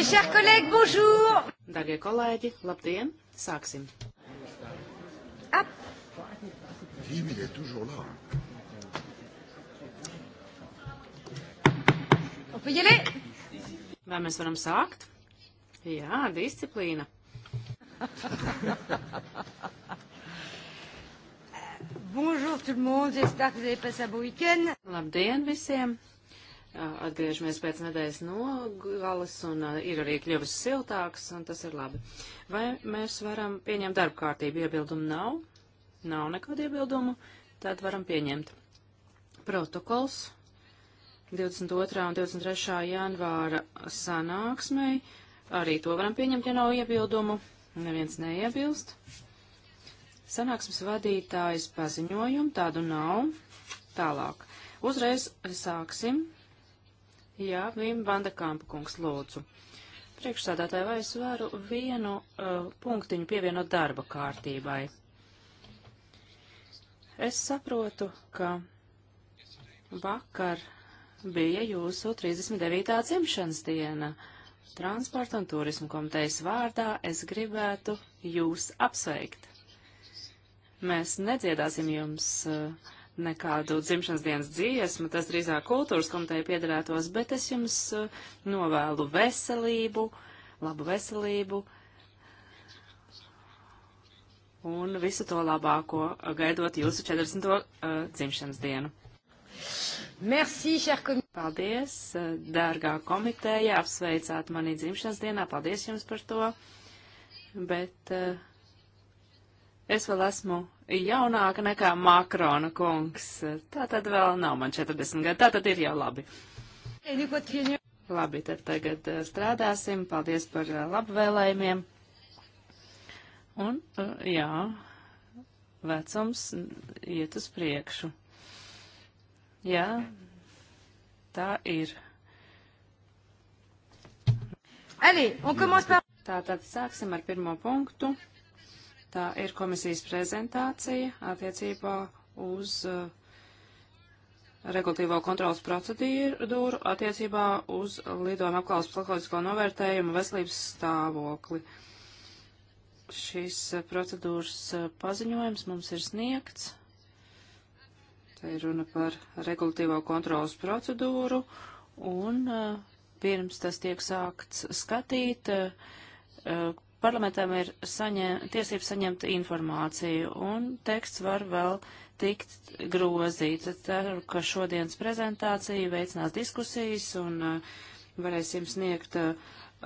Darbie kolēģi, labdien! Sāksim! Ap. Vim, il est toujours là. On peut y aller? Vai mēs varam sākt? Jā, disciplīna. Bonjour tout le monde, j'espère que vous avez passé un bon week-end. Labdien visiem! atgriežamies pēc nedēļas nogalas un ir arī kļuvis siltāks, un tas ir labi. Vai mēs varam pieņemt darba kārtību? Iebildumu nav, nav nekādu iebildumu, tad varam pieņemt. Protokols 22. un 23. janvāra sanāksmei, arī to varam pieņemt, ja nav iebildumu, neviens neiebilst. Sanāksmes vadītājs paziņojumu tādu nav. Tālāk. Uzreiz sāksim Jā, Vim Vandekampa kungs, lūdzu. Priekšsādātāji, vai es varu vienu uh, punktiņu pievienot darba kārtībai? Es saprotu, ka vakar bija jūsu 39. dzimšanas diena. Transporta un turismu komitejas vārdā es gribētu jūs apsveikt. Mēs nedziedāsim jums uh, nekādu dzimšanas dienas dziesmu, tas drīzāk kultūras komiteja piedarētos, bet es jums eh, novēlu veselību, labu veselību un visu to labāko, eh, gaidot jūsu 40. Uh, eh, dzimšanas dienu. Merci, cher komi... Paldies, dārgā komiteja, apsveicāt mani dzimšanas dienā, paldies jums par to, bet uh, es vēl esmu jaunāka nekā Makrona kungs. Tā tad vēl nav man 40 gadi, tā tad ir jau labi. Labi, tad tagad eh, strādāsim. Paldies par eh, labvēlējumiem. Un, eh, jā, vecums iet uz priekšu. Jā, tā ir. Allez, on commence par. Tātad sāksim ar pirmo punktu. Tā ir komisijas prezentācija attiecībā uz uh, regulatīvo kontrolas procedūru attiecībā uz lidojuma apkalpes psiholoģisko novērtējumu veselības stāvokli. Šis uh, procedūras uh, paziņojums mums ir sniegts. Te ir runa par regulatīvo kontrolas procedūru un uh, pirms tas tiek sākts skatīt, uh, uh, parlamentam ir saņem, tiesības saņemt informāciju, un teksts var vēl tikt grozīts. Ceru, ka šodienas prezentācija veicinās diskusijas un uh, varēsim sniegt uh,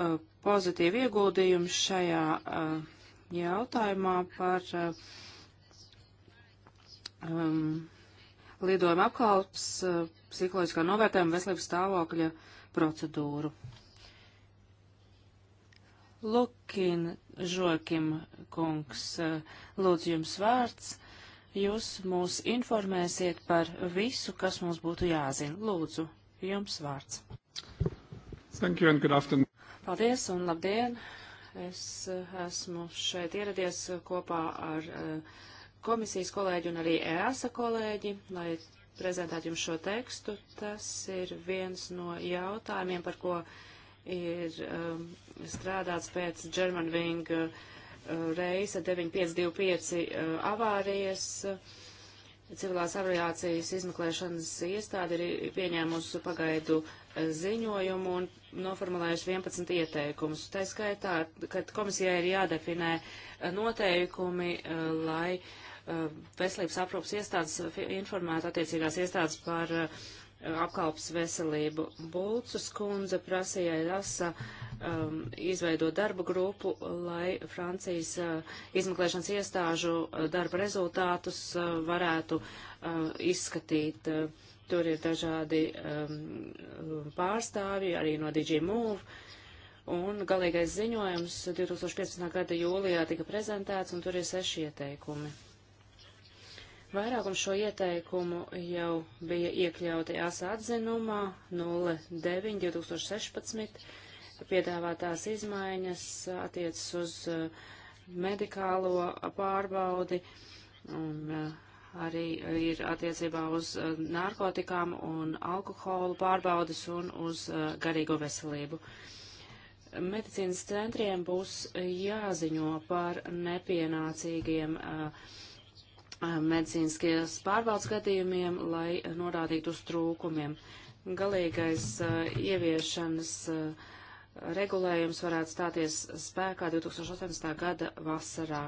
uh, pozitīvu ieguldījumu šajā uh, jautājumā par uh, um, lidojuma apkalps, uh, psiholoģiskā novērtējuma veselības stāvokļa procedūru. Lukin Žokim kungs, lūdzu jums vārds. Jūs mūs informēsiet par visu, kas mums būtu jāzina. Lūdzu, jums vārds. Thank you and good afternoon. Paldies un labdien. Es eh, esmu šeit ieradies kopā ar eh, komisijas kolēģi un arī EASA kolēģi, lai prezentētu jums šo tekstu. Tas ir viens no jautājumiem, par ko ir um, strādāts pēc German Wing uh, reisa 9525 uh, avārijas. Uh, civilās aviācijas izmeklēšanas iestāde ir pieņēmusi pagaidu uh, ziņojumu un noformulējusi 11 ieteikumus. Tā skaitā, kad komisijai ir jādefinē uh, noteikumi, uh, lai veselības aprūpas iestādes informētu attiecīgās iestādes par uh, apkalpas veselību. Bulcas kundze prasīja rasa um, izveidot darba grupu, lai Francijas uh, izmeklēšanas iestāžu uh, darba rezultātus uh, varētu uh, izskatīt. Uh, tur ir dažādi um, pārstāvji, arī no DigiMove. Un galīgais ziņojums 2015. gada jūlijā tika prezentēts, un tur ir seši ieteikumi. Vairākums šo ieteikumu jau bija iekļauti ASA atzinumā 09.2016. Piedāvātās izmaiņas attiecas uz uh, medikālo pārbaudi un uh, arī ir attiecībā uz uh, narkotikām un alkoholu pārbaudes un uz garīgo veselību. Medicīnas centriem būs jāziņo par nepienācīgiem uh, medicīniskajos pārbaudas gadījumiem, lai norādītu uz trūkumiem. Galīgais uh, ieviešanas uh, regulējums varētu stāties spēkā 2018. gada vasarā.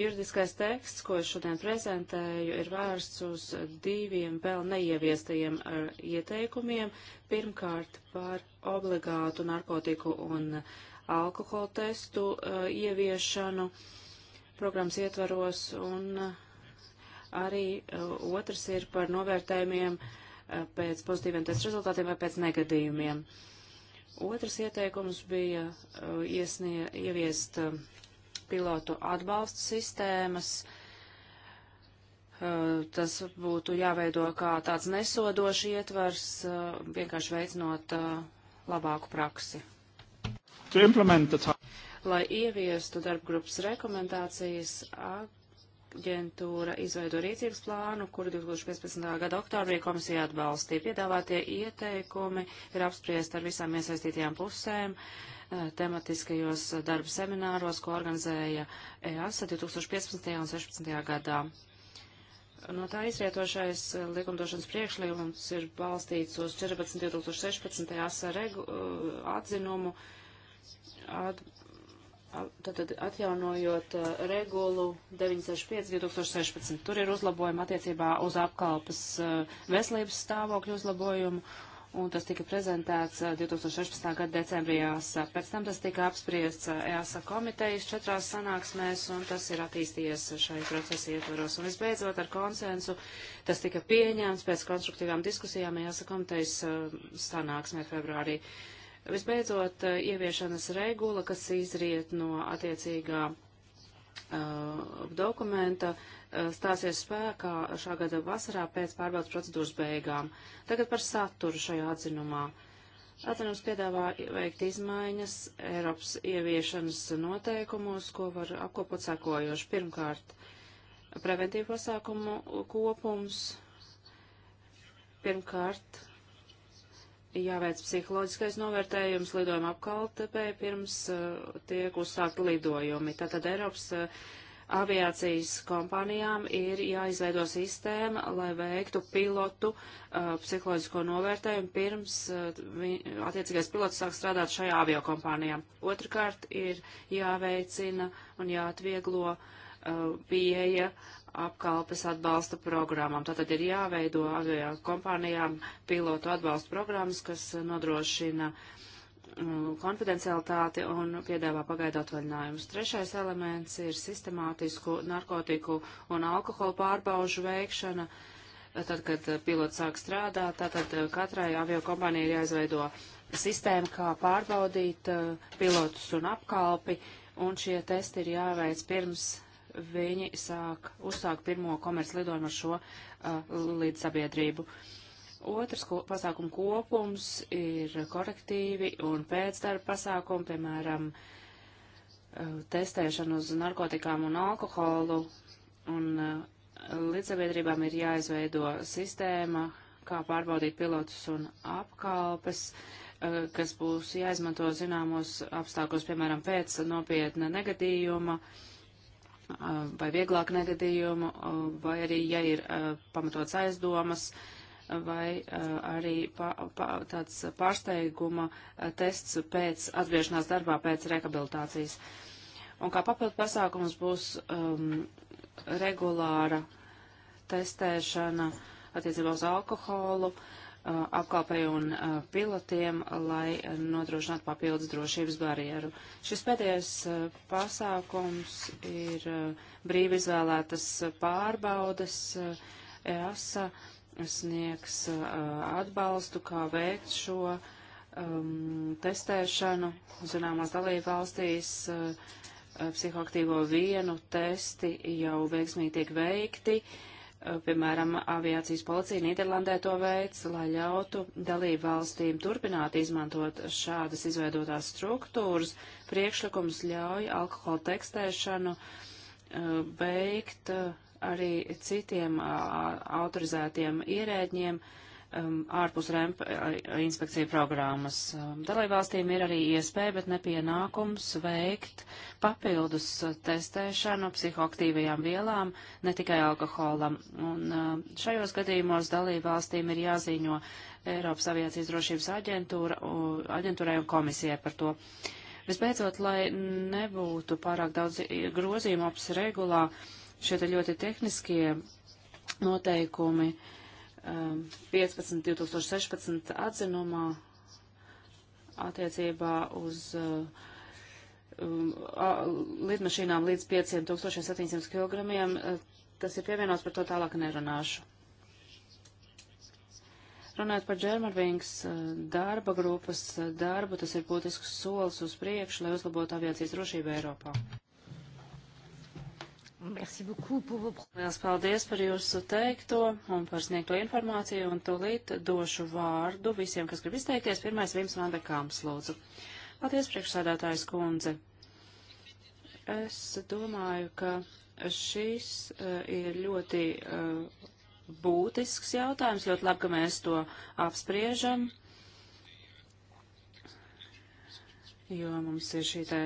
Juridiskais teksts, ko es šodien prezentēju, ir vērsts uz diviem vēl neieviestajiem uh, ieteikumiem. Pirmkārt par obligātu narkotiku un alkohola testu ieviešanu programmas ietvaros un uh, arī uh, otrs ir par novērtējumiem uh, pēc pozitīviem testa rezultātiem vai pēc negadījumiem. Otrs ieteikums bija uh, iesnie, ieviest uh, pilotu atbalstu sistēmas. Uh, tas būtu jāveido kā tāds nesodošs ietvars, uh, vienkārši veicinot uh, labāku praksi. Lai ieviestu darbgrupas rekomendācijas, ag aģentūra izveido rīcības plānu, kuru 2015. gada oktobrī komisija atbalstīja. Piedāvātie ieteikumi ir apspriest ar visām iesaistītajām pusēm eh, tematiskajos darba semināros, ko organizēja EASA 2015. un 2016. gadā. No tā izrietošais eh, likumdošanas priekšlikums ir balstīts uz 14.2016. asa regu, eh, atzinumu, at, Tātad atjaunojot uh, regulu 965-2016, tur ir uzlabojumi attiecībā uz apkalpas uh, veselības stāvokļu uzlabojumu, un tas tika prezentēts 2016. Uh, gada decembrī EASA. Pēc tam tas tika apspriests EASA komitejas četrās sanāksmēs, un tas ir attīstījies šai procesa ietvaros. Un visbeidzot ar konsensu tas tika pieņemts pēc konstruktīvām diskusijām EASA komitejas sanāksmē februārī. Uh, Visbeidzot, eh, ieviešanas regula, kas izriet no attiecīgā uh, dokumenta, eh, stāsies spēkā šā gada vasarā pēc pārbaudas procedūras beigām. Tagad par saturu šajā atzinumā. Atzinums piedāvā veikt izmaiņas Eiropas ieviešanas noteikumos, ko var apkopot sekojoši. Pirmkārt, preventīvu pasākumu kopums. Pirmkārt, jāveic psiholoģiskais novērtējums lidojuma apkaltepē pirms uh, tiek uzsākti lidojumi. Tātad Eiropas uh, aviācijas kompānijām ir jāizveido sistēma, lai veiktu pilotu uh, psiholoģisko novērtējumu pirms uh, vi, attiecīgais pilots sāk strādāt šajā aviokompānijā. Otrakārt ir jāveicina un jāatvieglo uh, pieeja apkalpes atbalsta programmām. Tātad ir jāveido avio kompānijām pilotu atbalsta programmas, kas nodrošina um, konfidencialitāti un piedāvā pagaidu atvaļinājumus. Trešais elements ir sistemātisku narkotiku un alkoholu pārbaužu veikšana. Tad, kad pilots sāk strādāt, tātad eh, katrai avio kompānijai ir jāizveido sistēma, kā pārbaudīt uh, pilotus un apkalpi, un šie testi ir jāveic pirms viņi sāk uzsākt pirmo komerclidojumu ar šo uh, līdzsabiedrību. Otrs ko, pasākumu kopums ir korektīvi un pēcdarba pasākumi, piemēram, uh, testēšana uz narkotikām un alkoholu. Un uh, līdzsabiedrībām ir jāizveido sistēma, kā pārbaudīt pilotus un apkalpes uh, kas būs jāizmanto zināmos apstākļos, piemēram, pēc nopietna negadījuma, uh, vai vieglāk negadījumu, vai arī, ja ir pamatots aizdomas, vai arī tāds pārsteiguma tests pēc atgriešanās darbā, pēc rehabilitācijas. Un kā papildu pasākums būs um, regulāra testēšana attiecībā uz alkoholu, uh, Uh, apkalpei un uh, pilotiem, lai uh, nodrošinātu papildus drošības barjeru. Šis pēdējais pasākums ir brīvi izvēlētas pārbaudas. EASA sniegs atbalstu, kā veikt šo um, testēšanu zināmās dalībvalstīs. Psihoaktīvo vienu testi jau veiksmīgi tiek veikti. Uh, Eh, piemēram, aviācijas policija Nīderlandē to veids, lai ļautu dalību valstīm turpināt izmantot šādas izveidotās struktūras. Priekšlikums ļauj alkohola tekstēšanu eh, veikt eh, arī citiem autorizētiem ierēģiem, uh, um, ārpus REMP inspekcija programmas. Um, dalībvalstīm ir arī iespēja, bet nepienākums veikt papildus testēšanu psihoaktīvajām vielām, ne tikai alkoholam. Un um, šajos gadījumos dalībvalstīm ir jāziņo Eiropas aviācijas drošības aģentūra, u, aģentūrai un komisijai par to. Visbeidzot, lai nebūtu pārāk daudz grozījumu apsregulā, šie ļoti tehniskie noteikumi uh, 15. Um, 2016 atzinumā attiecībā uz uh, um, lidmašīnām līdz 5700 kg. Uh, tas ir pievienots, par to tālāk nerunāšu. Runājot par Džermarvings uh, darba grupas uh, darbu, tas ir būtisks solis uz priekšu, lai uzlabotu aviācijas drošību Eiropā. Merci beaucoup pour vos... Liels paldies par jūsu teikto un par sniegto informāciju, un tūlīt došu vārdu visiem, kas grib izteikties. Pirmais Vims Vandekāms, lūdzu. Paldies, priekšsēdētājs kundze. Es domāju, ka šis uh, ir ļoti uh, būtisks jautājums. Ļoti labi, ka mēs to apspriežam, jo mums ir šī te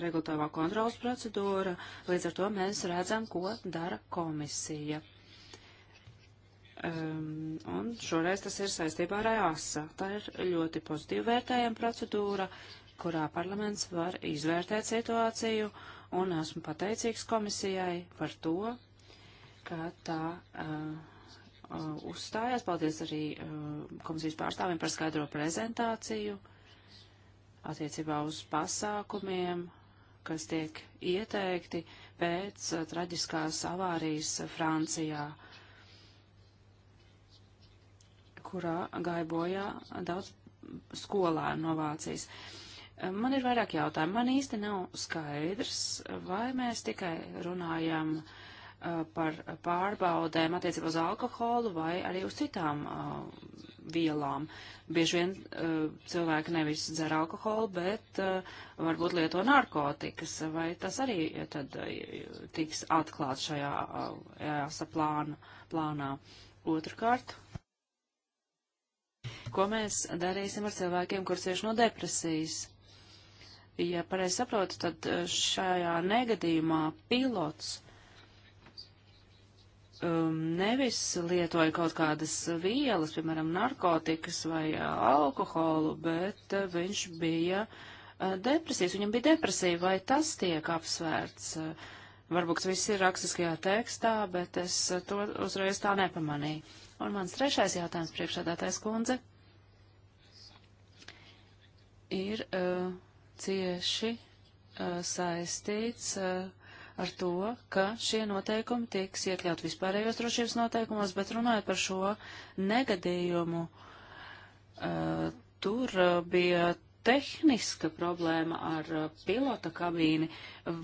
regulatorā kontrolas procedūra, līdz ar to mēs redzam, ko dara komisija. Um, un šoreiz tas ir saistībā ar EASA. Tā ir ļoti pozitīva vērtējuma procedūra, kurā parlaments var izvērtēt situāciju, un esmu pateicīgs komisijai par to, ka tā uh, uh uzstājās. Paldies arī uh, komisijas pārstāvjiem par skaidro prezentāciju. Uh, attiecībā uz pasākumiem, kas tiek ieteikti pēc uh, traģiskās avārijas Francijā, kurā gāja bojā daudz skolēnu no Vācijas. Uh, man ir vairāk jautājumu. Man īsti nav skaidrs, vai mēs tikai runājam uh, par pārbaudēm attiecībā uz alkoholu vai arī uz citām uh, vielām. Bieži vien uh, cilvēki nevis dzer alkoholu, bet uh, varbūt lieto narkotikas, vai tas arī ja eh, tad uh, tiks atklāts šajā EASA plāna, plānā. Otrkārt, ko mēs darīsim ar cilvēkiem, kur cieši no depresijas? Ja pareizi saprotu, tad šajā negadījumā pilots um, nevis lietoja kaut kādas vielas, piemēram, narkotikas vai uh, alkoholu, bet uh, viņš bija uh, depresijas, viņam bija depresija, vai tas tiek apsvērts. Uh, varbūt viss ir rakstiskajā tekstā, bet es uh, to uzreiz tā nepamanīju. Un mans trešais jautājums priekšādātais kundze ir uh, cieši uh, saistīts. Uh, ar to, ka šie noteikumi tiks iekļaut vispārējos drošības noteikumos, bet runājot par šo negadījumu, uh, tur eh, bija tehniska problēma ar eh, pilota kabīni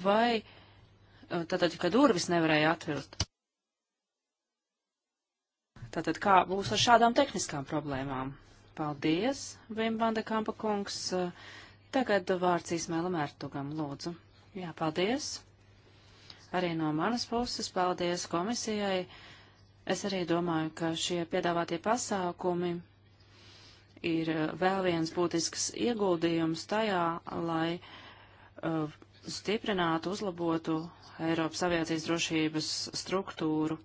vai tātad, ka durvis nevarēja atvirt. Tātad, kā būs ar šādām tehniskām problēmām? Paldies, Vim Vanda Kampa kungs. Tagad vārds Īsmēlam Ertugam, lūdzu. Jā, paldies arī no manas puses. Paldies komisijai. Es arī domāju, ka šie piedāvātie pasākumi ir eh, vēl viens būtisks ieguldījums tajā, lai uh, stiprinātu, uzlabotu Eiropas aviācijas drošības struktūru.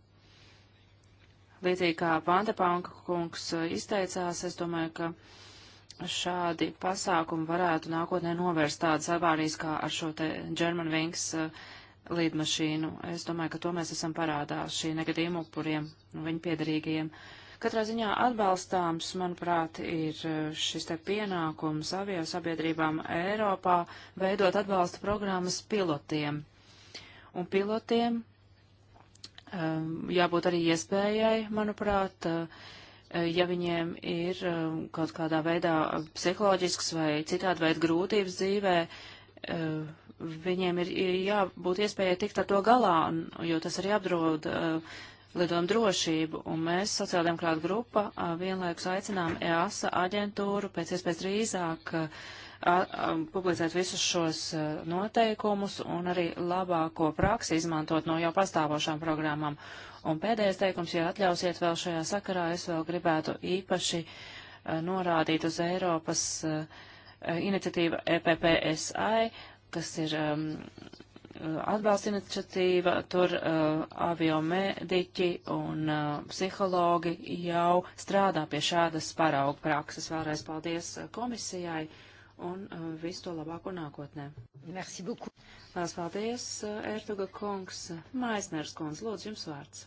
Līdzīgi kā Pantepanka kungs eh, izteicās, es domāju, ka šādi pasākumi varētu nākotnē novērst tādas avārijas kā ar šo te German Wings uh, lidmašīnu. Es domāju, ka to mēs esam parādā šī negadījuma upuriem un viņu piedarīgajiem. Katrā ziņā atbalstāms, manuprāt, ir e, šis te pienākums avio sabiedrībām Eiropā veidot atbalsta programmas pilotiem. Un pilotiem um, jābūt arī iespējai, manuprāt, e, ja viņiem ir kaut kādā veidā psiholoģisks vai citādi veid grūtības dzīvē, uh, viņiem ir jābūt iespējai tikt ar to galā, jo tas arī apdraud uh, lidojuma drošību, un mēs, sociāldemokrāta grupa, uh, vienlaikus aicinām EASA aģentūru pēc iespējas drīzāk uh, a, a, publicēt visus šos uh, noteikumus un arī labāko praksi izmantot no jau pastāvošām programmām. Un pēdējais teikums, ja atļausiet vēl šajā sakarā, es vēl gribētu īpaši a, norādīt uz Eiropas iniciatīva EPPSI kas ir um, atbalsta iniciatīva, tur uh, aviomediķi un uh, psihologi jau strādā pie šādas paraugu prakses. Vēlreiz paldies uh, komisijai un uh, visu to labāko nākotnē. Merci beaucoup. Lās paldies, uh, Ertuga kungs. Maisners kungs, lūdzu, jums vārds.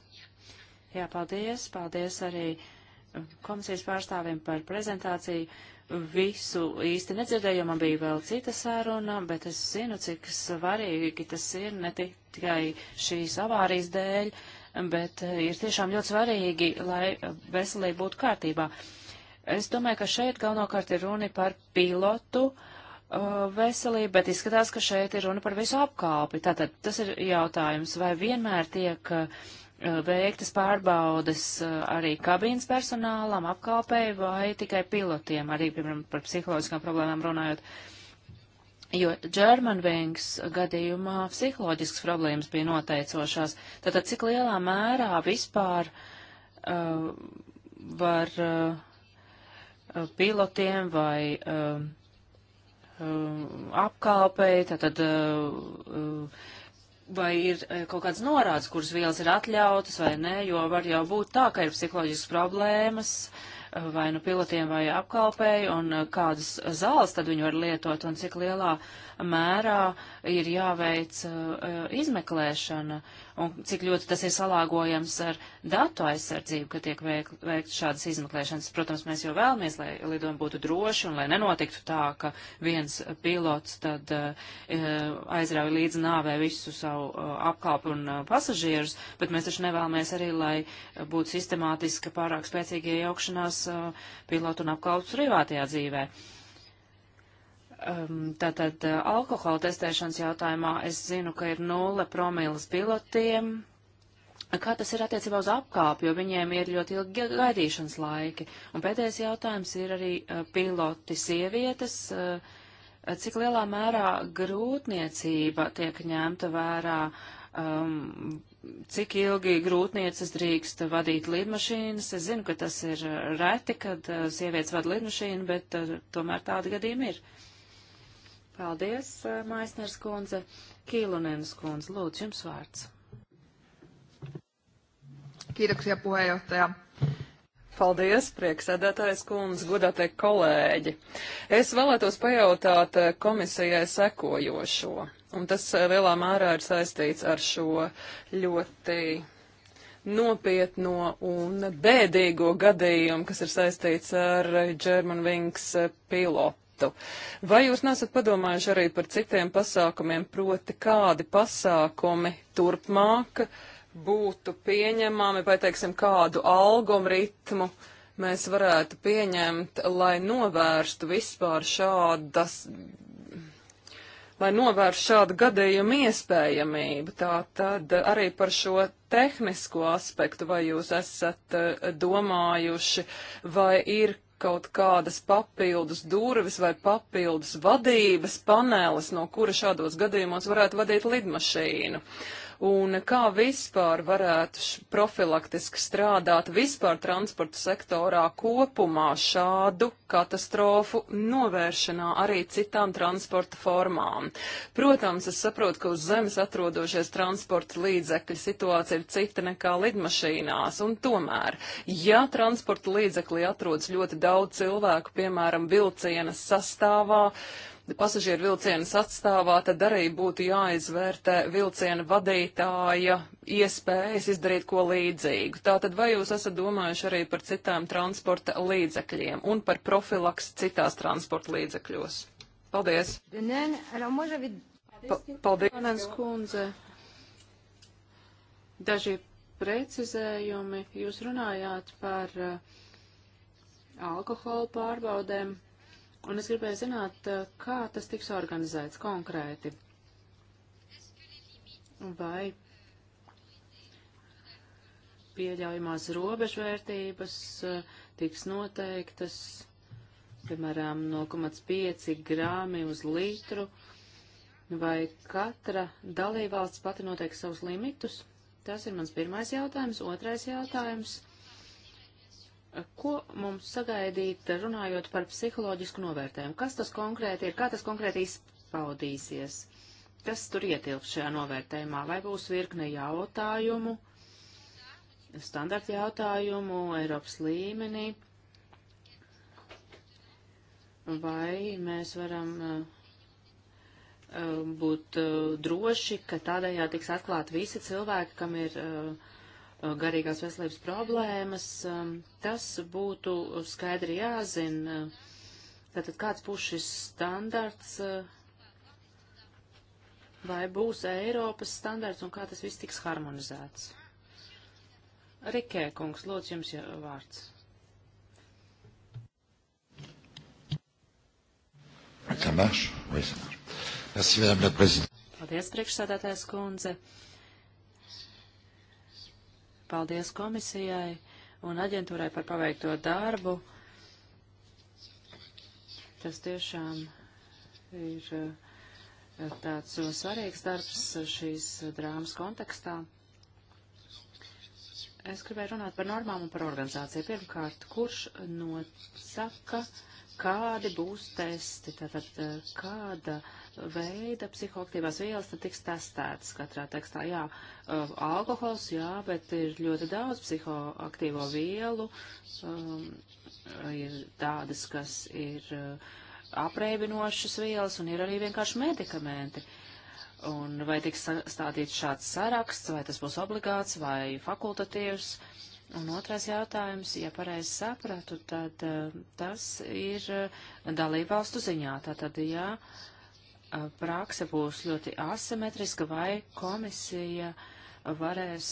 Jā, paldies. Paldies arī uh, komisijas pārstāvim par prezentāciju. Uh, visu īsti nedzirdēju, man bija vēl cita sāruna, bet es zinu, cik svarīgi tas ir ne tikai šīs avārijas dēļ, bet eh, ir tiešām ļoti svarīgi, lai veselība būtu kārtībā. Es domāju, ka šeit galvenokārt ir runa par pilotu uh, veselību, bet izskatās, ka šeit ir runa par visu apkalpi. Tātad tas ir jautājums, vai vienmēr tiek uh, Eh, veiktas pārbaudes eh, arī kabīnas personālam, apkalpēji vai tikai pilotiem, arī, piemēram, par psiholoģiskām problēmām runājot. Jo Germanwings gadījumā psiholoģiskas problēmas bija noteicošās. Tātad cik lielā mērā vispār uh, var uh, pilotiem vai uh, uh, apkalpēji, tātad uh, uh, vai ir e, kaut kāds norāds, kuras vielas ir atļautas vai nē, jo var jau būt tā, ka ir psiholoģiskas problēmas e, vai nu pilotiem vai apkalpēji, un e, kādas zāles tad viņi var lietot un cik lielā uh, mērā ir jāveic uh, izmeklēšana un cik ļoti tas ir salāgojams ar datu aizsardzību, ka tiek veik, veikt šādas izmeklēšanas. Protams, mēs jau vēlamies, lai lidojumi būtu droši un lai nenotiktu tā, ka viens pilots tad uh, aizrauja līdz nāvē visu savu uh, apkalpu un uh, pasažierus, bet mēs taču nevēlamies arī, lai būtu sistemātiska pārāk spēcīga iejaukšanās uh, pilotu un apkalpus privātajā dzīvē. Uh, Um, tātad uh, alkohola testēšanas jautājumā es zinu, ka ir nulle promīlas pilotiem. Kā tas ir attiecībā uz apkāpi, jo viņiem ir ļoti ilgi gaidīšanas laiki? Un pēdējais jautājums ir arī uh, piloti sievietes. Uh, cik lielā mērā grūtniecība tiek ņemta vērā, um, cik ilgi grūtnieces drīkst vadīt lidmašīnas. Es zinu, ka tas ir reti, kad uh, sievietes vada lidmašīnu, bet uh, tomēr tādi gadījumi ir. Uh, Paldies, eh, Maisners kundze. Kiilunens kundze, lūdzu, jums vārds. Kiitoksia puheenjohtaja. Paldies, prieksēdētājs kundze, godātie kolēģi. Es vēlētos pajautāt eh, komisijai sekojošo, un tas eh, lielā mērā ir saistīts ar šo ļoti nopietno un bēdīgo gadījumu, kas ir saistīts ar Germanwings pilotu lietu. Vai jūs nesat padomājuši arī par citiem pasākumiem, proti kādi pasākumi turpmāk būtu pieņemami vai, teiksim, kādu algumu ritmu? mēs varētu pieņemt, lai novērstu vispār šādas, lai novērstu šādu gadījumu iespējamību. Tā tad arī par šo tehnisko aspektu, vai jūs esat eh, domājuši, vai ir kaut kādas papildus durvis vai papildus vadības paneles, no kura šādos gadījumos varētu vadīt lidmašīnu un kā vispār varētu profilaktiski strādāt vispār transporta sektorā kopumā šādu katastrofu novēršanā arī citām transporta formām. Protams, es saprotu, ka uz zemes atrodošies transporta līdzekļi situācija ir cita nekā lidmašīnās, un tomēr, ja transporta līdzeklī atrodas ļoti daudz cilvēku, piemēram, vilcienas sastāvā, pasažieru vilcienas atstāvā, tad arī būtu jāizvērtē vilciena vadītāja iespējas izdarīt ko līdzīgu. Tātad vai jūs esat domājuši arī par citām transporta līdzekļiem un par profilaks citās transporta līdzekļos? Paldies! Pa, paldies! Kundze. Daži precizējumi. Jūs runājāt par uh, alkohola pārbaudēm un es gribēju zināt, eh, kā tas tiks organizēts konkrēti. Vai pieļaujamās robežvērtības eh, tiks noteiktas, piemēram, 0,5 grāmi uz litru, vai katra dalībvalsts pati noteikti savus limitus? Tas ir mans pirmais jautājums. Otrais jautājums Ko mums sagaidīt, runājot par psiholoģisku novērtējumu? Kas tas konkrēti ir? Kā tas konkrēti izpaudīsies? Kas tur ietilps šajā novērtējumā? Vai būs virkne jautājumu, standarta jautājumu Eiropas līmenī? Vai mēs varam eh, eh, būt eh, droši, ka tādējā tiks atklāti visi cilvēki, kam ir uh, Uh, garīgās veselības problēmas, um, tas būtu skaidri jāzina. Tātad kāds būs šis standarts, uh, vai būs Eiropas standarts un kā tas viss tiks harmonizēts? Rikē, kungs, lūdzu jums vārds. Paldies, priekšsādātājs kundze. Uh, Paldies komisijai un aģentūrai par paveikto darbu. Tas tiešām ir eh, tāds eh, svarīgs darbs šīs drāmas kontekstā. Es gribēju runāt par normām un par organizāciju. Pirmkārt, kurš nosaka, kādi būs testi, tātad eh, kāda uh, veida psihoaktīvās vielas, tad tiks testētas katrā tekstā. Jā, uh, alkohols, jā, bet ir ļoti daudz psihoaktīvo vielu. Um, ir tādas, kas ir uh, apreibinošas vielas un ir arī vienkārši medikamenti. Un vai tiks stādīts šāds saraksts, vai tas būs obligāts vai fakultatīvs? Un otrais jautājums, ja pareizi sapratu, tad uh, tas ir uh, dalībvalstu ziņā. Tātad, ja uh, prakse būs ļoti asimetriska, vai komisija varēs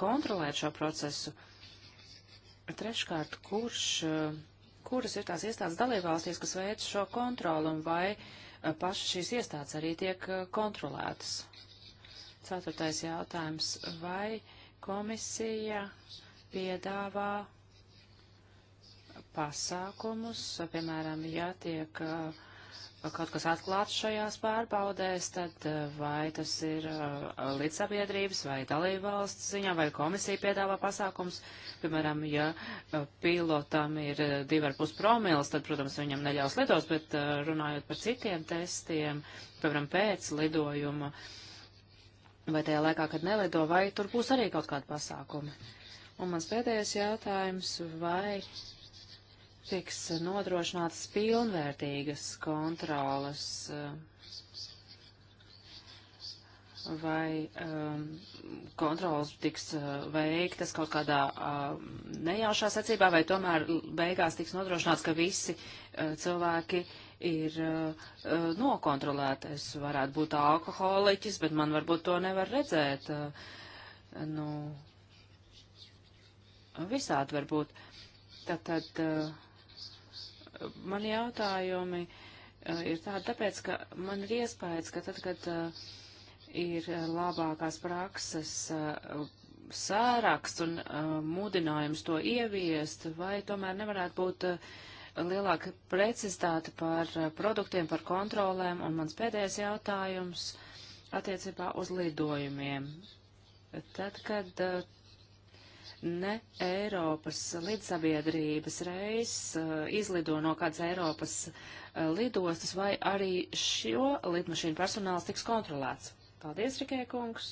kontrolēt šo procesu. Treškārt, kurš, kuras ir tās iestādes dalībvalstīs, kas veic šo kontroli, un vai paši šīs iestādes arī tiek kontrolētas? Ceturtais jautājums, vai komisija piedāvā pasākumus, piemēram, ja tiek uh, kaut kas atklāts šajās pārbaudēs, tad eh, vai tas ir eh, līdzsabiedrības vai dalībvalsts ziņā, vai komisija piedāvā pasākums, piemēram, ja eh, pilotam ir 2,5 promils, tad, protams, viņam neļaus lidos, bet runājot par citiem testiem, piemēram, pēc lidojuma, vai tajā laikā, kad nelido, vai tur būs arī kaut kādi pasākumi. Un mans pēdējais jautājums, vai tiks nodrošinātas pilnvērtīgas kontrolas eh, vai um, kontrolas tiks uh, veiktas kaut kādā uh, nejaušā secībā, vai tomēr beigās tiks nodrošināts, ka visi uh, cilvēki ir uh, nokontrolēti. Es varētu būt alkoholiķis, bet man varbūt to nevar redzēt. Uh, nu, visādi varbūt. Tātad. Uh, man jautājumi uh, ir tādi, tāpēc, ka man ir iespējas, ka tad, kad uh, ir labākās prakses uh, sāraksts un mudinājums to ieviest, vai tomēr nevarētu būt lielāka precizitāte par produktiem, par kontrolēm, un mans pēdējais jautājums attiecībā uz lidojumiem. Tad, kad ne Eiropas lidsabiedrības reizes uh, izlido no kādas Eiropas uh, lidostas, vai arī šo lidmašīnu personāls tiks kontrolēts? Paldies, Rikē kungs.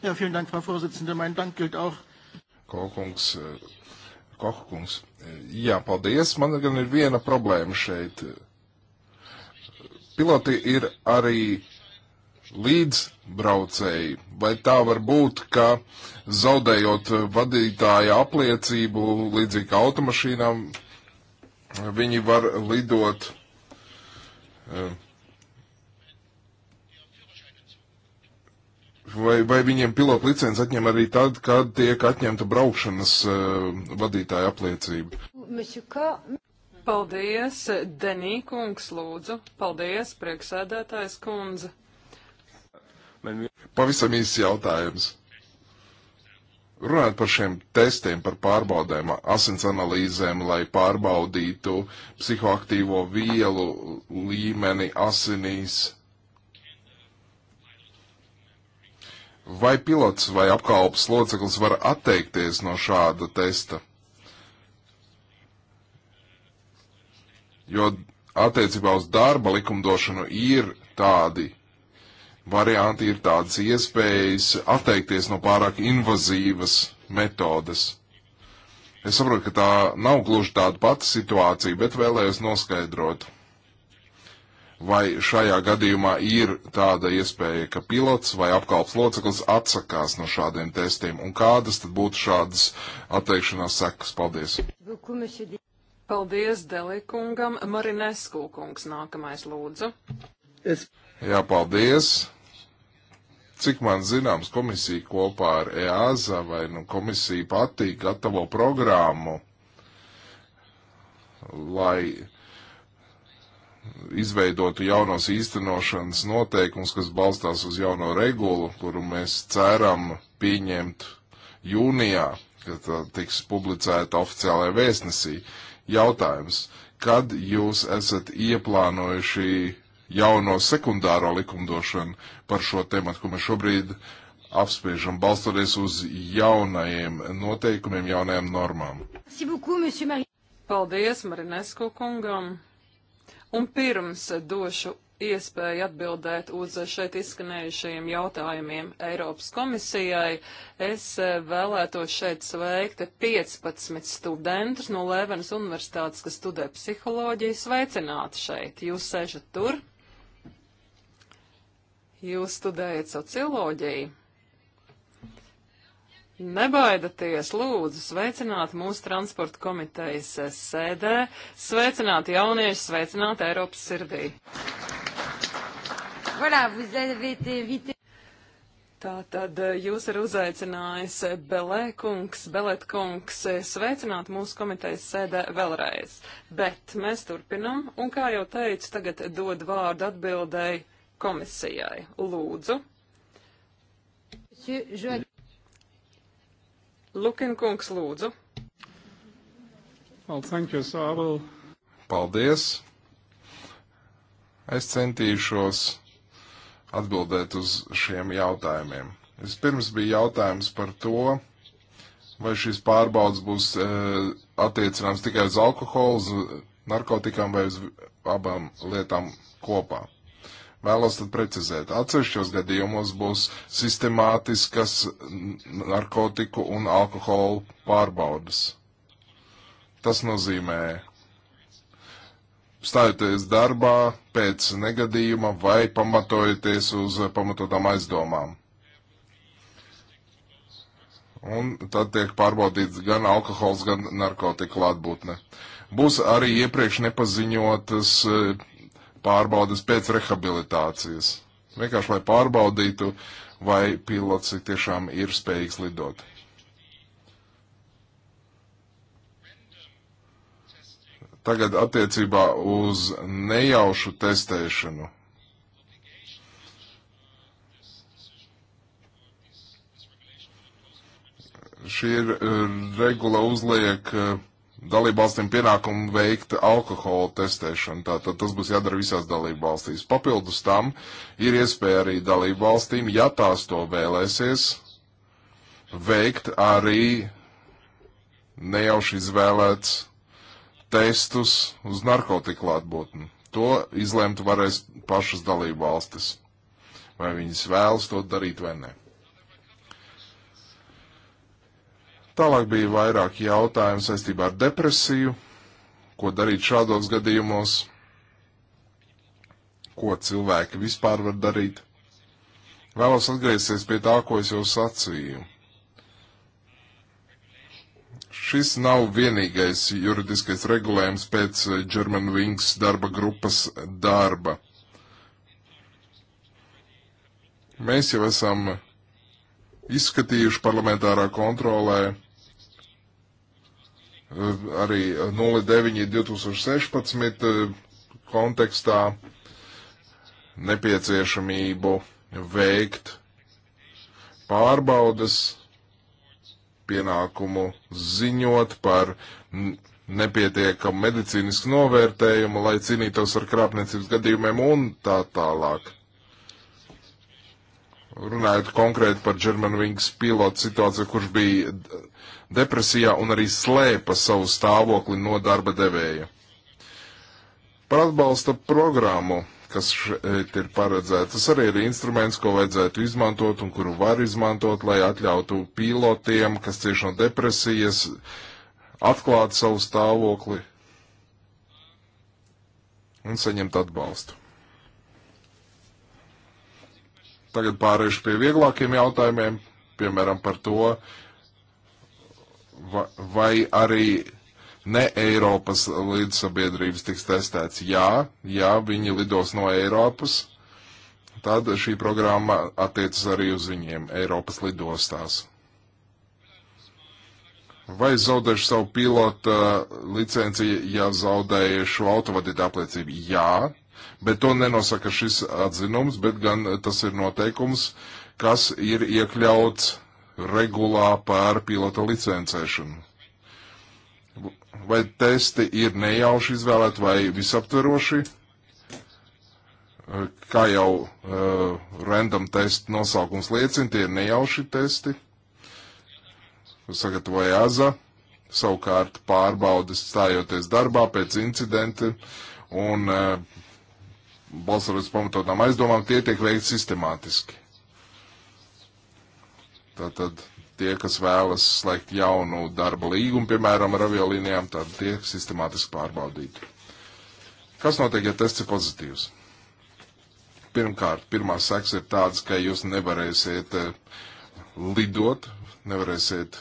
Jā, vielen dank, Frau Vorsitzende. Mein dank gilt auch. Kokungs, eh, Kokungs. Eh, jā, paldies. Man gan ir viena problēma šeit. Piloti ir arī līdz braucēji. Vai tā var būt, ka zaudējot vadītāja apliecību, līdzīgi kā automašīnām, viņi var lidot eh, Vai, vai viņiem pilota licences atņem arī tad, kad tiek atņemta braukšanas uh, vadītāja apliecība? Paldies, Denī kungs, lūdzu. Paldies, prieksēdētājs kundze. Pavisam īsts jautājums. Runājot par šiem testiem, par pārbaudēm, asins analīzēm, lai pārbaudītu psihoaktīvo vielu līmeni asinīs. Vai pilots vai apkalpas loceklis var atteikties no šāda testa? Jo attiecībā uz darba likumdošanu ir tādi varianti, ir tādas iespējas atteikties no pārāk invazīvas metodas. Es saprotu, ka tā nav gluži tāda pati situācija, bet vēlējos noskaidrot, vai šajā gadījumā ir tāda iespēja, ka pilots vai apkalps loceklis atsakās no šādiem testiem, un kādas tad būtu šādas atteikšanās sekas? Paldies! Paldies Delikungam, Marinesku kungs nākamais lūdzu. Es... Jā, paldies! Cik man zināms, komisija kopā ar EASA vai nu, komisija pati gatavo programmu, lai izveidotu jaunos īstenošanas noteikums, kas balstās uz jauno regulu, kuru mēs ceram pieņemt jūnijā, kad uh, tiks publicēta oficiālajā vēstnesī. Jautājums, kad jūs esat ieplānojuši jauno sekundāro likumdošanu par šo tematu, ko mēs šobrīd apspriežam, balstoties uz jaunajiem noteikumiem, jaunajām normām. Paldies Marinesko kungam. Un pirms došu iespēju atbildēt uz šeit izskanējušajiem jautājumiem Eiropas komisijai. Es vēlētos šeit sveikt 15 studentus no Lēvenas universitātes, kas studē psiholoģiju. Sveicināti šeit! Jūs sežat tur! Jūs studējat socioloģiju. Nebaidaties, lūdzu, sveicināt mūsu transporta komitejas sēdē, sveicināt jauniešus, sveicināt Eiropas sirdī. Voilà, vous avez été invité. Tā tad eh, jūs ir uzaicinājis Belē kungs, Belēt kungs, eh, sveicināt mūsu komitejas sēdē vēlreiz. Bet mēs turpinam, un kā jau teicu, tagad dod vārdu atbildēji komisijai. Lūdzu. Lukinkungs, lūdzu. Well, thank you, so I will... Paldies. Es centīšos atbildēt uz šiem jautājumiem. Vispirms bija jautājums par to, vai šīs pārbaudas būs e, attiecināmas tikai uz alkoholu, uz narkotikām vai uz abām lietām kopā. Vēlos tad precizēt. Atsevišķos gadījumos būs sistemātiskas narkotiku un alkoholu pārbaudas. Tas nozīmē, stājoties darbā pēc negadījuma vai pamatojoties uz pamatotām aizdomām un tad tiek pārbaudīts gan alkohols, gan narkotika klātbūtne. Būs arī iepriekš nepaziņotas pārbaudas pēc rehabilitācijas. Vienkārši, lai pārbaudītu, vai pilots tiešām ir spējīgs lidot. Tagad attiecībā uz nejaušu testēšanu. Šī ir eh, regula uzliek uh, dalībvalstīm pienākumu veikt alkohola testēšanu. Tātad tas būs jādara visās dalībvalstīs. Papildus tam ir iespēja arī dalībvalstīm, ja tās to vēlēsies, veikt arī nejauši izvēlēts testus uz narkotiku klātbūtni. To izlemt varēs pašas dalībvalstis, vai viņas vēlas to darīt vai nē. Tālāk bija vairāk jautājumu saistībā ar depresiju, ko darīt šādos gadījumos, ko cilvēki vispār var darīt. Vēlos atgriezties pie tā, ko es jau sacīju. Šis nav vienīgais juridiskais regulējums pēc German Wings darba grupas darba. Mēs jau esam izskatījuši parlamentārā kontrolē Eh, arī 09.2016 eh, kontekstā nepieciešamību veikt pārbaudas pienākumu ziņot par nepietiekamu medicīnisku novērtējumu, lai cīnītos ar krāpniecības gadījumiem un tā tālāk runājot konkrēti par Germanwings pilotu situāciju, kurš bija depresijā un arī slēpa savu stāvokli no darba devēja. Par atbalsta programmu, kas šeit ir paredzēta, tas arī ir instruments, ko vajadzētu izmantot un kuru var izmantot, lai atļautu pilotiem, kas cieši no depresijas, atklāt savu stāvokli un saņemt atbalstu. Tagad pārēšu pie vieglākiem jautājumiem, piemēram par to, vai arī ne Eiropas līdzsabiedrības tiks testēts. Jā, jā, viņi lidos no Eiropas, tad šī programma attiecas arī uz viņiem Eiropas lidostās. Vai zaudēšu savu pilota uh, licenciju, ja zaudējušu autovadītāju apliecību? Jā, Bet to nenosaka šis atzinums, bet gan eh, tas ir noteikums, kas ir iekļauts regulā pār pilota licencēšanu. Vai testi ir nejauši izvēlēti vai visaptveroši? Eh, kā jau uh, random testa nosaukums liecina, tie ir nejauši testi. Sagatavoja AZA, savukārt pārbaudas stājoties darbā pēc incidenta un uh, balsoties pamatotām aizdomām, tie tiek veikti sistemātiski. Tātad tie, kas vēlas slēgt jaunu darba līgumu, piemēram, ar aviolīnijām, tad tiek sistemātiski pārbaudīti. Kas notiek, ja tests ir pozitīvs? Pirmkārt, pirmā seks ir tāds, ka jūs nevarēsiet eh, lidot, nevarēsiet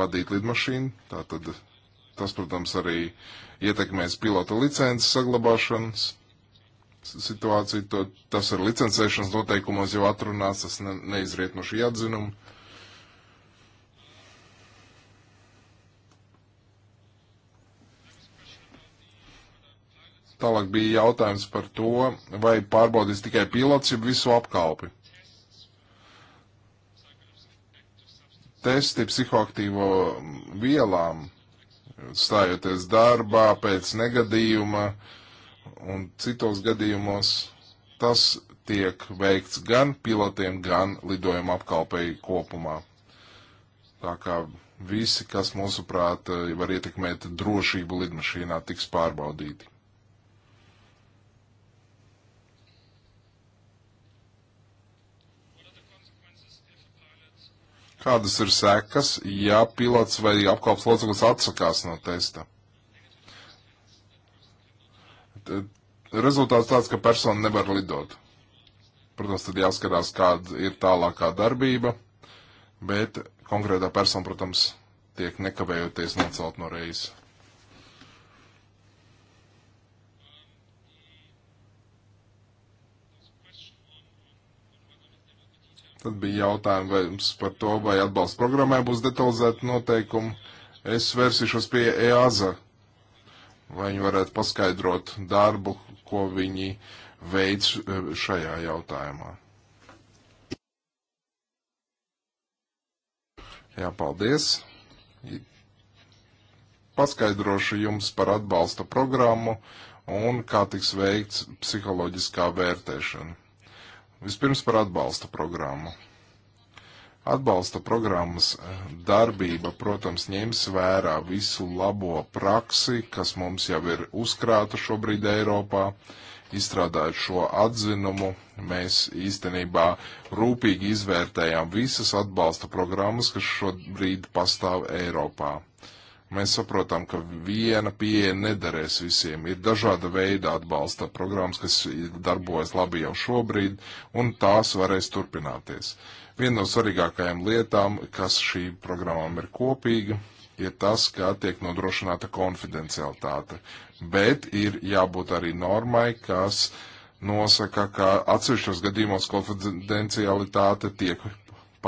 vadīt lidmašīnu, tātad tas, protams, arī ietekmēs pilota licences saglabāšanas situāciju. To, tas ir licencēšanas noteikumos jau atrunāts, tas ne, neizriet no šī atzinuma. Tālāk bija jautājums par to, vai pārbaudīs tikai pilots, ja visu apkalpi. Testi psihoaktīvo vielām, stājoties darbā pēc negadījuma, uh, un citos gadījumos tas tiek veikts gan pilotiem, gan lidojuma apkalpei kopumā. Tā kā visi, kas mūsuprāt eh, var ietekmēt drošību lidmašīnā, tiks pārbaudīti. Kādas ir sekas, ja pilots vai apkalps loceklis atsakās no testa? Eh, rezultāts tāds, ka persona nevar lidot. Protams, tad jāskatās, kāda ir tālākā darbība, bet konkrētā persona, protams, tiek nekavējoties nocelt no reizes. Tad bija jautājums par to, vai atbalsta programmai būs detalizēti noteikumi. Es vērsīšos pie EASA Vai viņi varētu paskaidrot darbu, ko viņi veids e, šajā jautājumā? Jā, paldies. Paskaidrošu jums par atbalsta programmu un kā tiks veikts psiholoģiskā vērtēšana. Vispirms par atbalsta programmu. Atbalsta programmas eh, darbība, protams, ņems vērā visu labo praksi, kas mums jau ir uzkrāta šobrīd Eiropā. Izstrādājot šo atzinumu, mēs īstenībā rūpīgi izvērtējām visas atbalsta programmas, kas šobrīd pastāv Eiropā. Mēs saprotam, ka viena pieeja nederēs visiem. Ir dažāda veida atbalsta programmas, kas darbojas labi jau šobrīd, un tās varēs turpināties. Viena no svarīgākajām lietām, kas šī programmām ir kopīga, ir tas, ka tiek nodrošināta konfidencialitāte. Bet ir jābūt arī normai, kas nosaka, ka atsevišķos gadījumos konfidencialitāte tiek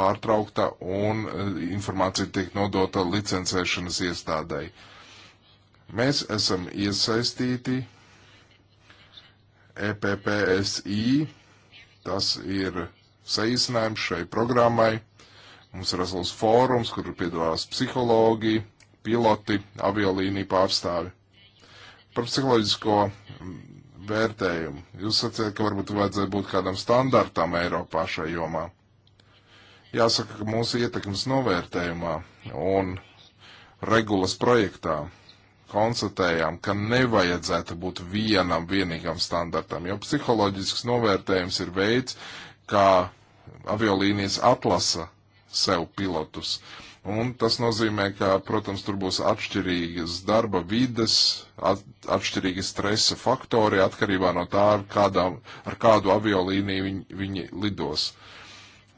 pārtraukta un e, informācija tiek nodota licencēšanas iestādai. Mēs esam iesaistīti EPPSI, tas ir saīsinājums šai programmai. Mums ir vesels fórums, kur piedalās psihologi, piloti, aviolīniju pārstāvi. Par psiholoģisko mm, vērtējumu. Jūs sacījat, ka varbūt vajadzēja būt kādam standartam Eiropā šai jomā. Jāsaka, ka mūsu ietekmes novērtējumā un regulas projektā konstatējām, ka nevajadzētu būt vienam vienīgam standartam, jo psiholoģisks novērtējums ir veids, kā aviolīnijas atlasa sev pilotus. Un tas nozīmē, ka, protams, tur būs atšķirīgas darba vides, at, atšķirīgi stresa faktori atkarībā no tā, ar, kādā, ar kādu aviolīniju viņi, viņi lidos.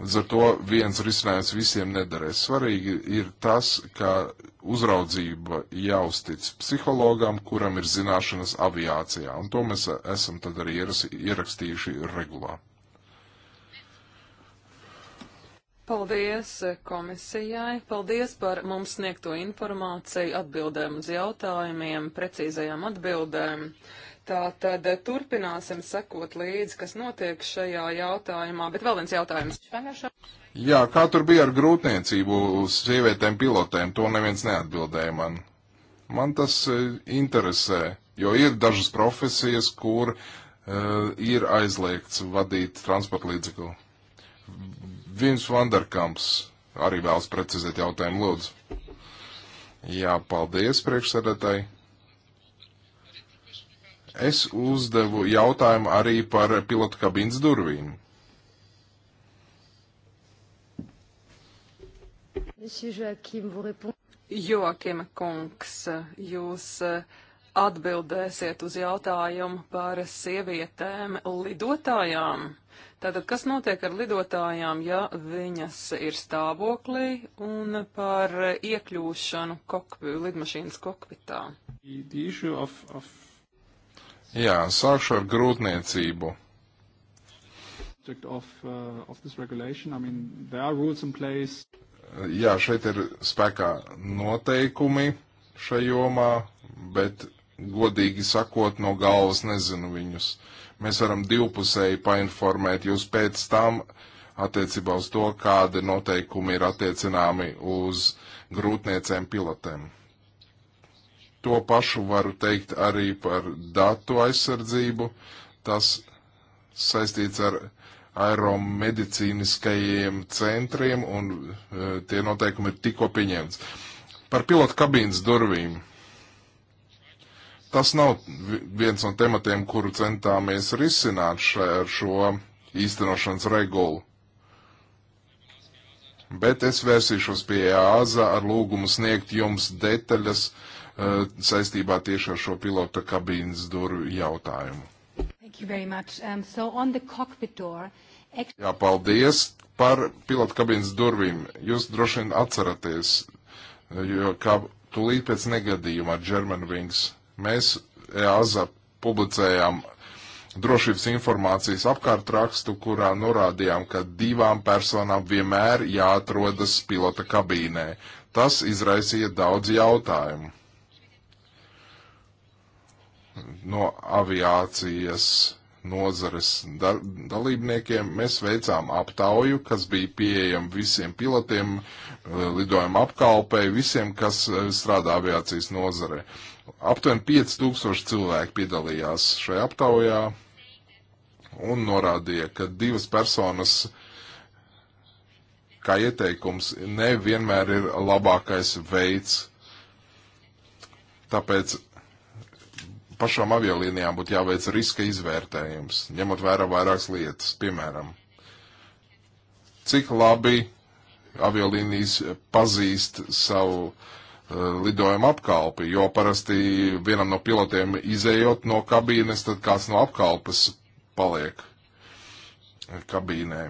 Līdz ar to viens risinājums visiem nederēs. Svarīgi ir tas, ka uzraudzība jāuztic psihologam, kuram ir zināšanas aviācijā, un to mēs esam tad arī ierakstījuši regulā. Paldies eh, komisijai, paldies par mums sniegto informāciju, atbildēm uz jautājumiem, precīzajām atbildēm. Tātad eh, turpināsim sekot līdzi, kas notiek šajā jautājumā, bet vēl viens jautājums. Jā, kā tur bija ar grūtniecību uz sievietēm pilotēm, to neviens neatbildēja man. Man tas eh, interesē, jo ir dažas profesijas, kur uh, ir aizliegts vadīt transporta līdzekli. Vins Vanderkamps arī vēlas precizēt jautājumu, lūdzu. Jā, paldies priekšsēdētāji. Es uzdevu jautājumu arī par pilotu kabīnas durvīm. Joakima kungs, jūs eh, atbildēsiet uz jautājumu par sievietēm lidotājām. Tātad, kas notiek ar lidotājām, ja viņas ir stāvoklī un par iekļūšanu kokpi, lidmašīnas kokpitā? Of, of... Jā, sākšu ar grūtniecību. Of, uh, of I mean, Jā, šeit ir spēkā noteikumi šajā jomā, bet godīgi sakot, no galvas nezinu viņus. Uh, Mēs varam divpusēji painformēt jūs pēc tam attiecībā uz to, kādi noteikumi ir attiecināmi uz grūtniecēm pilotēm. To pašu varu teikt arī par datu aizsardzību. Tas saistīts ar aeromedicīniskajiem centriem, un e, tie noteikumi ir tikko pieņemts. Par pilotu kabīnes durvīm Tas nav viens no tematiem, kuru centāmies risināt še, ar šo īstenošanas regulu. Bet es vērsīšos pie ASA ar lūgumu sniegt jums detaļas uh, saistībā tieši ar šo pilota kabīnes durvju jautājumu. Um, so door... Jā, paldies par pilota kabīnes durvīm. Jūs droši vien atceraties, eh, jo kā tūlīt pēc negadījuma ar Germanwings Mēs EASA publicējām drošības informācijas apkārtrakstu, kurā norādījām, ka divām personām vienmēr jāatrodas pilota kabīnē. Tas izraisīja daudz jautājumu no aviācijas nozares dar, dalībniekiem. Mēs veicām aptauju, kas bija pieejama visiem pilotiem, eh, lidojuma apkalpei, visiem, kas eh, strādā aviācijas nozare. Aptuveni 5000 cilvēki piedalījās šajā aptaujā un norādīja, ka divas personas, kā ieteikums, nevienmēr ir labākais veids. Tāpēc pašām aviolīnijām būtu jāveic riska izvērtējums, ņemot vērā vairākas lietas, piemēram, cik labi aviolīnijas pazīst savu uh, Eh, lidojuma apkalpi, jo parasti vienam no pilotiem izējot no kabīnes, tad kāds no apkalpes paliek kabīnē.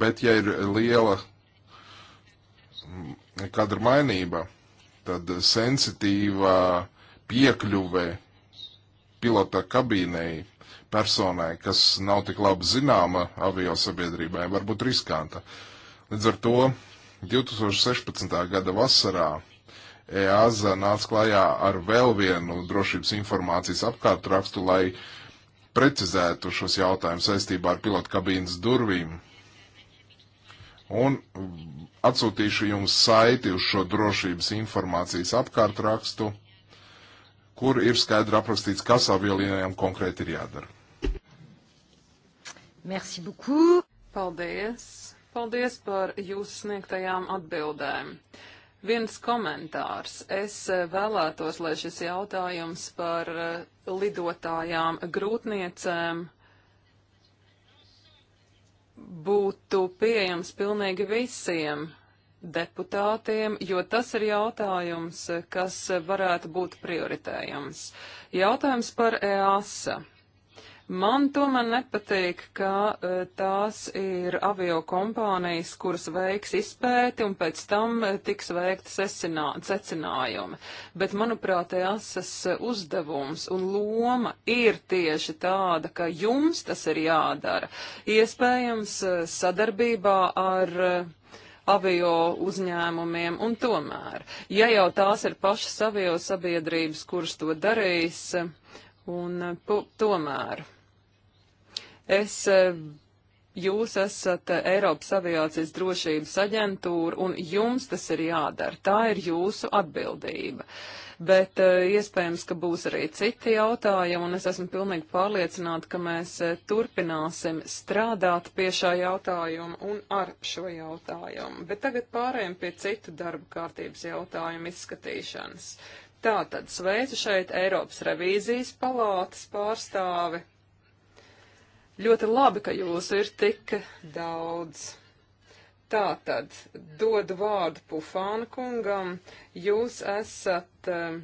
Bet, ja ir liela mm, kadra mainība, tad sensitīvā piekļuve pilota kabīnei personai, kas nav tik labi zināma avio sabiedrībai, var būt riskanta. Līdz ar to 2016. gada vasarā EASA nāca klajā ar vēl vienu drošības informācijas apkārtrakstu, lai precizētu šos jautājumus saistībā ar pilotu kabīnas durvīm. Un atsūtīšu jums saiti uz šo drošības informācijas apkārtrakstu, kur ir skaidri aprakstīts, kas aviolīnijām konkrēti ir jādara. Merci beaucoup. Paldies. Paldies par jūsu sniegtajām atbildēm. Viens komentārs. Es e, vēlētos, lai šis jautājums par e, lidotājām grūtniecēm būtu pieejams pilnīgi visiem deputātiem, jo tas ir jautājums, kas varētu būt prioritējams. Jautājums par EASA. Man tomēr nepatīk, ka e, tās ir avio kompānijas, kuras veiks izpēti un pēc tam e, tiks veikti secinājumi. Bet, manuprāt, jāsas uzdevums un loma ir tieši tāda, ka jums tas ir jādara. Iespējams, e, sadarbībā ar avio uzņēmumiem, un tomēr, ja jau tās ir pašas avio sabiedrības, kuras to darīs, un po, tomēr. Es, e, jūs esat Eiropas aviācijas drošības aģentūra, un jums tas ir jādara. Tā ir jūsu atbildība. Bet e, iespējams, ka būs arī citi jautājumi, un es esmu pilnīgi pārliecināta, ka mēs e, turpināsim strādāt pie šā jautājuma un ar šo jautājumu. Bet tagad pārējiem pie citu darba kārtības jautājumu izskatīšanas. Tātad sveicu šeit Eiropas revīzijas palātas pārstāvi Ļoti labi, ka jūsu ir tik daudz. Tātad, dodu vārdu Pufāna kungam. Jūs esat um,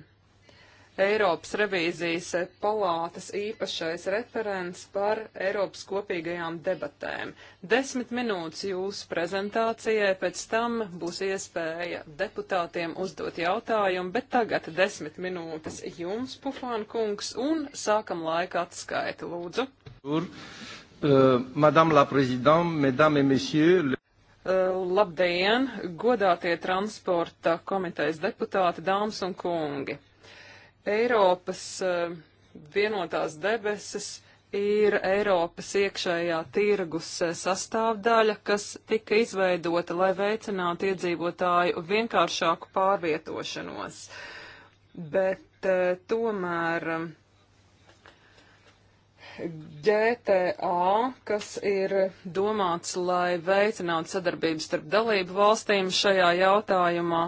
Eiropas revīzijas palātas īpašais referents par Eiropas kopīgajām debatēm. Desmit minūtes jūsu prezentācijai, pēc tam būs iespēja deputātiem uzdot jautājumu, bet tagad desmit minūtes jums, Pufāna kungs, un sākam laika atskaiti, lūdzu. Euh, madame la Présidente, Mesdames et Messieurs. Le... Uh, labdien, godātie transporta komitejas deputāti, dāmas un kungi! Eiropas uh, vienotās debesis ir Eiropas iekšējā tirgus uh, sastāvdaļa, kas tika izveidota, lai veicinātu iedzīvotāju vienkāršāku pārvietošanos. Bet tomēr um, GTA, kas ir domāts, lai veicinātu sadarbību starp dalību valstīm šajā jautājumā,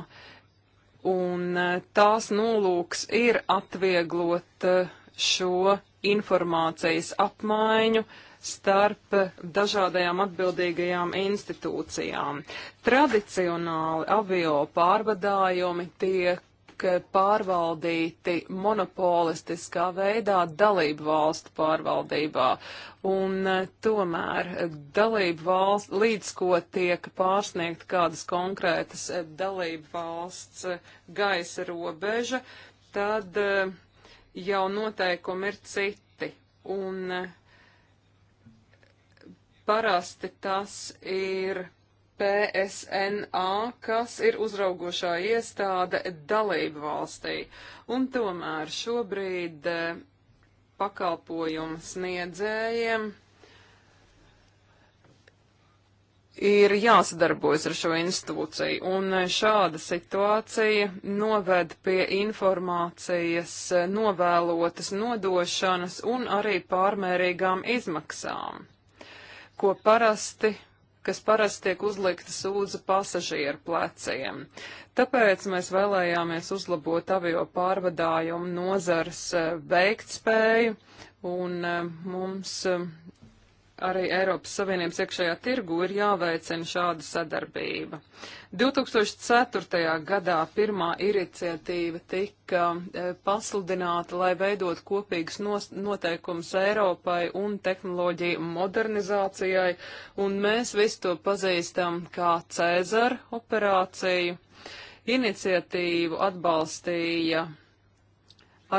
un e, tās nolūks ir atvieglot e, šo informācijas apmaiņu starp dažādajām atbildīgajām institūcijām. Tradicionāli avio pārvadājumi tiek tiek pārvaldīti monopolistiskā veidā dalību valstu pārvaldībā. Un e, tomēr e, dalību valsts, līdz ko tiek pārsniegt kādas konkrētas e, dalību valsts gaisa robeža, tad jau noteikumi ir citi. Un parasti tas ir PSNA, kas ir uzraugošā iestāde dalību valstī. Un tomēr šobrīd eh, pakalpojumu sniedzējiem ir jāsadarbojas ar šo institūciju, un eh, šāda situācija noved pie informācijas eh, novēlotas nodošanas un arī pārmērīgām izmaksām, ko parasti kas parasti tiek uzliktas uz pasažieru pleciem. Tāpēc mēs vēlējāmies uzlabot avio pārvadājumu nozars eh, veiktspēju, un eh, mums eh, arī Eiropas Savienības iekšējā tirgu ir jāveicina šāda sadarbība. 2004. gadā pirmā iniciatīva tika e, pasludināta, lai veidot kopīgas noteikumus Eiropai un tehnoloģiju modernizācijai, un mēs visu to pazīstam kā Cēzara operāciju. Iniciatīvu atbalstīja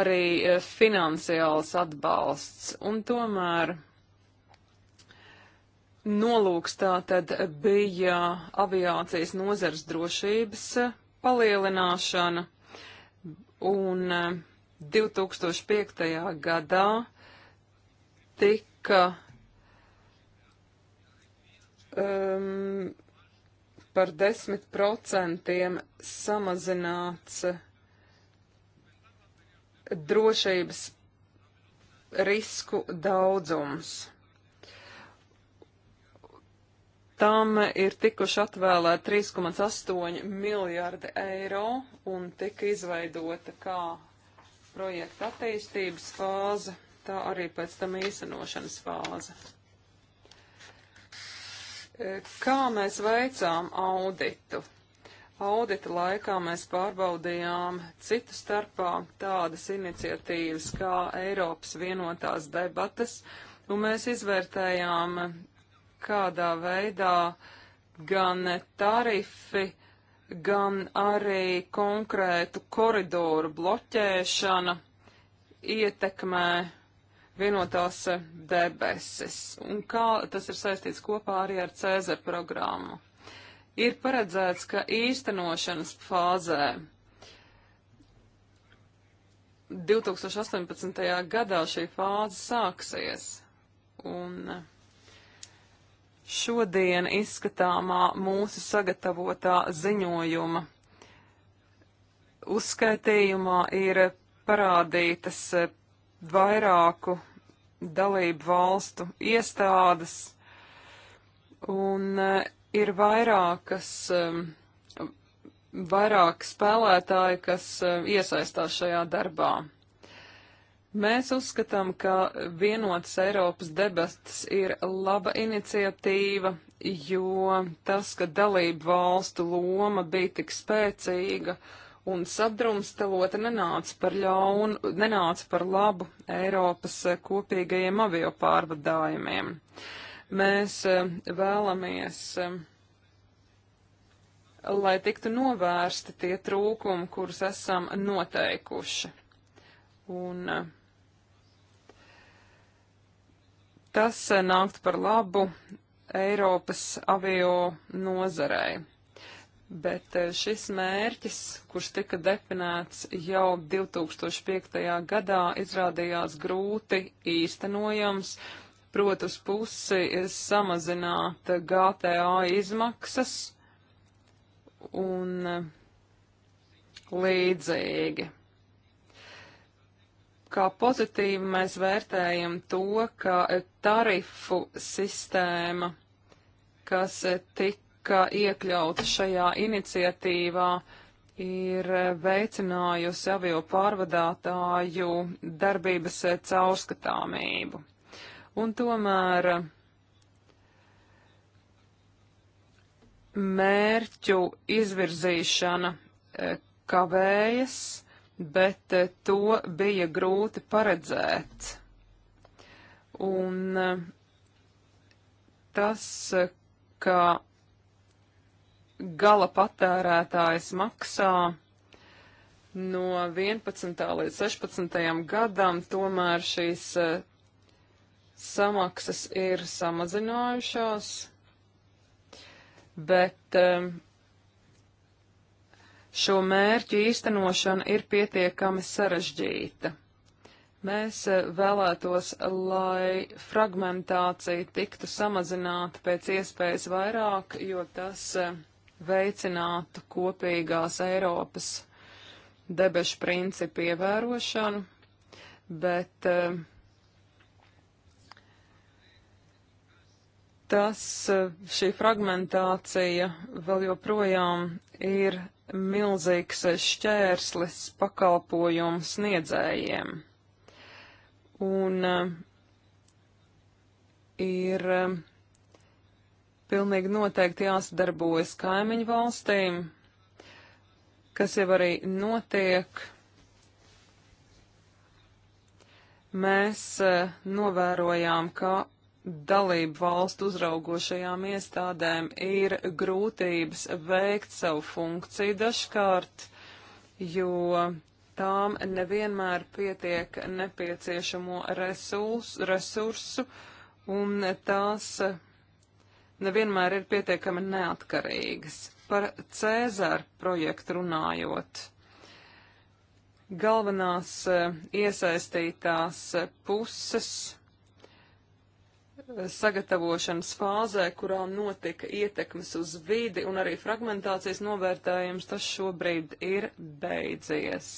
arī e, finansiāls atbalsts, un tomēr Nolūks tātad bija aviācijas nozars drošības palielināšana, un 2005. E, gadā tika um, par 10% samazināts drošības risku daudzums. Tam ir tikuši atvēlēti 3,8 miljārdi eiro un tika izveidota kā projekta attīstības fāze, tā arī pēc tam īstenošanas fāze. Kā mēs veicām auditu? Audita laikā mēs pārbaudījām citu starpā tādas iniciatīvas kā Eiropas vienotās debatas, un mēs izvērtējām kādā veidā gan tarifi, gan arī konkrētu koridoru bloķēšana ietekmē vienotās debesis, un kā tas ir saistīts kopā arī ar Cēzara programmu. Ir paredzēts, ka īstenošanas fāzē 2018. gadā šī fāze sāksies, un šodien izskatāmā mūsu sagatavotā ziņojuma uzskaitījumā ir parādītas eh, vairāku dalību valstu iestādes un eh, ir vairākas, eh, vairāk spēlētāji, kas iesaistās šajā darbā. Mēs uzskatām, ka vienotas Eiropas debesis ir laba iniciatīva, jo tas, ka dalību valstu loma bija tik spēcīga un sadrumstalota, nenāca par ļaunu, nenāca par labu Eiropas kopīgajiem avio pārvadājumiem. Mēs e, vēlamies e, lai tiktu novērsti tie trūkumi, kurus esam noteikuši. Un uh, Tas eh, nāktu par labu Eiropas avio nozarei. Bet eh, šis mērķis, kurš tika definēts jau 2005. gadā, izrādījās grūti īstenojams, proti uz pusi samazināt GTA izmaksas un eh, līdzīgi kā pozitīvi mēs vērtējam to, ka tarifu sistēma, kas tika iekļauta šajā iniciatīvā, ir veicinājusi avio pārvadātāju darbības caurskatāmību. Un tomēr mērķu izvirzīšana eh, kavējas, bet eh, to bija grūti paredzēt. Un eh, tas, ka gala patērētājs maksā no 11. līdz 16. gadam, tomēr šīs eh, samaksas ir samazinājušās, bet um, šo mērķu īstenošana ir pietiekami sarežģīta. Mēs eh, vēlētos, lai fragmentācija tiktu samazināta pēc iespējas vairāk, jo tas eh, veicinātu kopīgās Eiropas debešu principu ievērošanu, bet uh, tas, šī fragmentācija vēl joprojām ir milzīgs šķērslis pakalpojumu sniedzējiem. Un eh, ir eh, pilnīgi noteikti jāsadarbojas kaimiņu valstīm, kas jau arī notiek. Mēs eh, novērojām, ka dalību valstu uzraugošajām iestādēm ir grūtības veikt savu funkciju dažkārt, jo tām nevienmēr pietiek nepieciešamo resurs, resursu un tās nevienmēr ir pietiekami neatkarīgas. Par Cēzara projektu runājot galvenās e, iesaistītās puses sagatavošanas fāzē, kurā notika ietekmes uz vidi un arī fragmentācijas novērtējums, tas šobrīd ir beidzies.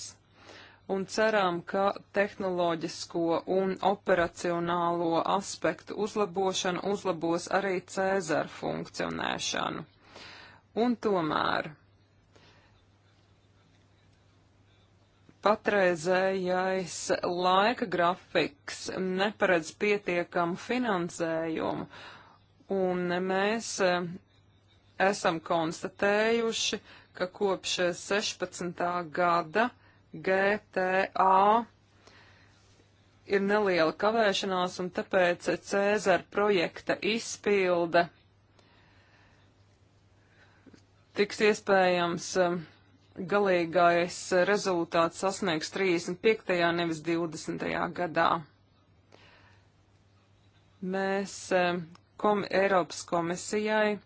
Un ceram, ka tehnoloģisko un operacionālo aspektu uzlabošana uzlabos arī Cēzara funkcionēšanu. Un tomēr Patreizējais laika grafiks neparedz pietiekamu finansējumu, un mēs eh, esam konstatējuši, ka kopš 16. Eh, gada GTA ir neliela kavēšanās, un tāpēc Cēzara projekta izpilde tiks iespējams eh, galīgais rezultāts sasniegs 35. nevis 20. gadā. Mēs eh, kom, Eiropas komisijai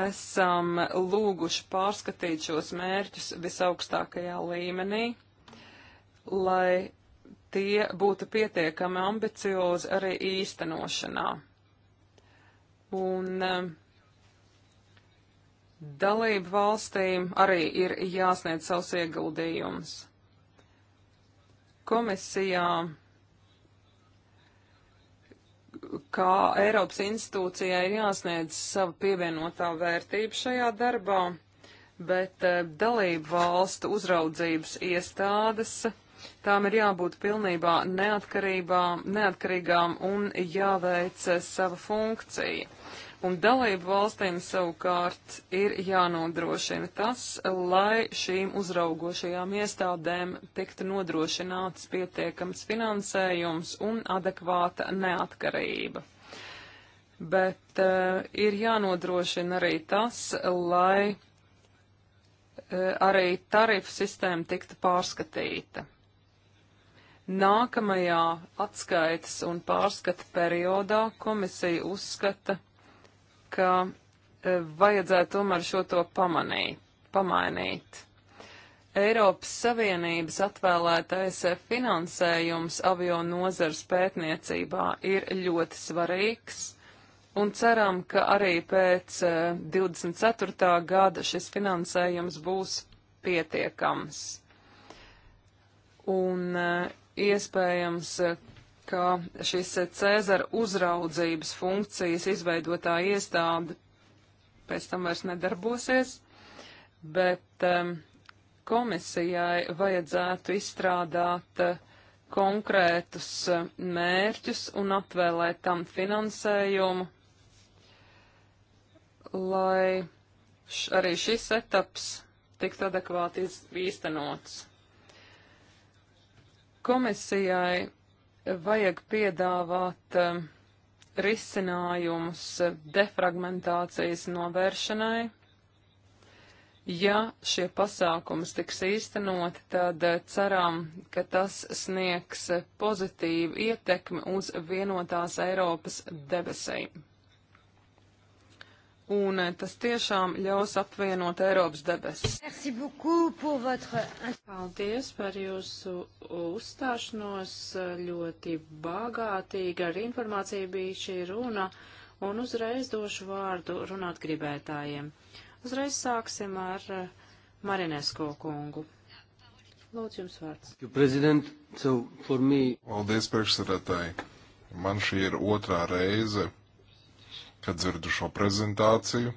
esam lūguši pārskatīt šos mērķus visaugstākajā līmenī, lai tie būtu pietiekami ambiciozi arī īstenošanā. Un uh, Dalību valstīm arī ir jāsniedz savs ieguldījums. Komisijā, kā Eiropas institūcijai, ir jāsniedz sava pievienotā vērtība šajā darbā, bet eh, dalību valstu uzraudzības iestādes Tām ir jābūt pilnībā neatkarībām, neatkarīgām un jāveic eh, sava funkcija un dalību valstīm savukārt ir jānodrošina tas, lai šīm uzraugošajām iestādēm tiktu nodrošināts pietiekams finansējums un adekvāta neatkarība. Bet uh, ir jānodrošina arī tas, lai uh, arī tarifu sistēma tiktu pārskatīta. Nākamajā atskaites un pārskata periodā komisija uzskata, ka e, vajadzētu tomēr šo to pamanīt, pamainīt. Eiropas Savienības atvēlētais finansējums avio nozars pētniecībā ir ļoti svarīgs, un ceram, ka arī pēc 24. E, gada šis finansējums būs pietiekams. Un e, iespējams, ka šis Cēzara uzraudzības funkcijas izveidotā iestāde pēc tam vairs nedarbosies, bet um, komisijai vajadzētu izstrādāt uh, konkrētus uh, mērķus un atvēlēt tam finansējumu, lai š, arī šis etaps tiktu adekvāti iz, īstenots. Komisijai vajag piedāvāt eh, risinājumus defragmentācijas novēršanai. Ja šie pasākums tiks īstenoti, tad eh, ceram, ka tas sniegs eh, pozitīvu ietekmi uz vienotās Eiropas debesīm un eh, tas tiešām ļaus apvienot Eiropas debesis. Votre... Paldies par jūsu uzstāšanos, ļoti bagātīga ar informāciju bija šī runa, un uzreiz došu vārdu runāt gribētājiem. Uzreiz sāksim ar eh, Marinesko kungu. Lūdzu, jums vārds. Paldies, priekšsarētāji. Man šī ir otrā reize kad dzirdu šo prezentāciju,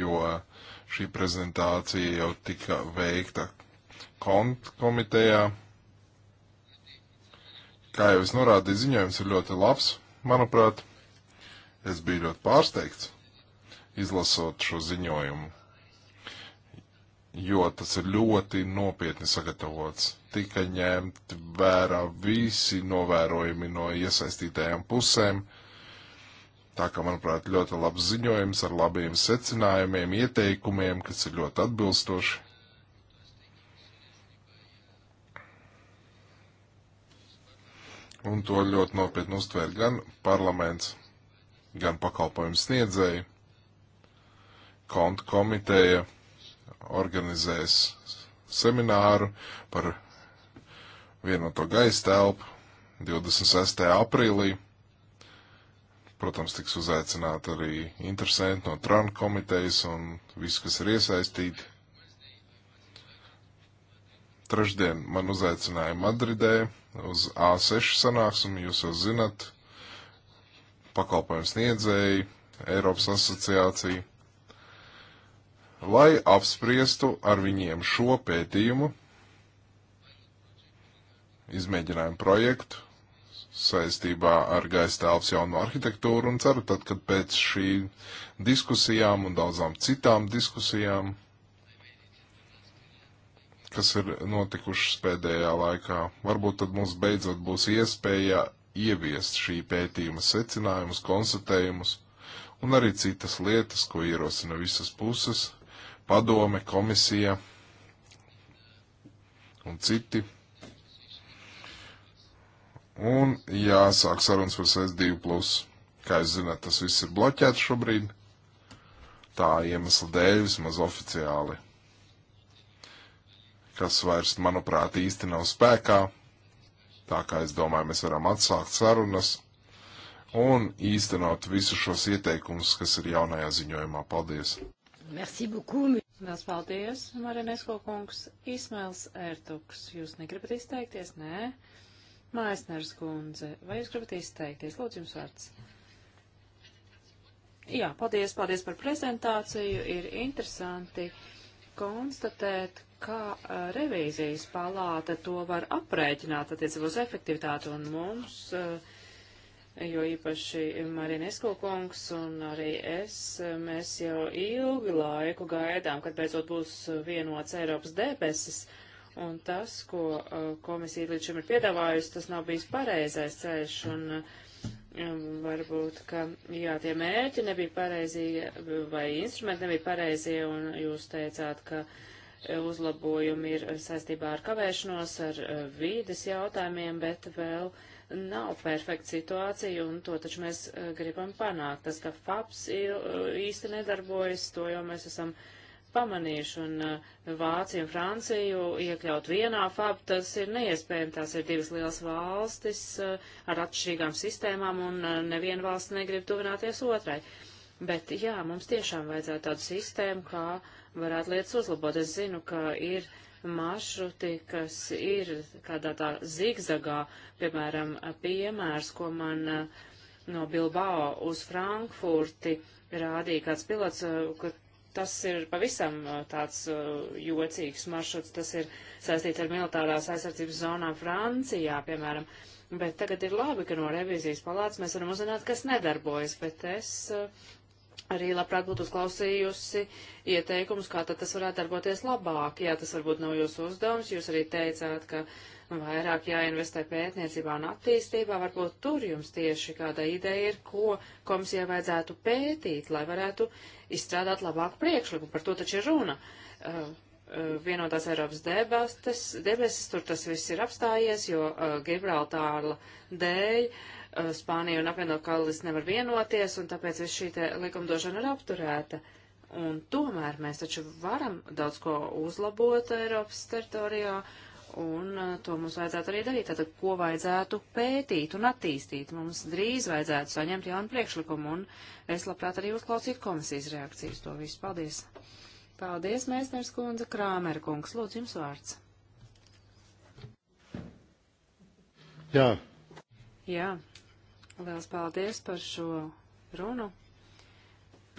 jo šī prezentācija jau tika veikta kont komitejā. Kā jau es norādīju, ziņojums ir ļoti labs, manuprāt. Es biju ļoti pārsteigts, izlasot šo ziņojumu, jo tas ir ļoti nopietni sagatavots. Tika ņemt vērā visi novērojumi no iesaistītajām pusēm, uh, Tā kā, manuprāt, ļoti labs ziņojums ar labiem secinājumiem, ieteikumiem, kas ir ļoti atbilstoši. Un to ļoti nopietni uztver gan parlaments, gan pakalpojums sniedzēji. Konta komiteja organizēs semināru par vienoto gaisa telpu 26. aprīlī. Protams, tiks uzaicināti arī interesanti no Trump komitejas un visi, kas ir iesaistīti. Trešdien man uzaicināja Madridē uz A6 sanāksmi, jūs jau zinat, pakalpojums sniedzēji, Eiropas asociācija, lai apspriestu ar viņiem šo pētījumu, izmēģinājumu projektu saistībā ar gaisa telpas jaunu arhitektūru un ceru tad, kad pēc šī diskusijām un daudzām citām diskusijām, kas ir notikušas pēdējā laikā, varbūt tad mums beidzot būs iespēja ieviest šī pētījuma secinājumus, konstatējumus un arī citas lietas, ko ierosina visas puses, padome, komisija un citi un jāsāk sarunas par SES2. Kā jūs zināt, tas viss ir bloķēts šobrīd. Tā iemesla dēļ vismaz oficiāli. Kas vairs, manuprāt, īsti nav spēkā. Tā kā es domāju, mēs varam atsākt sarunas un īstenot visus šos ieteikumus, kas ir jaunajā ziņojumā. Paldies! Merci beaucoup! Liels paldies, Marinesko kungs! Ismails Ertuks, jūs negribat izteikties? Nē. Ne? Maisners kundze, vai jūs gribat izteikties? Lūdzu, jums vārds. Jā, paldies, paldies par prezentāciju. Ir interesanti konstatēt, kā uh, revīzijas palāta to var aprēķināt attiecībā uz efektivitāti un mums, uh, jo īpaši Marina Eskokungs un arī es, mēs jau ilgi laiku gaidām, kad beidzot būs vienots Eiropas debesis. Uh, un tas, ko uh, komisija līdz šim ir piedāvājusi, tas nav bijis pareizais ceļš, un uh, um, varbūt, ka, jā, tie mērķi nebija pareizie, vai instrumenti nebija pareizie, un jūs teicāt, ka uh, uzlabojumi ir saistībā ar kavēšanos, ar vīdes jautājumiem, bet vēl nav perfekta situācija, un to taču mēs gribam panākt. Tas, ka FAPS īsti nedarbojas, to jau mēs esam uh, pamanījuši, un eh, Vāciju un Franciju iekļaut vienā fab, tas ir neiespējami, tās ir divas lielas valstis eh, ar atšķirīgām sistēmām, un eh, neviena valsts negrib tuvināties otrai. Bet jā, mums tiešām vajadzētu tādu sistēmu, kā varētu lietas uzlabot. Es zinu, ka ir maršruti, kas ir kādā tā zigzagā, piemēram, piemērs, ko man no Bilbao uz Frankfurti rādīja kāds pilots, ka tas ir pavisam uh, tāds uh, jocīgs maršruts, tas ir saistīts ar militārās aizsardzības zonām Francijā, piemēram. Bet tagad ir labi, ka no revīzijas palātas mēs varam uzzināt, kas nedarbojas, bet es uh, arī labprāt būtu uzklausījusi ieteikumus, kā tad tas varētu darboties labāk. Jā, tas varbūt nav jūsu uzdevums, jūs arī teicāt, ka uh, vairāk jāinvestē pētniecībā un attīstībā, varbūt tur jums tieši kāda ideja ir, ko komisijai vajadzētu pētīt, lai varētu izstrādāt labāku priekšlikumu. Par to taču ir runa. Uh, uh, vienotās Eiropas debestes, debesis, tur tas viss ir apstājies, jo uh, Gibraltāla dēļ uh, Spānija un apvienot kalilis nevar vienoties, un tāpēc viss šī likumdošana ir apturēta. Uh, Un tomēr mēs taču varam daudz ko uzlabot Eiropas teritorijā, Un uh, to mums vajadzētu arī darīt. Tātad, ko vajadzētu pētīt un attīstīt? Mums drīz vajadzētu saņemt jaunu priekšlikumu, un es labprāt arī uzklausītu komisijas reakcijas to visu. Paldies! Paldies, Mēsners kundze, Krāmera kungs. Lūdzu, jums vārds. Jā. Jā. Liels paldies par šo runu.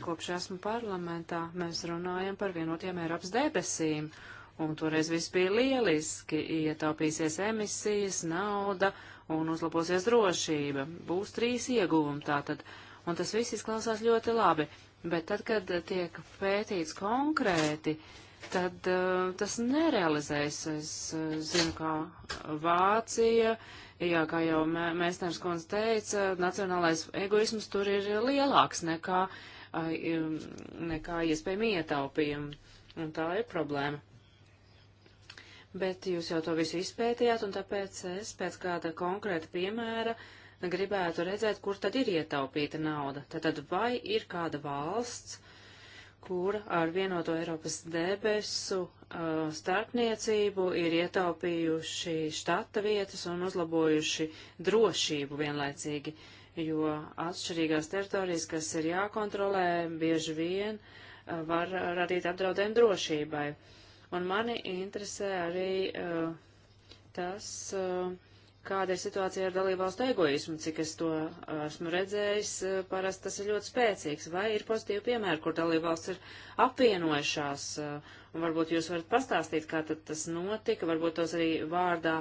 Kopš esmu parlamentā, mēs runājam par vienotiem Eiropas debesīm un toreiz viss bija lieliski, ietaupīsies emisijas, nauda un uzlabosies drošība. Būs trīs ieguvumi tātad, un tas viss izklausās ļoti labi, bet tad, kad tiek pētīts konkrēti, tad uh, tas nerealizēs. Es uh, zinu, kā Vācija, jā, kā jau mē, Mēsners kundze teica, nacionālais egoisms tur ir lielāks nekā, uh, nekā iespējami ietaupījumi, un tā ir problēma bet jūs jau to visu izpētījāt, un tāpēc es pēc kāda konkrēta piemēra gribētu redzēt, kur tad ir ietaupīta nauda. Tātad vai ir kāda valsts, kur ar vienoto Eiropas debesu uh, starpniecību ir ietaupījuši štata vietas un uzlabojuši drošību vienlaicīgi, jo atšķirīgās teritorijas, kas ir jākontrolē, bieži vien uh, var radīt apdraudējumu drošībai. Uh, Un mani interesē arī uh, tas, uh, kāda ir situācija ar dalībvalstu egoismu, cik es to uh, esmu redzējis, uh, parasti tas ir ļoti spēcīgs. Vai ir pozitīvi piemēri, kur dalībvalsts ir apvienojušās, uh, un varbūt jūs varat pastāstīt, kā tad tas notika, varbūt tos arī vārdā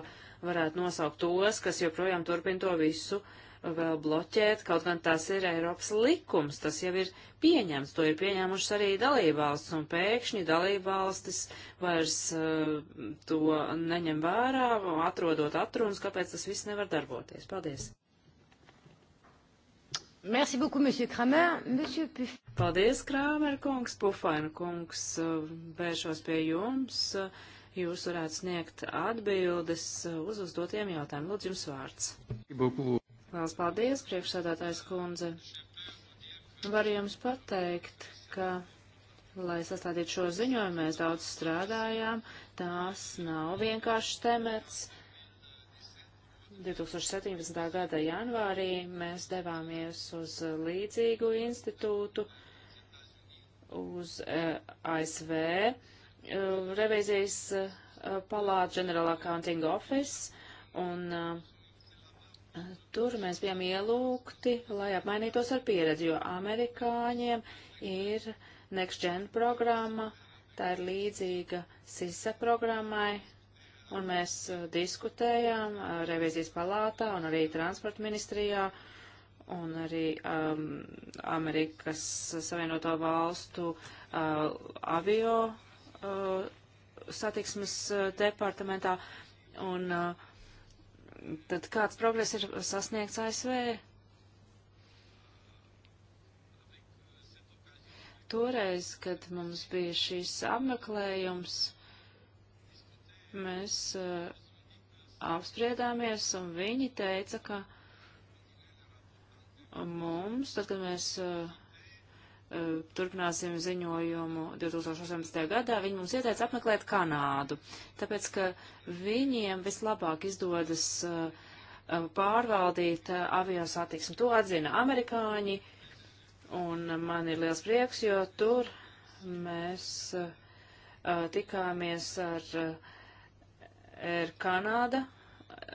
varētu nosaukt tos, kas joprojām turpina to visu uh, vēl bloķēt, kaut gan tas ir Eiropas likums, tas jau ir pieņemts, to ir pieņēmušas arī dalībvalstis, un pēkšņi dalībvalstis vairs uh, to neņem vērā, atrodot atrunas, kāpēc tas viss nevar darboties. Paldies! Merci beaucoup, monsieur Kramer. Monsieur Puf. Paldies, Krāmer kungs, Pufaina kungs, eh, vēršos pie jums. Eh, jūs varētu sniegt atbildes uz uzdotiem jautājumiem. Lūdzu, jums vārds. Beaucoup. Lielas paldies, priekšsēdētājs kundze. Varu jums pateikt, ka, lai sastādītu šo ziņojumu, mēs daudz strādājām. Tās nav vienkārši temets. 2017. gada janvārī mēs devāmies uz līdzīgu institūtu, uz eh, ASV eh, revizijas eh, palātu General Accounting Office, un eh, Tur mēs bijām ielūgti, lai apmainītos ar pieredzi, jo amerikāņiem ir Next Gen programma, tā ir līdzīga SISA programmai, un mēs uh, diskutējām uh, revizijas palātā un arī transporta ministrijā un arī um, Amerikas Savienoto valstu uh, avio uh, satiksmes uh, departamentā. Un, uh, tad kāds progress ir sasniegts ASV? Toreiz, kad mums bija šīs apmeklējums, mēs uh, apspriedāmies, un viņi teica, ka mums, tad, kad mēs uh, Eh, turpināsim ziņojumu 2018. gadā, viņi mums ieteica apmeklēt Kanādu, tāpēc, ka viņiem vislabāk izdodas eh, pārvaldīt eh, aviosatiksmi. To atzina amerikāņi, un man ir liels prieks, jo tur mēs tikāmies ar Air Canada,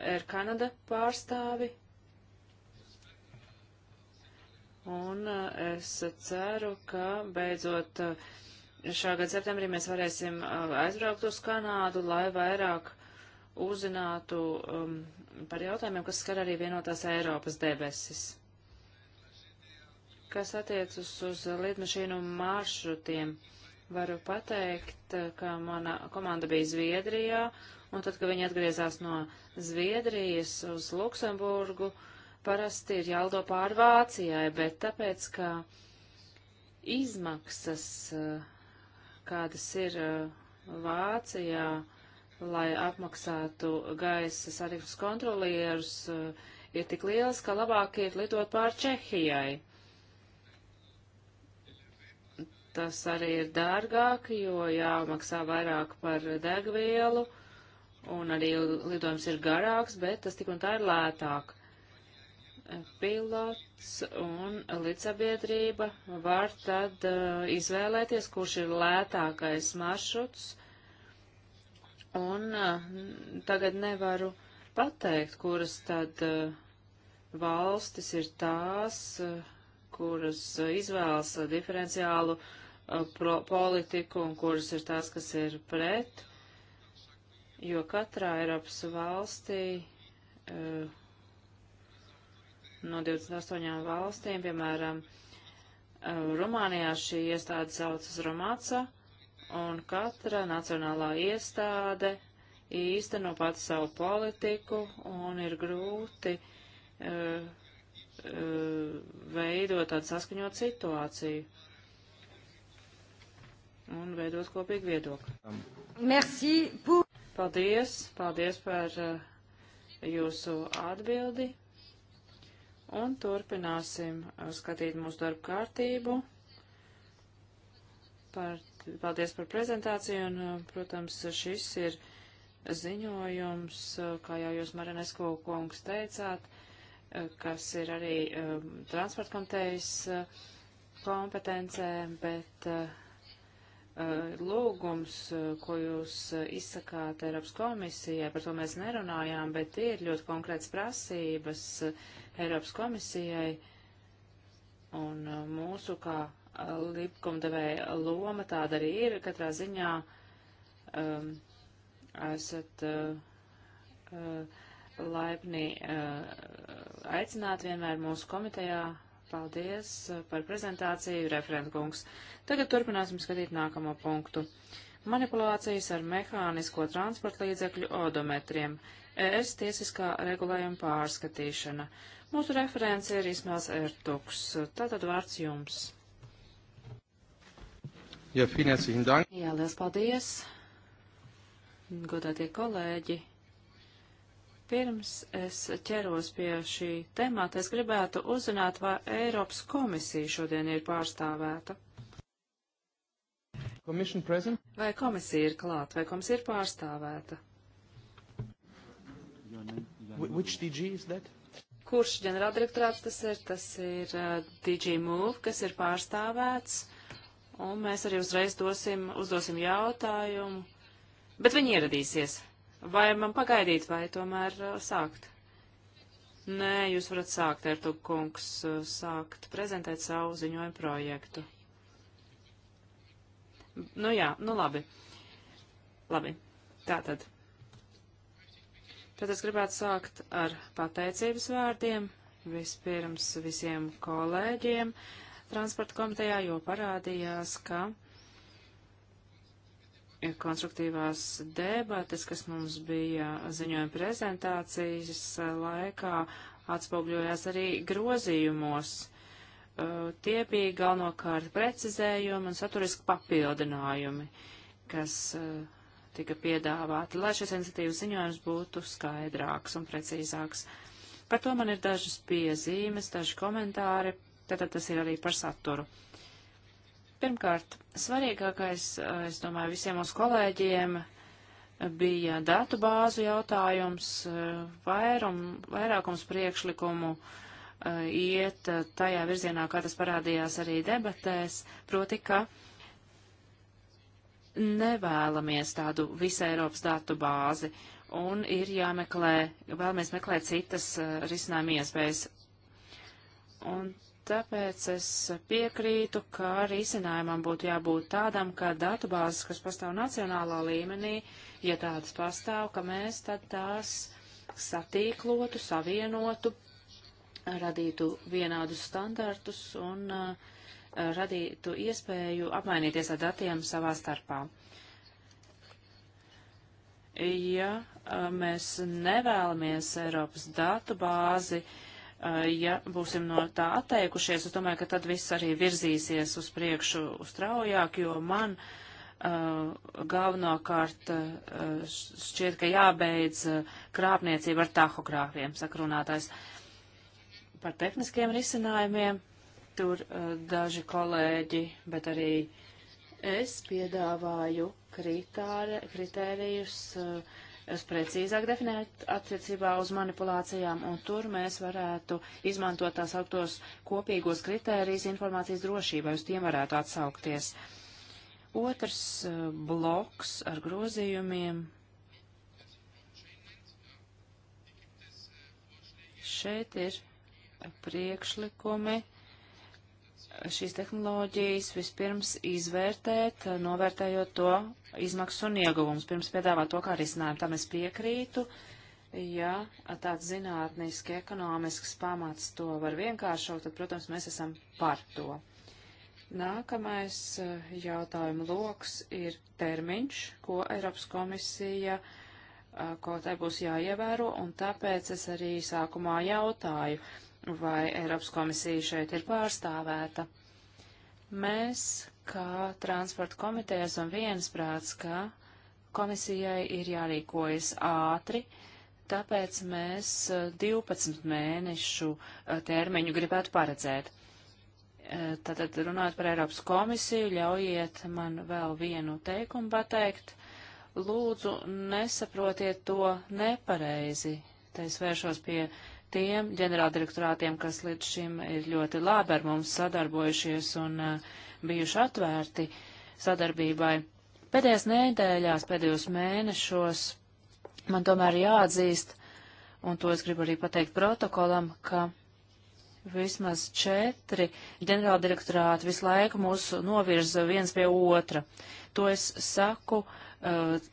Air Canada pārstāvi Un eh, es ceru, ka beidzot eh, šā gada septembrī mēs varēsim eh, aizbraukt uz Kanādu, lai vairāk uzzinātu um, par jautājumiem, kas skar arī vienotās Eiropas debesis. Kas attiecas uz lidmašīnu maršrutiem, varu pateikt, ka mana komanda bija Zviedrijā, un tad, kad viņi atgriezās no Zviedrijas uz Luksemburgu, uh, parasti ir jāldo pār Vācijai, bet tāpēc, ka izmaksas, eh, kādas ir eh, Vācijā, lai apmaksātu gaisa sarīkstu kontrolierus, eh, ir tik lielas, ka labāk ir lidot pār Čehijai. Tas arī ir dārgāk, jo jāmaksā vairāk par degvielu, un arī lidojums ir garāks, bet tas tik un tā ir lētāk pilots un līdzsabiedrība var tad uh, izvēlēties, kurš ir lētākais maršruts. Un uh, tagad nevaru pateikt, kuras tad uh, valstis ir tās, kuras izvēlas diferenciālu politiku un kuras ir tās, kas ir pret, jo katrā Eiropas valstī uh, no 28 valstīm, piemēram, eh, Rumānijā šī iestāde saucas Romāca, un katra nacionālā iestāde īsteno pats savu politiku, un ir grūti uh, uh, veidot tādu saskaņot situāciju un veidot kopīgu viedokli. Um. Merci pour... Paldies, paldies par uh, jūsu atbildi un turpināsim uh, skatīt mūsu darbu kārtību. Par, paldies par prezentāciju, un, uh, protams, šis ir ziņojums, uh, kā jau jūs, Marinesko kungs, teicāt, kas ir arī um, transportkomitejas kompetencē, bet uh, Eh, lūgums, eh, ko jūs eh, izsakāt Eiropas komisijai, par to mēs nerunājām, bet ir ļoti konkrēts prasības Eiropas komisijai un mūsu kā likumdevēja loma tāda arī ir. Katrā ziņā um, esat uh, uh, laipni uh, aicināt vienmēr mūsu komitejā Paldies eh, par prezentāciju, referentkungs. Tagad turpināsim skatīt nākamo punktu. Manipulācijas ar mehānisko transporta līdzekļu odometriem. ES tiesiskā regulējuma pārskatīšana. Mūsu referents ir Ismēls Ertuks. Tātad vārds jums. Ja, Jā, liels paldies. Godātie kolēģi. Pirms es ķeros pie šī temata, es gribētu uzzināt, vai Eiropas komisija šodien ir pārstāvēta. Vai komisija ir klāt, vai komisija ir pārstāvēta? Kurš ģenerāldirektorāts tas ir? Tas ir uh, DG Move, kas ir pārstāvēts, un mēs arī uzreiz dosim, uzdosim jautājumu, bet viņi ieradīsies. Vai man pagaidīt, vai tomēr uh, sākt? Nē, jūs varat sākt, Ertug kungs, uh, sākt prezentēt savu ziņojumu projektu. Nu jā, nu labi. Labi, tātad. Tad es gribētu sākt ar pateicības vārdiem vispirms visiem kolēģiem transporta komitejā, jo parādījās, ka konstruktīvās debates, kas mums bija ziņojuma prezentācijas laikā, atspoguļojās arī grozījumos. Tie bija galvenokārt precizējumi un saturiski papildinājumi, kas tika piedāvāti, lai šis iniciatīvas ziņojums būtu skaidrāks un precīzāks. Par to man ir dažas piezīmes, daži komentāri, tātad tas ir arī par saturu. Uh, Pirmkārt, svarīgākais, eh, es domāju, visiem mūsu kolēģiem bija datu bāzu jautājums, eh, vairum, vairākums priekšlikumu eh, iet tajā virzienā, kā tas parādījās arī debatēs, proti, ka nevēlamies tādu visai Eiropas datu bāzi un ir jāmeklē, vēlamies meklēt citas risinājuma iespējas. Un Tāpēc es piekrītu, ka risinājumam būtu jābūt tādam, ka datubāzes, kas pastāv nacionālā līmenī, ja tādas pastāv, ka mēs tad tās satīklotu, savienotu, radītu vienādus standartus un uh, radītu iespēju apmainīties ar datiem savā starpā. Ja uh, mēs nevēlamies Eiropas datu bāzi, uh, Eh, ja būsim no tā atteikušies, es domāju, ka tad viss arī virzīsies uz priekšu straujāk, jo man uh, galvenokārt uh, šķiet, ka jābeidz krāpniecība ar tahokrāfiem, saka runātājs. Par tehniskiem risinājumiem tur uh, daži kolēģi, bet arī es piedāvāju kritāri, kritērijus. Uh, precīzāk definēt attiecībā uz manipulācijām, un tur mēs varētu izmantot tās augtos kopīgos kritērijas informācijas drošībai, uz tiem varētu atsaukties. Otrs eh, bloks ar grozījumiem. Šeit ir priekšlikumi šīs tehnoloģijas vispirms izvērtēt, novērtējot to izmaksas un ieguvums, pirms piedāvāt to kā risinājumu. Tam es piekrītu, ja tāds zinātniski ekonomisks pamats to var vienkāršot, tad, protams, mēs esam par to. Nākamais eh, jautājuma loks ir termiņš, ko Eiropas komisija eh, ko tai būs jāievēro, un tāpēc es arī sākumā jautāju, vai Eiropas komisija šeit ir pārstāvēta. Mēs ka transporta komitejas un viensprāts, ka komisijai ir jārīkojas ātri, tāpēc mēs 12 eh, mēnešu eh, termiņu gribētu paredzēt. Eh, tātad runājot par Eiropas komisiju, ļaujiet man vēl vienu teikumu pateikt. Lūdzu, nesaprotiet to nepareizi. Te es vēršos pie tiem ģenerāldirektorātiem, kas līdz šim ir ļoti labi ar mums sadarbojušies un uh, bijuši atvērti sadarbībai. Pēdējās nedēļās, pēdējos mēnešos man tomēr jāatzīst, un to es gribu arī pateikt protokolam, ka vismaz četri ģenerāldirektorāti visu laiku mūs novirza viens pie otra. To es saku uh,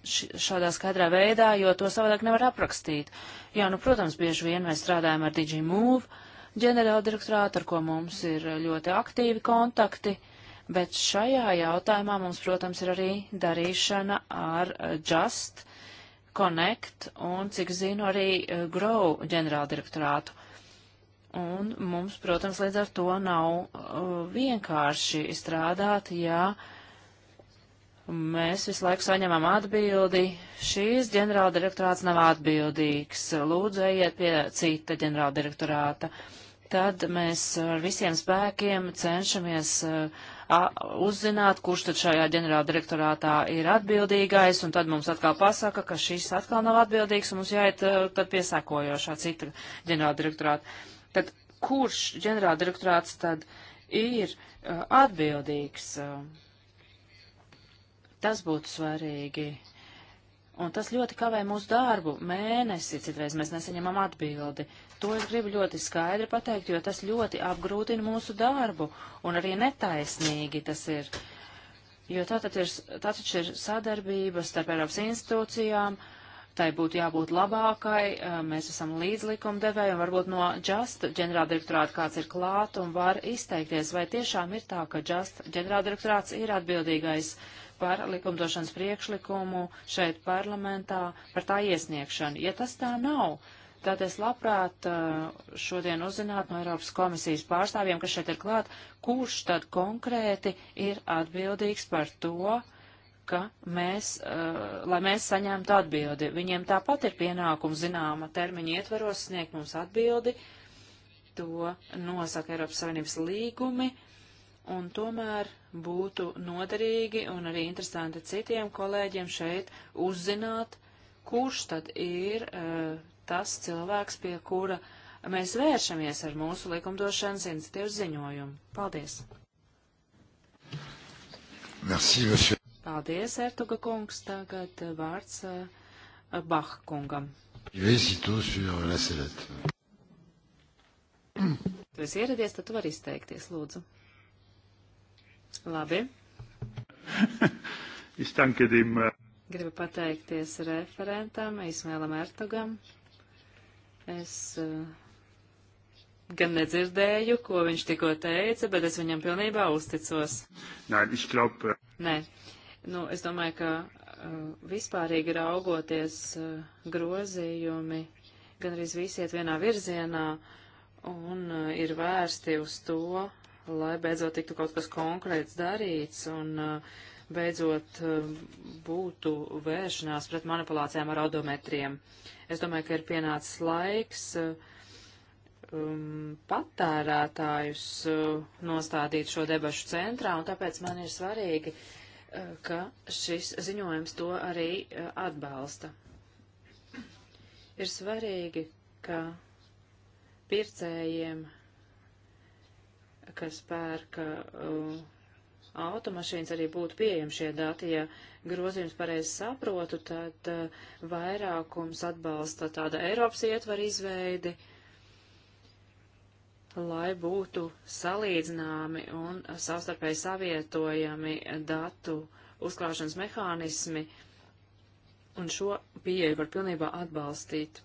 šādā skaidrā veidā, jo to savādāk nevar aprakstīt. Jā, nu, protams, bieži vien mēs strādājam ar DigiMove ģenerāldirektorātu, ar ko mums ir ļoti aktīvi kontakti. Uh, bet šajā jautājumā mums, protams, ir arī darīšana ar eh, Just, Connect un, cik zinu, arī eh, Grow ģenerāldirektorātu. Un mums, protams, līdz ar to nav eh, vienkārši strādāt, ja mēs visu laiku saņemam atbildi, šīs ģenerāldirektorāts nav atbildīgs, lūdzu ejiet pie cita ģenerāldirektorāta. Tad mēs ar visiem spēkiem cenšamies uh, uzzināt, kurš tad šajā ģenerāla direktorātā ir atbildīgais, un tad mums atkal pasaka, ka šis atkal nav atbildīgs, un mums jāiet e, tad pie sekojošā cita ģenerāla direktorāta. Tad kurš ģenerāla direktorāts tad ir e, atbildīgs? E, tas būtu svarīgi. Un tas ļoti kavē mūsu darbu. Mēnesi citreiz mēs nesaņemam atbildi. To es gribu ļoti skaidri pateikt, jo tas ļoti apgrūtina mūsu darbu un arī netaisnīgi tas ir. Jo tā tad ir, tā taču ir sadarbība starp Eiropas institūcijām, tai būtu jābūt labākai, mēs esam līdzlikumdevēji un varbūt no Just ģenerāldirektorāta kāds ir klāt un var izteikties, vai tiešām ir tā, ka Just ģenerāldirektorāts ir atbildīgais par likumdošanas priekšlikumu šeit parlamentā, par tā iesniegšanu. Ja tas tā nav, Tad es labprāt uh, šodien uzzinātu no Eiropas komisijas pārstāvjiem, kas šeit ir klāt, kurš tad konkrēti ir atbildīgs par to, ka mēs, uh, lai mēs saņemtu atbildi. Viņiem tāpat ir pienākums zināma termiņa ietveros sniegt mums atbildi, to nosaka Eiropas Savienības līgumi, un tomēr būtu noderīgi un arī interesanti citiem kolēģiem šeit uzzināt, kurš tad ir uh, tas cilvēks, pie kura mēs vēršamies ar mūsu likumdošanas iniciatīvas ziņojumu. Paldies! Merci, monsieur. Paldies, Ertuga kungs. Tagad vārds uh, eh, Baha kungam. Tu esi ieradies, tad tu vari izteikties, lūdzu. Labi. Eh. Gribu pateikties referentam Ismēlam Ertugam Es eh, gan nedzirdēju, ko viņš tikko teica, bet es viņam pilnībā uzticos. Nē, viņš glaubt. Eh, Nē, nu, es domāju, ka uh, vispārīgi raugoties uh, grozījumi gan arī visiet vienā virzienā un uh, ir vērsti uz to, lai beidzot tiktu kaut kas konkrēts darīts un uh, beidzot eh, būtu vēršanās pret manipulācijām ar odometriem. Es domāju, ka ir pienācis laiks eh, um, patērētājus uh, nostādīt šo debašu centrā, un tāpēc man ir svarīgi, uh, ka šis ziņojums to arī uh, atbalsta. Ir svarīgi, ka pircējiem, kas pērka uh, automašīnas arī būtu pieejami šie dati. Ja grozījums pareizi saprotu, tad uh, vairākums atbalsta tāda Eiropas ietvaru izveidi, lai būtu salīdzināmi un savstarpēji savietojami datu uzklāšanas mehānismi, un šo pieeju var pilnībā atbalstīt.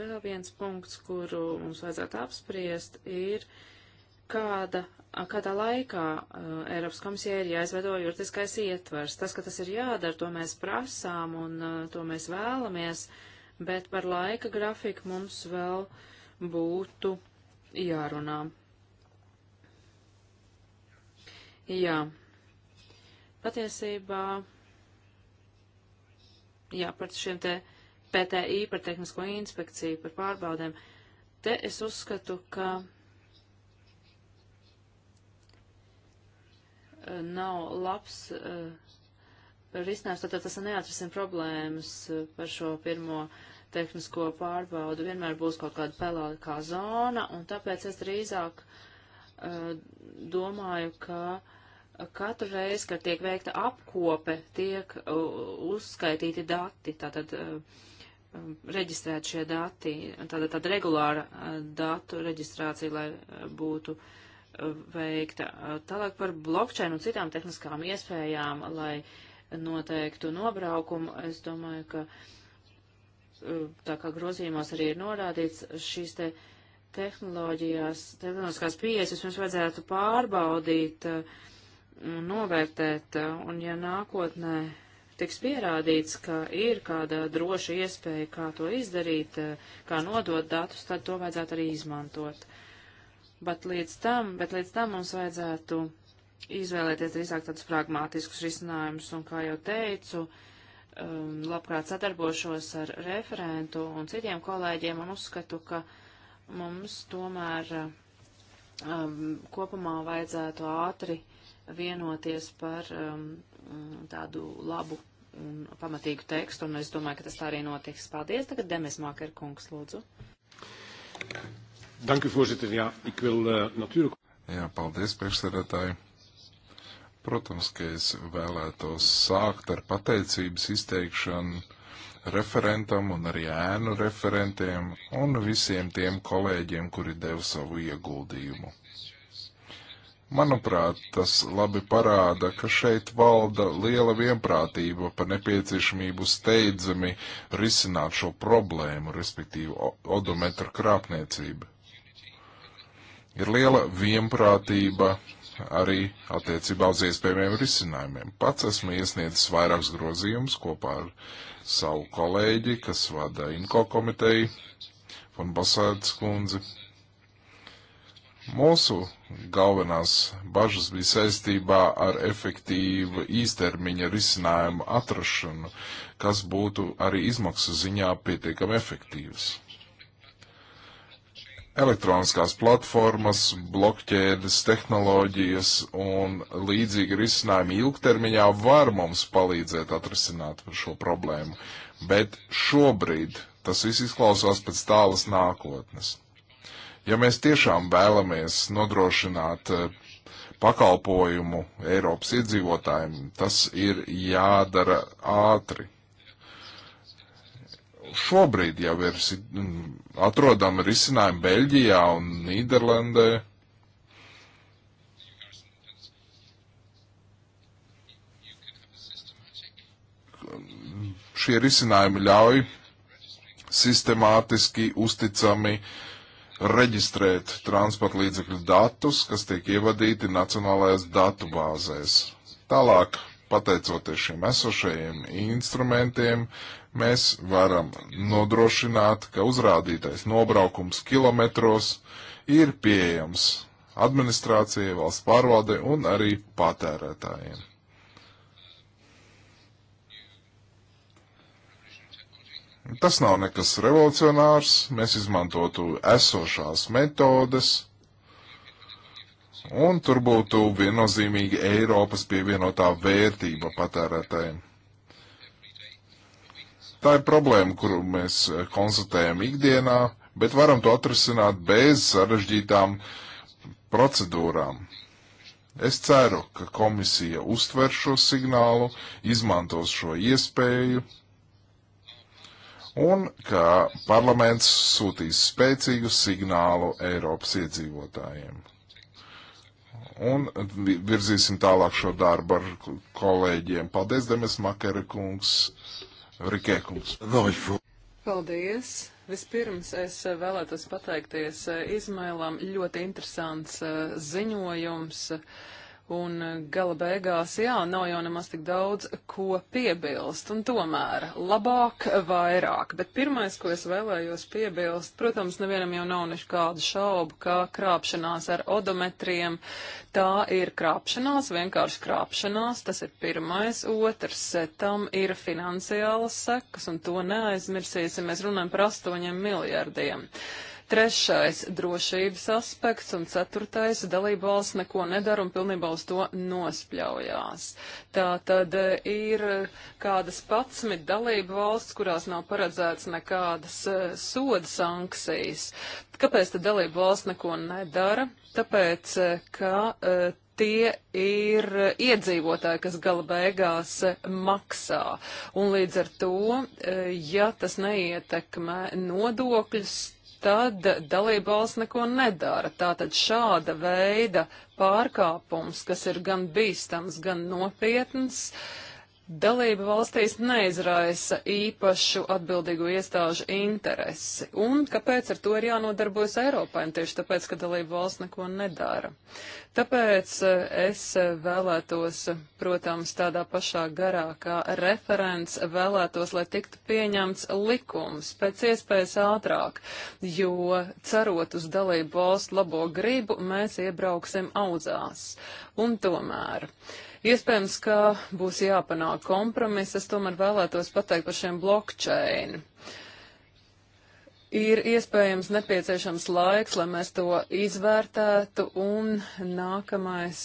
Vēl viens punkts, kuru mums vajadzētu apspriest, ir uh, kāda, kādā laikā uh, Eiropas komisijai ir jāizveido juridiskais ietvers. Tas, ka tas ir jādara, to mēs prasām un uh, to mēs vēlamies, bet par laika grafiku mums vēl būtu jārunā. Jā, patiesībā, jā, par šiem te PTI, par tehnisko inspekciju, par pārbaudēm, te es uzskatu, ka. Mm nav labs eh, risinājums, tātad tas neatrisin problēmas eh, par šo pirmo tehnisko pārbaudu. Vienmēr būs kaut kāda pelēkā zona, un tāpēc es drīzāk uh, domāju, ka katru reizi, kad tiek veikta apkope, tiek uh, uzskaitīti dati, tātad uh, reģistrēt šie dati, tātad tāda regulāra datu reģistrācija, lai būtu uh, veikta. Tālāk par blockchain un citām tehniskām iespējām, lai noteiktu nobraukumu, es domāju, ka uh, tā kā grozījumos arī ir norādīts, šīs te tehnoloģijās, tehnoloģiskās pieejas vispirms vajadzētu pārbaudīt uh, un novērtēt, uh, un ja nākotnē tiks pierādīts, ka ir kāda droša iespēja, kā to izdarīt, kā nodot datus, tad to vajadzētu arī izmantot bet līdz tam, bet līdz tam mums vajadzētu izvēlēties drīzāk tādus pragmātiskus risinājumus, un kā jau teicu, um, labprāt sadarbošos ar referentu un citiem kolēģiem, un uzskatu, ka mums tomēr um, kopumā vajadzētu ātri vienoties par um, tādu labu un pamatīgu tekstu, un es domāju, ka tas tā arī notiks. Paldies, tagad Demis Māker kungs, lūdzu. Dank u, voorzitter. Jā, ik wil uh, natuurlijk. Jā, paldies, priekšsēdētāji. Protams, ka es vēlētos sākt ar pateicības izteikšanu referentam un arī ēnu referentiem un visiem tiem kolēģiem, kuri deva savu ieguldījumu. Manuprāt, tas labi parāda, ka šeit valda liela vienprātība par nepieciešamību steidzami risināt šo problēmu, respektīvi odometru krāpniecību. Ir liela vienprātība arī attiecībā uz iespējamiem risinājumiem. Pats esmu iesniedzis vairākus grozījumus kopā ar savu kolēģi, kas vada INKO komiteju, un Basārds kundzi. Mūsu galvenās bažas bija saistībā ar efektīvu īstermiņa risinājumu atrašanu, kas būtu arī izmaksu ziņā pietiekami efektīvs elektroniskās platformas, blokķēdes, tehnoloģijas un līdzīgi risinājumi ilgtermiņā var mums palīdzēt atrisināt šo problēmu. Bet šobrīd tas viss izklausās pēc tālas nākotnes. Ja mēs tiešām vēlamies nodrošināt eh, pakalpojumu Eiropas iedzīvotājiem, tas ir jādara ātri šobrīd jau ir atrodama risinājuma Beļģijā un Nīderlandē. Šie risinājumi ļauj sistemātiski, uzticami reģistrēt transporta līdzekļu datus, kas tiek ievadīti nacionālajās datu bāzēs. Tālāk pateicoties šiem esošajiem instrumentiem, mēs varam nodrošināt, ka uzrādītais nobraukums kilometros ir pieejams administrācijai, valsts pārvalde un arī patērētājiem. Tas nav nekas revolucionārs, mēs izmantotu esošās metodes, un tur būtu viennozīmīgi Eiropas pievienotā vērtība patērētājiem. Tā ir problēma, kuru mēs eh, konstatējam ikdienā, bet varam to atrisināt bez sarežģītām procedūrām. Es ceru, ka komisija uztver šo signālu, izmantos šo iespēju un ka parlaments sūtīs spēcīgu signālu Eiropas iedzīvotājiem. Un virzīsim tālāk šo darbu ar kolēģiem. Paldies, Demes Makere kungs, Rikēkums. Paldies! Vispirms es vēlētos pateikties eh, Izmailam ļoti interesants eh, ziņojums. Uh, Un eh, gala beigās, jā, nav jau nemaz tik daudz, ko piebilst, un tomēr labāk vairāk. Bet pirmais, ko es vēlējos piebilst, protams, nevienam jau nav nekādu šaubu, ka krāpšanās ar odometriem tā ir krāpšanās, vienkārši krāpšanās, tas ir pirmais. Otrs, eh, tam ir finansiālas sekas, un to neaizmirsīsim, mēs runājam par astoņiem miljardiem. Uh, Trešais - drošības aspekts, un ceturtais - dalība valsts neko nedara un pilnībā uz to nospļaujās. Tā tad eh, ir kādas patsmit dalība valsts, kurās nav paredzēts nekādas eh, soda sankcijas. Kāpēc tad dalība valsts neko nedara? Tāpēc, eh, ka tie ir iedzīvotāji, kas gala beigās maksā. Un līdz ar to, ja tas neietekmē nodokļus, tad dalība valsts neko nedara. Tātad šāda veida pārkāpums, kas ir gan bīstams, gan nopietns, uh, dalība valstīs neizraisa īpašu atbildīgo iestāžu interesi. Un kāpēc ar to ir jānodarbojas Eiropai? Un tieši tāpēc, ka dalība valsts neko nedara. Tāpēc eh, es eh, vēlētos, protams, tādā pašā garā kā referents, vēlētos, lai tiktu pieņemts likums pēc iespējas ātrāk, jo cerot uz dalību valstu labo gribu, mēs iebrauksim audzās. Un tomēr. Uh, Iespējams, ka būs jāpanāk kompromiss, es tomēr vēlētos pateikt par šiem blockchain. Ir iespējams nepieciešams laiks, lai mēs to izvērtētu, un nākamais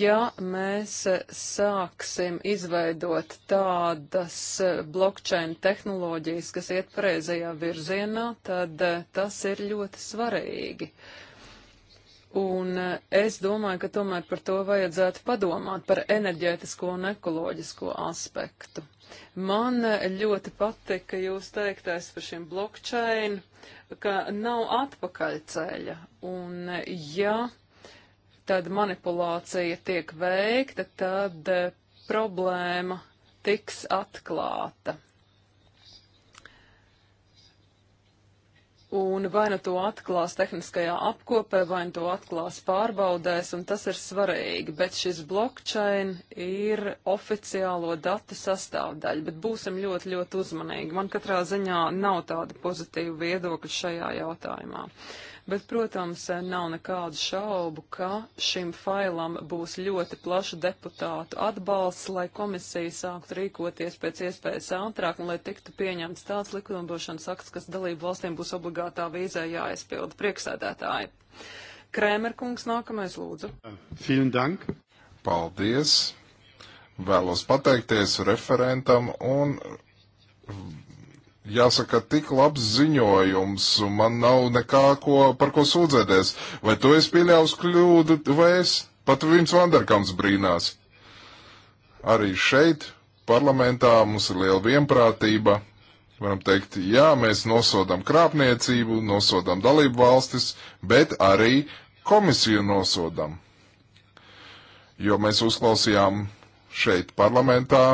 Ja mēs sāksim izveidot tādas blockchain tehnoloģijas, kas iet pareizajā virzienā, tad tas ir ļoti svarīgi. Un eh, es domāju, ka tomēr par to vajadzētu padomāt, par enerģētisko un ekoloģisko aspektu. Man eh, ļoti patika jūs teiktais par šiem blockchain, ka nav atpakaļceļa. Un eh, ja tad manipulācija tiek veikta, tad problēma tiks atklāta. Un vai nu to atklās tehniskajā apkopē, vai nu to atklās pārbaudēs, un tas ir svarīgi. Bet šis blockchain ir oficiālo datu sastāvdaļa, bet būsim ļoti, ļoti uzmanīgi. Man katrā ziņā nav tāda pozitīva viedokļa šajā jautājumā bet, protams, nav nekādu šaubu, ka šim failam būs ļoti plaša deputātu atbalsts, lai komisija sāktu rīkoties pēc iespējas ātrāk un lai tiktu pieņemts tāds likumdošanas akts, kas dalību valstīm būs obligātā vīzē jāaizpilda priekšsēdētāji. Krēmerkungs nākamais lūdzu. Vielen dank. Paldies. Vēlos pateikties referentam un Jāsaka, tik labs ziņojums, man nav nekā, ko, par ko sūdzēties. Vai tu esi pieļāvis kļūdu, vai es? Pat Vims Vanderkams brīnās. Arī šeit, parlamentā, mums ir liela vienprātība. Varam teikt, jā, mēs nosodam krāpniecību, nosodam dalību valstis, bet arī komisiju nosodam. Jo mēs uzklausījām šeit parlamentā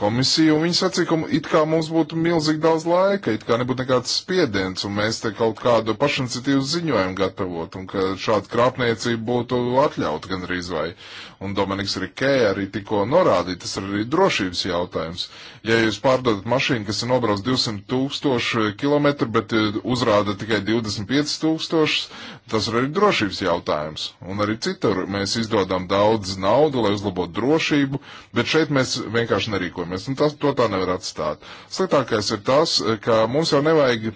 komisiju, un viņi sacīja, ka it kā mums būtu milzīgi daudz laika, it kā nebūtu nekāds spiediens, un mēs te kaut kādu pašiniciatīvu ziņojumu gatavot, un ka šāda krāpniecība būtu atļauta gandrīz vai un Dominiks Rikē arī tikko norādīja, tas ir arī drošības jautājums. Ja jūs pārdodat mašīnu, kas ir nobrauc 200 tūkstoši kilometru, bet eh, uzrāda tikai 25 tūkstošus, tas ir arī drošības jautājums. Un arī citur mēs izdodam daudz naudu, lai uzlabotu drošību, bet šeit mēs vienkārši nerīkojamies, un tas, to tā nevar atstāt. Sliktākais ir tas, ka mums jau nevajag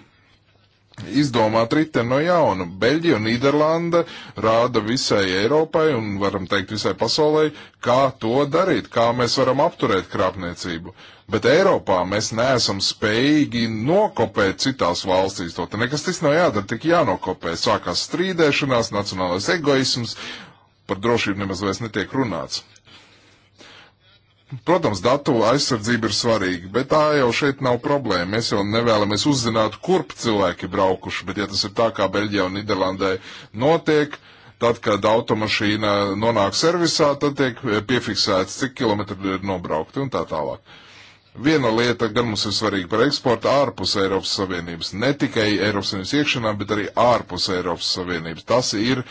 izdomāt riteni no jauna. Beļģija un Nīderlanda rāda visai Eiropai un varam teikt visai pasaulē, kā to darīt, kā mēs varam apturēt krāpniecību. Bet Eiropā mēs neesam spējīgi nokopēt citās valstīs to. Te nekas tas nav jādara, tik jānokopē. Sākās strīdēšanās, nacionālais egoisms, par drošību nemaz vairs netiek runāts. Protams, datu aizsardzība ir svarīga, bet tā jau šeit nav problēma. Mēs jau nevēlamies uzzināt, kurp cilvēki braukuši, bet ja tas ir tā, kā Beļģijā un Niderlandē notiek, tad, kad automašīna nonāk servisā, tad tiek piefiksēts, cik kilometri ir nobraukti un tā tālāk. Viena lieta gan mums ir svarīga par eksportu ārpus Eiropas Savienības, ne tikai Eiropas Savienības iekšienā, bet arī ārpus Eiropas Savienības. Tas ir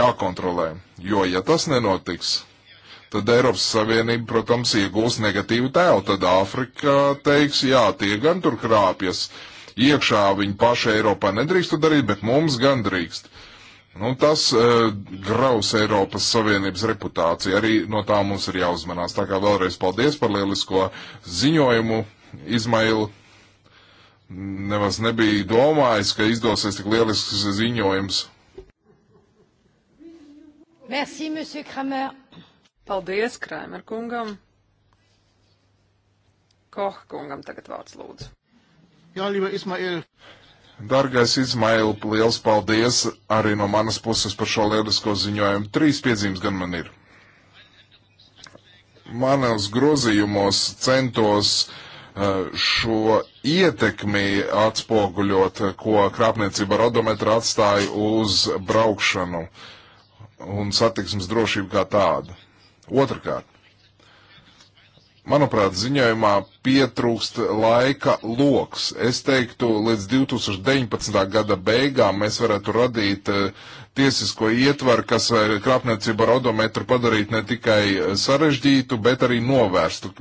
jākontrolē, jo ja tas nenotiks, tad Eiropas Savienība, protams, iegūs negatīvu tēlu. Tad Āfrika teiks, jā, tie gan tur krāpjas. Iekšā viņi paši Eiropā nedrīkst to darīt, bet mums gan drīkst. Nu, tas uh, graus Eiropas Savienības reputāciju. Arī no tā mums ir jāuzmanās. Tā kā vēlreiz paldies par lielisko ziņojumu, Izmailu. Nemaz nebija domājis, ka izdosies tik lielisks ziņojums. Merci, monsieur Kramer. Paldies Kraimer kungam. Koha kungam tagad vārds lūdzu. Jā, Līva Ismail. Dargais Izmail, liels paldies arī no manas puses par šo lielisko ziņojumu. Trīs piezīmes gan man ir. Manos grozījumos centos eh, šo ietekmi atspoguļot, eh, ko krāpniecība ar odometru atstāja uz braukšanu un satiksmes drošību kā tādu. Otrakārt, manuprāt, ziņojumā pietrūkst laika loks. Es teiktu, līdz 2019. gada beigām mēs varētu radīt eh, tiesisko ietvaru, kas eh, krāpniecību ar odometru padarītu ne tikai eh, sarežģītu, bet arī novērstu.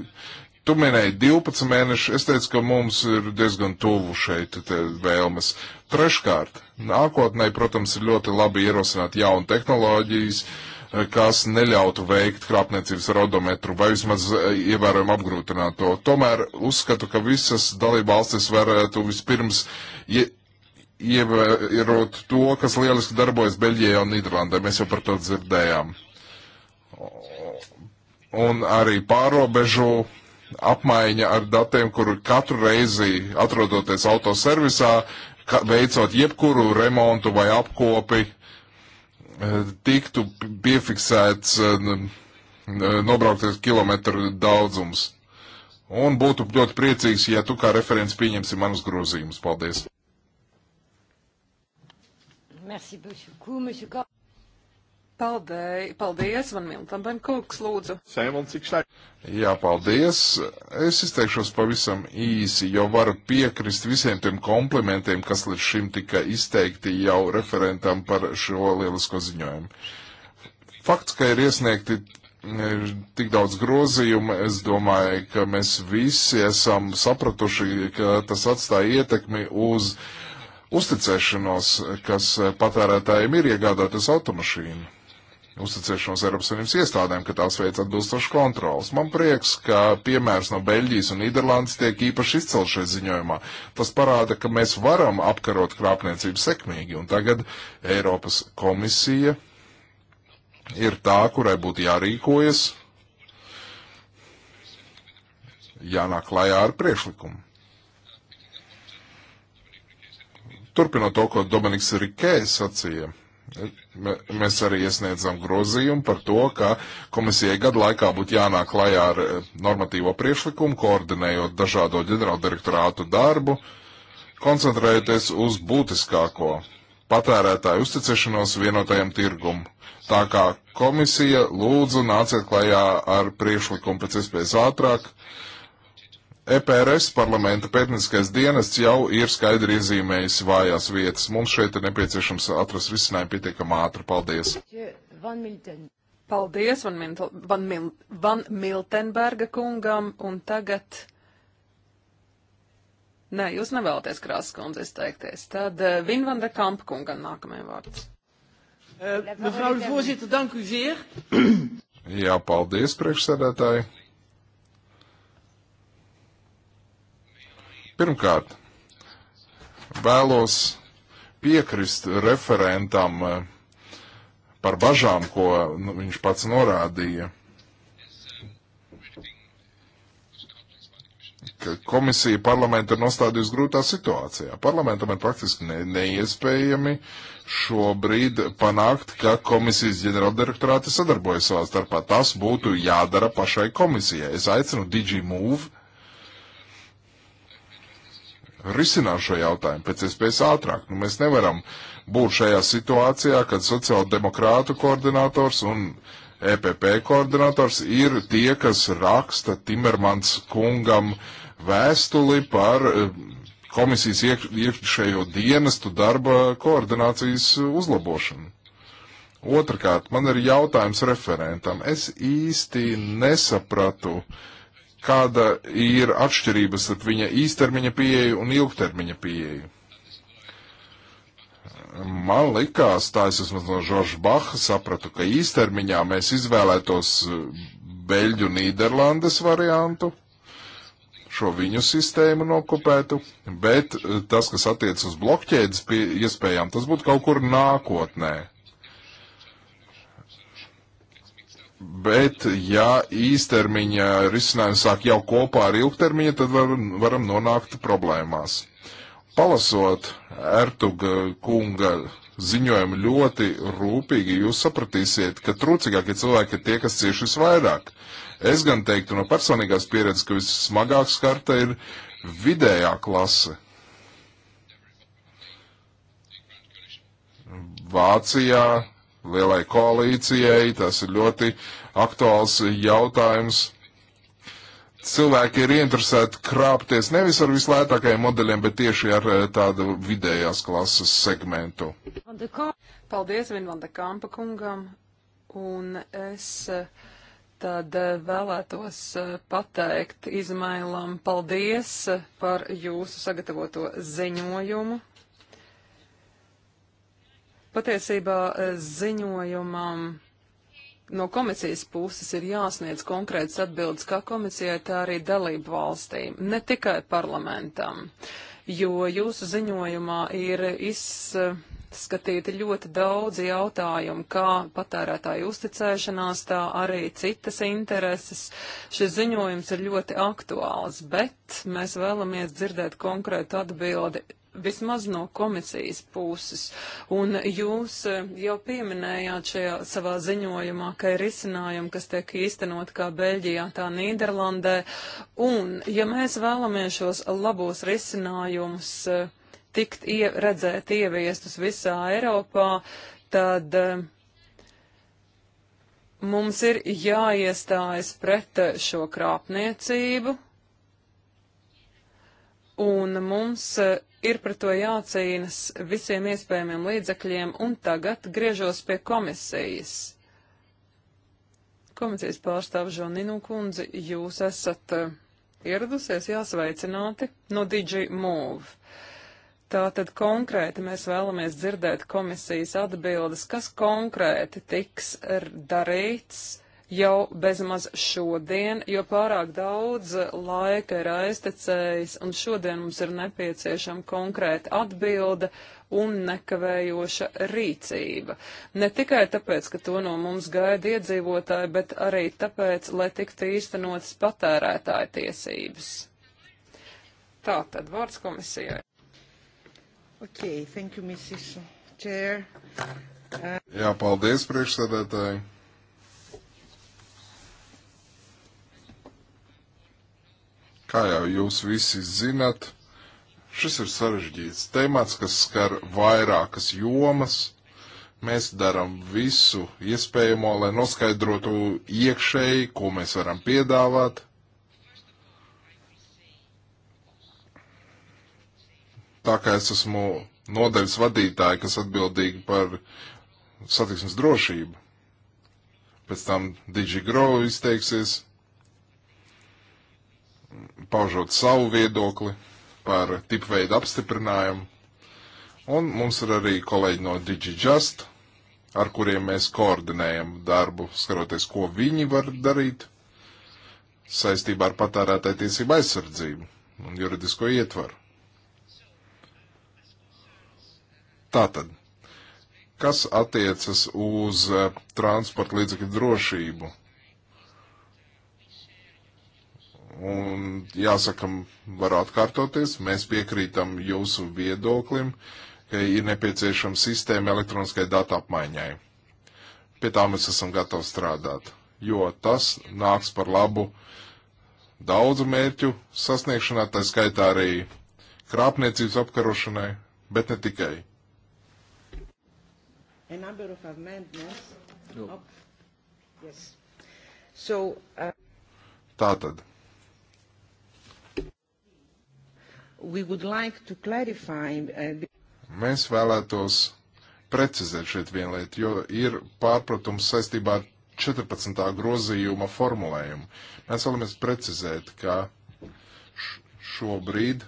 Tu minēji 12 mēneši, es teicu, ka mums ir diezgan tuvu šeit vēlmes. Treškārt, nākotnē, protams, ir ļoti labi ierosināt jaunu tehnoloģijas, uh, Eh, kas neļautu veikt krāpniecības ar odometru vai vismaz eh, ievērojami apgrūtināt to. Tomēr uzskatu, ka visas dalībvalstis varētu vispirms ie, ievērot to, kas lieliski darbojas Beļģijā un Nīderlandē. Mēs jau par to dzirdējām. Un arī pārobežu apmaiņa ar datiem, kur katru reizi atrodoties autoservisā, veicot jebkuru remontu vai apkopi, Eh, tiktu piefiksēts eh, nobrauktais kilometru daudzums. Un būtu ļoti priecīgs, ja tu kā referents pieņemsi manus grozījumus. Paldies! Merci beaucoup, monsieur Cor... Paldies, paldies man Miltam Benkoks, lūdzu. Jā, paldies. Es izteikšos pavisam īsi, jo varu piekrist visiem tiem komplimentiem, kas līdz šim tika izteikti jau referentam par šo lielisko ziņojumu. Fakts, ka ir iesniegti tik daudz grozījumu, es domāju, ka mēs visi esam sapratuši, ka tas atstāja ietekmi uz uzticēšanos, kas patērētājiem ir iegādāties automašīnu uzticēšanos Eiropas Savienības iestādēm, ka tās veic atbilstošu kontrols. Man prieks, ka piemērs no Beļģijas un Nīderlandes tiek īpaši izcelts šajā ziņojumā. Tas parāda, ka mēs varam apkarot krāpniecību sekmīgi, un tagad Eiropas komisija ir tā, kurai būtu jārīkojas, jānāk klajā ar priekšlikumu. Turpinot to, ko Dominiks Rikē sacīja, Mēs arī iesniedzam grozījumu par to, ka komisijai gadu laikā būtu jānāk klajā ar e, normatīvo priekšlikumu, koordinējot dažādo ģenerāldirektorātu darbu, koncentrējoties uz būtiskāko - patērētāju uzticēšanos vienotajam tirgumam. Tā kā komisija lūdzu nāciet klajā ar priekšlikumu pēc iespējas ātrāk, uh, EPRS parlamenta pētnieciskais dienests jau ir skaidri iezīmējis vājās vietas. Mums šeit ir nepieciešams atrast risinājumu pietiekam ātri. Paldies! Paldies Van, Mintel, Van, Mil, Van Miltenberga kungam un tagad. Nē, jūs nevēlaties krāsas kundze izteikties. Tad uh, eh, Vin van de Kamp kungam nākamajam vārds. Uh, mevrouw de voorzitter, dank u zeer. Jā, paldies, priekšsēdētāji. Pirmkārt, vēlos piekrist referentam eh, par bažām, ko nu, viņš pats norādīja. ka komisija parlamentu ir nostādījusi grūtā situācijā. Parlamentam ir praktiski ne, neiespējami šobrīd panākt, ka komisijas ģenerāldirektorāti sadarbojas savā starpā. Tas būtu jādara pašai komisijai. Es aicinu DigiMove risināt šo jautājumu pēc iespējas ātrāk. Nu, mēs nevaram būt šajā situācijā, kad sociāldemokrātu koordinators un EPP koordinators ir tie, kas raksta Timermans kungam vēstuli par eh, komisijas iek iekšējo dienestu darba koordinācijas uzlabošanu. Otrakārt, man ir jautājums referentam. Es īsti nesapratu, uh, kāda ir atšķirības starp viņa īstermiņa pieeju un ilgtermiņa pieeju. Man likās, tā es esmu no Žorža Baha sapratu, ka īstermiņā mēs izvēlētos eh, Beļģu Nīderlandes variantu, šo viņu sistēmu nokopētu, bet eh, tas, kas attiec uz blokķēdes iespējām, tas būtu kaut kur nākotnē. Bet, ja īstermiņa risinājums sāk jau kopā ar ilgtermiņa, tad var, varam nonākt problēmās. Palasot Ertuga kunga ziņojumu ļoti rūpīgi, jūs sapratīsiet, ka trūcīgākie cilvēki ir tie, kas cieši visvairāk. Es gan teiktu no personīgās pieredzes, ka vissmagāk skarta ir vidējā klase. Vācijā lielai koalīcijai. Tas ir ļoti aktuāls jautājums. Cilvēki ir interesēti krāpties nevis ar vislētākajiem modeļiem, bet tieši ar eh, tādu vidējās klases segmentu. Paldies Vinlanda Kampa kungam, un es eh, tad eh, vēlētos pateikt Izmailam paldies par jūsu sagatavoto ziņojumu. Patiesībā e, ziņojumam no komisijas puses ir jāsniedz konkrētas atbildes kā komisijai, tā arī dalību valstīm, ne tikai parlamentam, jo jūsu ziņojumā ir izskatīti ļoti daudzi jautājumi, kā patērētāju uzticēšanās, tā arī citas intereses. Šis ziņojums ir ļoti aktuāls, bet mēs vēlamies dzirdēt konkrētu atbildi vismaz no komisijas puses. Un jūs e, jau pieminējāt šajā savā ziņojumā, ka ir izcinājumi, kas tiek īstenot kā Beļģijā, tā Nīderlandē. Un, ja mēs vēlamies šos labos risinājumus e, tikt ie, redzēt ieviestus visā Eiropā, tad e, mums ir jāiestājas pret šo krāpniecību, un mums ir pret to jācīnas visiem iespējamiem līdzekļiem, un tagad griežos pie komisijas. Komisijas pārstāv Žoninu kundzi, jūs esat eh, ieradusies jāsveicināti no DJ Move. Tātad konkrēti mēs vēlamies dzirdēt komisijas atbildes, kas konkrēti tiks darīts jau bezmaz šodien, jo pārāk daudz laika ir aiztecējis, un šodien mums ir nepieciešama konkrēta atbilde un nekavējoša rīcība. Ne tikai tāpēc, ka to no mums gaida iedzīvotāji, bet arī tāpēc, lai tiktu īstenotas patērētāja tiesības. Tā tad vārds komisijai. Okay, thank you, Mrs. Chair. Uh... Jā, paldies priekšsēdētāji. Kā jau jūs visi zinat, šis ir sarežģīts temats, kas skar vairākas jomas. Mēs darām visu iespējamo, lai noskaidrotu iekšēji, ko mēs varam piedāvāt. Tā kā es esmu nodaļas vadītāja, kas atbildīga par satiksmes drošību. Pēc tam DigiGrow izteiksies, paužot savu viedokli par tipveidu apstiprinājumu. Un mums ir arī kolēģi no DigiJust, ar kuriem mēs koordinējam darbu, skaroties, ko viņi var darīt saistībā ar patērētāju tiesību aizsardzību un juridisko ietvaru. Tātad, kas attiecas uz eh, transporta līdzekļu drošību Un jāsaka, var atkārtoties, mēs piekrītam jūsu viedoklim, ka ir nepieciešama sistēma elektroniskai datu apmaiņai. Pie tā mēs esam gatavi strādāt, jo tas nāks par labu daudzu mērķu sasniegšanā, tā skaitā arī krāpniecības apkarošanai, bet ne tikai. A number of amendments. No. Oh. Yes. So, uh... Tātad Like clarify... Uh, Mēs vēlētos precizēt šeit vienu lietu, jo ir pārpratums saistībā ar 14. grozījuma formulējumu. Mēs vēlamies precizēt, ka šobrīd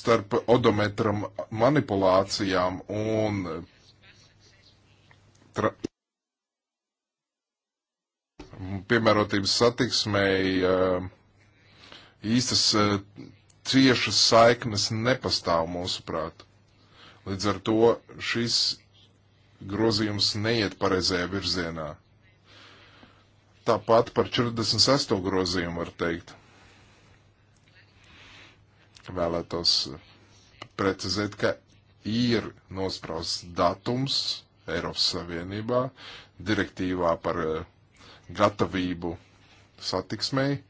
starp odometram manipulācijām un tra... piemērotības satiksmēji uh, īstas uh, ciešas saiknes nepastāv mūsuprāt. Līdz ar to šis grozījums neiet pareizajā virzienā. Tāpat par 46. grozījumu var teikt. Vēlētos precizēt, ka ir nosprausts datums Eiropas Savienībā direktīvā par eh, gatavību satiksmei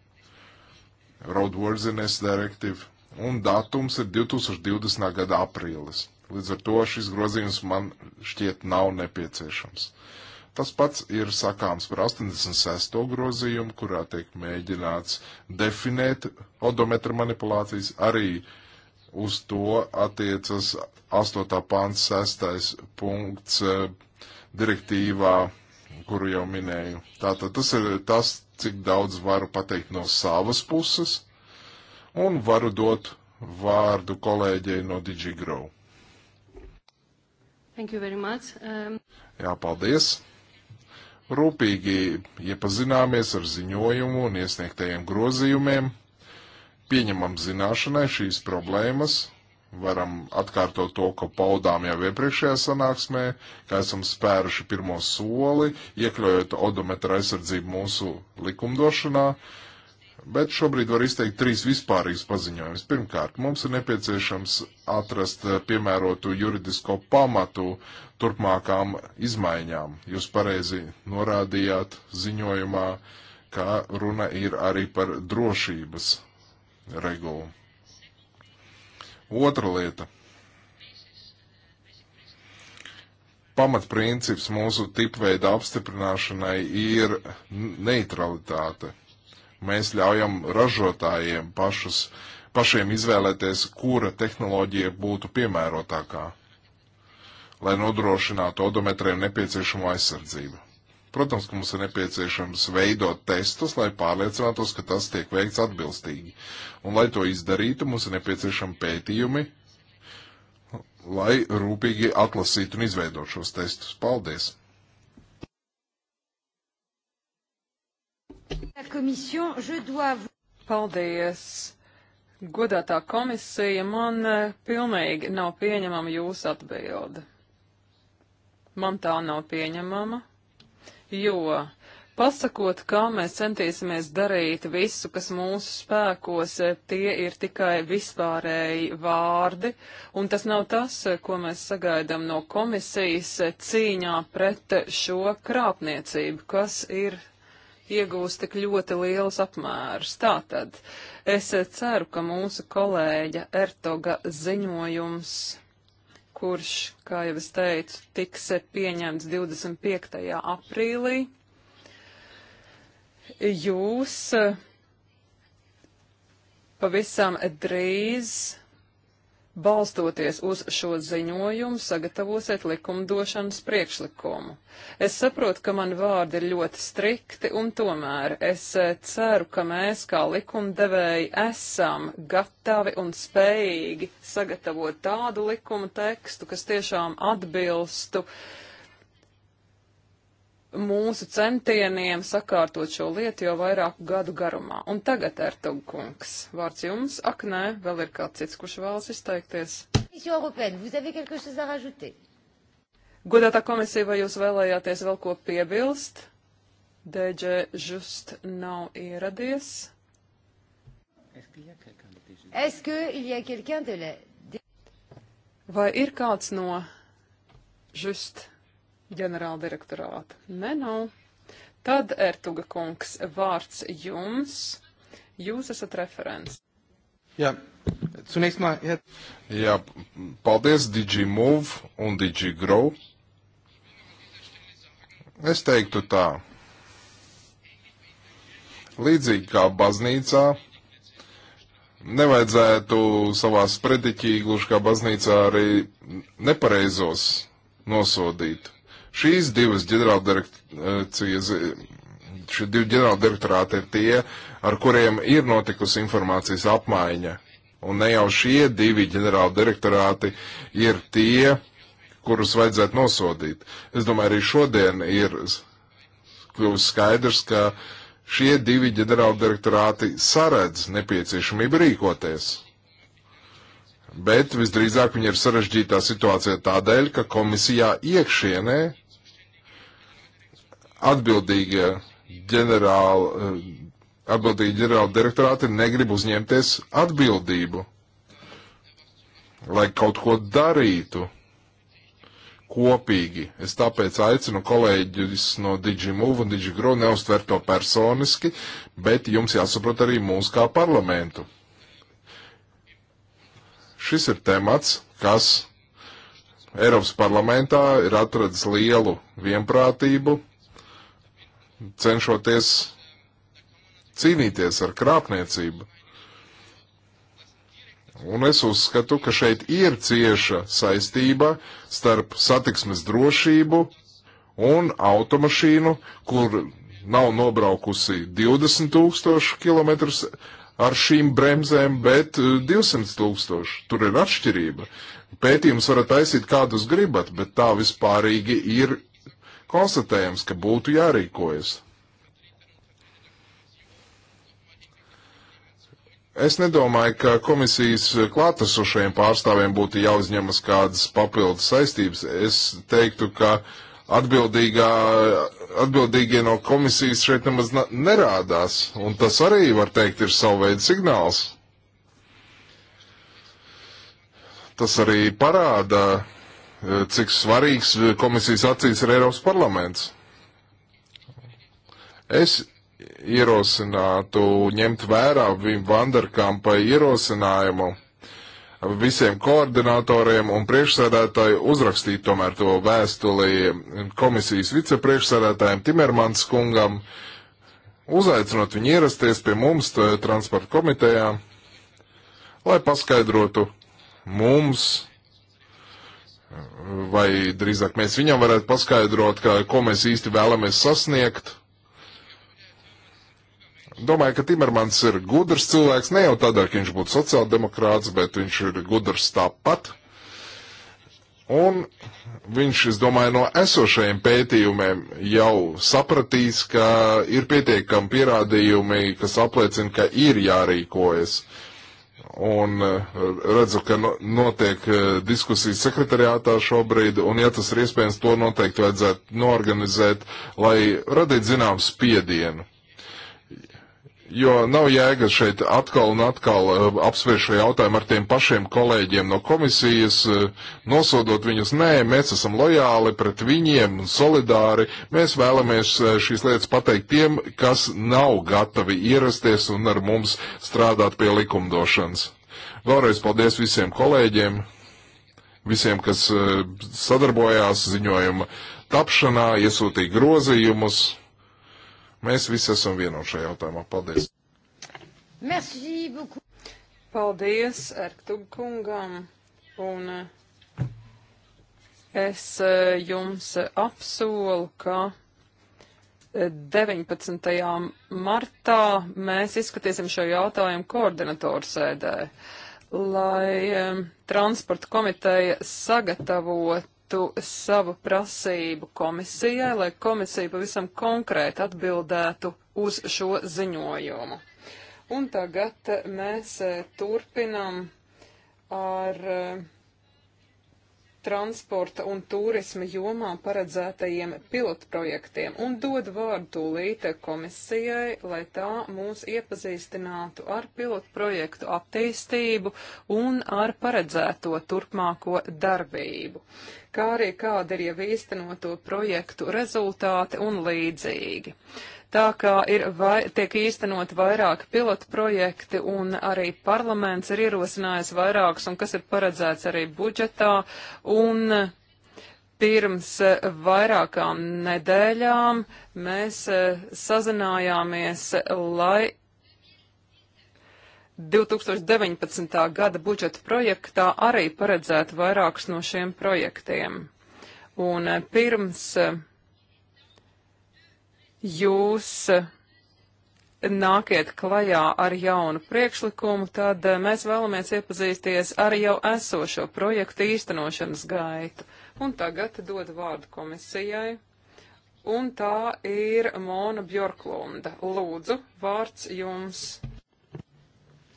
Roadworthiness Directive, un datums ir 2020. gada aprīlis. Līdz ar to šis grozījums man šķiet nav nepieciešams. Tas pats ir sakāms par 86. grozījumu, kurā tiek mēģināts definēt odometra manipulācijas. Arī uz to attiecas 8. pāns 6. punkts eh, direktīvā, kuru jau minēju. Tātad tas ir tas cik daudz varu pateikt no savas puses, un varu dot vārdu kolēģei no DigiGrow. Thank you very much. Um... Jā, paldies. Rūpīgi iepazināmies ar ziņojumu un iesniegtajiem grozījumiem. Pieņemam zināšanai šīs problēmas, varam atkārtot to, ko paudām jau iepriekšējā sanāksmē, ka esam spēruši pirmo soli, iekļaujot odometra aizsardzību mūsu likumdošanā, bet šobrīd var izteikt trīs vispārīgas paziņojumus. Pirmkārt, mums ir nepieciešams atrast piemērotu juridisko pamatu turpmākām izmaiņām. Jūs pareizi norādījāt ziņojumā, ka runa ir arī par drošības regulu Otra lieta. Pamatprincips mūsu tipveida apstiprināšanai ir neutralitāte. Mēs ļaujam ražotājiem pašus, pašiem izvēlēties, kura tehnoloģija būtu piemērotākā, lai nodrošinātu odometriem nepieciešamo aizsardzību. Protams, ka mums ir nepieciešams veidot testus, lai pārliecinātos, ka tas tiek veikts atbilstīgi. Un, lai to izdarītu, mums ir nepieciešami pētījumi, lai rūpīgi atlasītu un izveidot šos testus. Paldies! Paldies! Godātā komisija, man eh, pilnīgi nav pieņemama jūsu atbilde. Man tā nav pieņemama jo pasakot, kā mēs centīsimies darīt visu, kas mūsu spēkos, tie ir tikai vispārēji vārdi, un tas nav tas, ko mēs sagaidām no komisijas cīņā pret šo krāpniecību, kas ir iegūst tik ļoti lielus apmērus. Tātad es ceru, ka mūsu kolēģa Ertoga ziņojums kurš, kā jau es teicu, tiks pieņemts 25. aprīlī. Jūs eh, pavisam drīz balstoties uz šo ziņojumu, sagatavosiet likumdošanas priekšlikumu. Es saprotu, ka mani vārdi ir ļoti strikti, un tomēr es eh, ceru, ka mēs kā likumdevēji esam gatavi un spējīgi sagatavot tādu likuma tekstu, kas tiešām atbilstu uh, mūsu centieniem sakārtot šo lietu jau vairāku gadu garumā. Un tagad, Ertug kungs, vārds jums, ak nē, vēl ir kāds cits, kurš vēlas izteikties. Godātā komisija, vai jūs vēlējāties vēl ko piebilst? DJ just nav ieradies. Vai ir kāds no just? ģenerāldirektorāta? Ne, nav. Tad, Ertuga kungs, vārds jums. Jūs esat referents. Jā, zunächst mal. Jā, jā paldies DigiMove un DigiGrow. Es teiktu tā. Līdzīgi kā baznīcā, nevajadzētu savā sprediķī, gluži kā baznīcā, arī nepareizos nosodīt. Šīs divas ģenerāldirekcijas, šie divi ģenerāldirektorāti ir tie, ar kuriem ir notikusi informācijas apmaiņa. Un ne jau šie divi ģenerāldirektorāti ir tie, kurus vajadzētu nosodīt. Es domāju, arī šodien ir kļuvis skaidrs, ka šie divi ģenerāldirektorāti saredz nepieciešamību rīkoties. Bet visdrīzāk viņi ir sarežģītā situācijā tādēļ, ka komisijā iekšienē atbildīgie ģenerāli, eh, atbildīgi ģenerāli direktorāti negrib uzņemties atbildību, lai kaut ko darītu kopīgi. Es tāpēc aicinu kolēģis no DigiMove un DigiGro neuztvert to personiski, bet jums jāsaprot arī mūs kā parlamentu. Šis ir temats, kas Eiropas parlamentā ir atradis lielu vienprātību cenšoties cīnīties ar krāpniecību. Un es uzskatu, ka šeit ir cieša saistība starp satiksmes drošību un automašīnu, kur nav nobraukusi 20 tūkstoši kilometrus ar šīm bremzēm, bet 200 eh, tūkstoši. Tur ir atšķirība. Pētījums varat taisīt kādus gribat, bet tā vispārīgi ir konstatējams, ka būtu jārīkojas. Es nedomāju, ka komisijas klātesošajiem pārstāvjiem būtu jāuzņemas kādas papildus saistības. Es teiktu, ka atbildīgie no komisijas šeit nemaz nerādās, un tas arī, var teikt, ir savu veidu signāls. Tas arī parāda Eh, cik svarīgs eh, komisijas acīs ir Eiropas parlaments. Es ierosinātu ņemt vērā Vim Vanderkampa ierosinājumu visiem koordinatoriem un priekšsēdētāju uzrakstīt tomēr to vēstuli komisijas vicepriekšsēdētājiem Timermans kungam, uzaicinot viņu ierasties pie mums transporta komitejā, lai paskaidrotu mums, vai drīzāk mēs viņam varētu paskaidrot, ka, ko mēs īsti vēlamies sasniegt. Domāju, ka Timermans ir gudrs cilvēks, ne jau tādēļ, ka viņš būtu sociāldemokrāts, bet viņš ir gudrs tāpat. Un viņš, es domāju, no esošajiem pētījumiem jau sapratīs, ka ir pietiekami pierādījumi, kas apliecina, ka ir jārīkojas. Uh, Un eh, redzu, ka notiek eh, diskusijas sekretariātā šobrīd, un ja tas ir iespējams, to noteikti vajadzētu norganizēt, lai radītu zinām spiedienu Jo nav jēgas šeit atkal un atkal uh, eh, apsvērst šo jautājumu ar tiem pašiem kolēģiem no komisijas, uh, nosodot viņus. Nē, mēs esam lojāli pret viņiem un solidāri. Mēs vēlamies uh, šīs lietas pateikt tiem, kas nav gatavi ierasties un ar mums strādāt pie likumdošanas. Vēlreiz paldies visiem kolēģiem, visiem, kas sadarbojās ziņojuma tapšanā, iesūtīja grozījumus Mēs visi esam vienoti šajā jautājumā. Paldies! Merci beaucoup! Paldies Erktug kungam! Un eh, es eh, jums apsolu, ka 19. Eh, martā mēs izskatīsim šo jautājumu koordinatoru sēdē, lai um, transporta komiteja sagatavot sniegtu savu prasību komisijai, lai komisija pavisam konkrēti atbildētu uz šo ziņojumu. Un tagad mēs eh, turpinam ar eh, transporta un turisma jomā paredzētajiem pilotprojektiem un dod vārdu tūlīt komisijai, lai tā mūs iepazīstinātu ar pilotprojektu attīstību un ar paredzēto turpmāko darbību, kā arī kāda ir jau īstenoto projektu rezultāti un līdzīgi. Tā kā ir vai, tiek īstenot vairāki pilotu projekti un arī parlaments ir ierosinājis vairākus un kas ir paredzēts arī budžetā. Un pirms vairākām nedēļām mēs eh, sazinājāmies, lai 2019. gada budžeta projektā arī paredzētu vairākus no šiem projektiem. Un eh, pirms eh, jūs eh, nākiet klajā ar jaunu priekšlikumu, tad eh, mēs vēlamies iepazīties ar jau esošo projektu īstenošanas gaitu. Un tagad dod vārdu komisijai. Un tā ir Mona Bjorklunda. Lūdzu, vārds jums.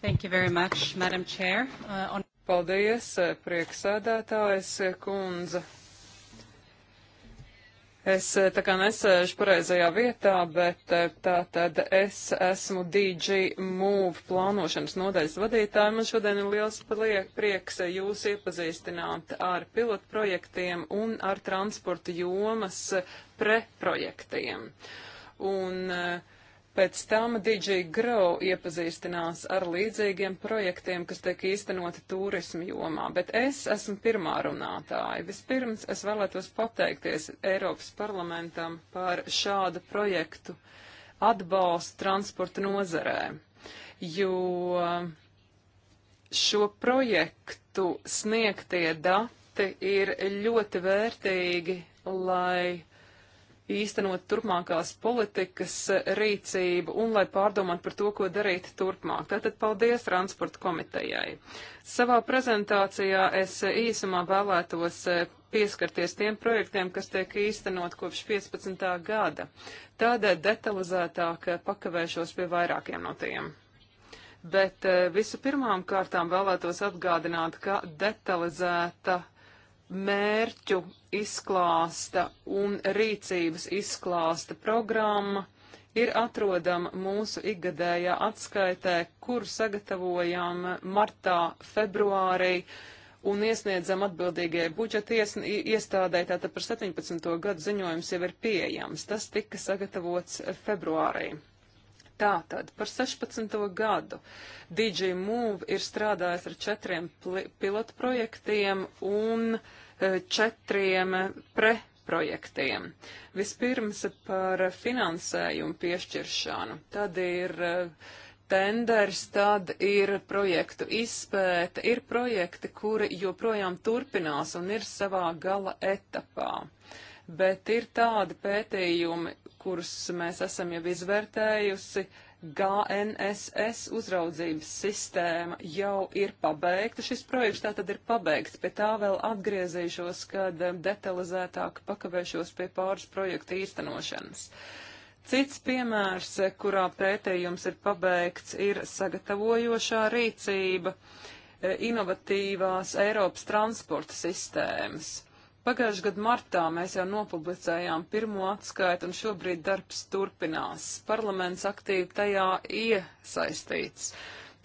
Thank you very much, Madam Chair. Uh, on... Paldies, eh, prieksēdētājs kundze. Es eh, tā kā nesēžu pareizajā vietā, bet eh, tā tad es esmu DG Move plānošanas nodaļas vadītāja. Man šodien ir liels prieks eh, jūs iepazīstināt ar pilotprojektiem un ar transporta jomas preprojektiem. Un uh, Pēc tam DJ Grow iepazīstinās ar līdzīgiem projektiem, kas tiek īstenoti turismu jomā, bet es esmu pirmā runātāja. Vispirms es vēlētos pateikties Eiropas parlamentam par šādu projektu atbalstu transporta nozarē, jo šo projektu sniegtie dati ir ļoti vērtīgi, lai īstenot turpmākās politikas eh, rīcību un lai pārdomāt par to, ko darīt turpmāk. Tātad paldies transporta komitejai. Savā prezentācijā es eh, īsumā vēlētos eh, pieskarties tiem projektiem, kas tiek īstenot kopš 15. gada. Tādēļ detalizētāk pakavēšos pie vairākiem no tiem. Bet visu pirmām kārtām vēlētos atgādināt, ka detalizēta mērķu izklāsta un rīcības izklāsta programma ir atrodama mūsu ikgadējā atskaitē, kuru sagatavojām martā, februārī un iesniedzam atbildīgajai budžeta iestādē, tātad par 17. gadu ziņojums jau ir pieejams. Tas tika sagatavots februārī. Tātad par 16. gadu DJ Move ir strādājis ar četriem pilotprojektiem un e, četriem e, pre projektiem. Vispirms par finansējumu piešķiršanu. Tad ir e, tenders, tad ir projektu izpēta, ir projekti, kuri joprojām turpinās un ir savā gala etapā. Bet ir tādi pētījumi, kurus mēs esam jau izvērtējusi. GNSS uzraudzības sistēma jau ir pabeigta. Šis projekts tā tad ir pabeigts. Pie tā vēl atgriezīšos, kad um, detalizētāk pakavēšos pie pāris projektu īstenošanas. Cits piemērs, eh, kurā pētījums ir pabeigts, ir sagatavojošā rīcība eh, inovatīvās Eiropas transporta sistēmas. Pagājušajā gadā martā mēs jau nopublicējām pirmo atskaitu, un šobrīd darbs turpinās. Parlaments aktīvi tajā iesaistīts.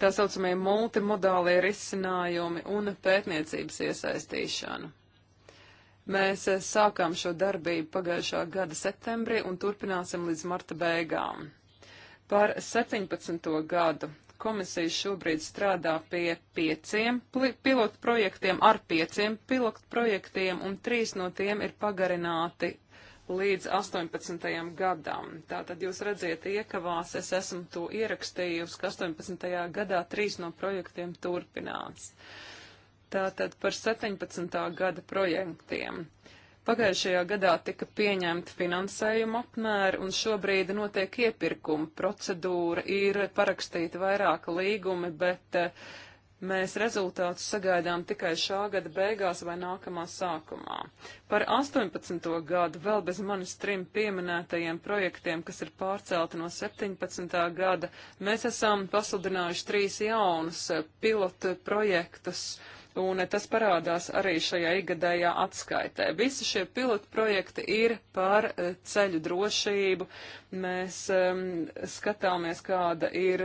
Tā saucamie multimodālie risinājumi un pētniecības iesaistīšana. Mēs eh, sākām šo darbību pagājušā gada septembrī un turpināsim līdz marta beigām. Par 17. gadu komisija šobrīd strādā pie pieciem pilotu projektiem, ar pieciem pilotu projektiem, un trīs no tiem ir pagarināti līdz 18. gadam. Tātad jūs redziet iekavās, es esmu to ierakstījusi, ka 18. gadā trīs no projektiem turpinās. Tātad par 17. gada projektiem. Pagājušajā gadā tika pieņemta finansējuma apmēra un šobrīd notiek iepirkuma procedūra, ir parakstīta vairāka līgumi, bet eh, mēs rezultātus sagaidām tikai šā gada beigās vai nākamā sākumā. Par 18. gadu vēl bez manis trim pieminētajiem projektiem, kas ir pārcelti no 17. gada, mēs esam pasludinājuši trīs jaunus eh, pilotu projektus. Uh, un tas parādās arī šajā igadējā atskaitē. Visi šie pilotprojekti ir par e, ceļu drošību. Mēs um, skatāmies, kāda ir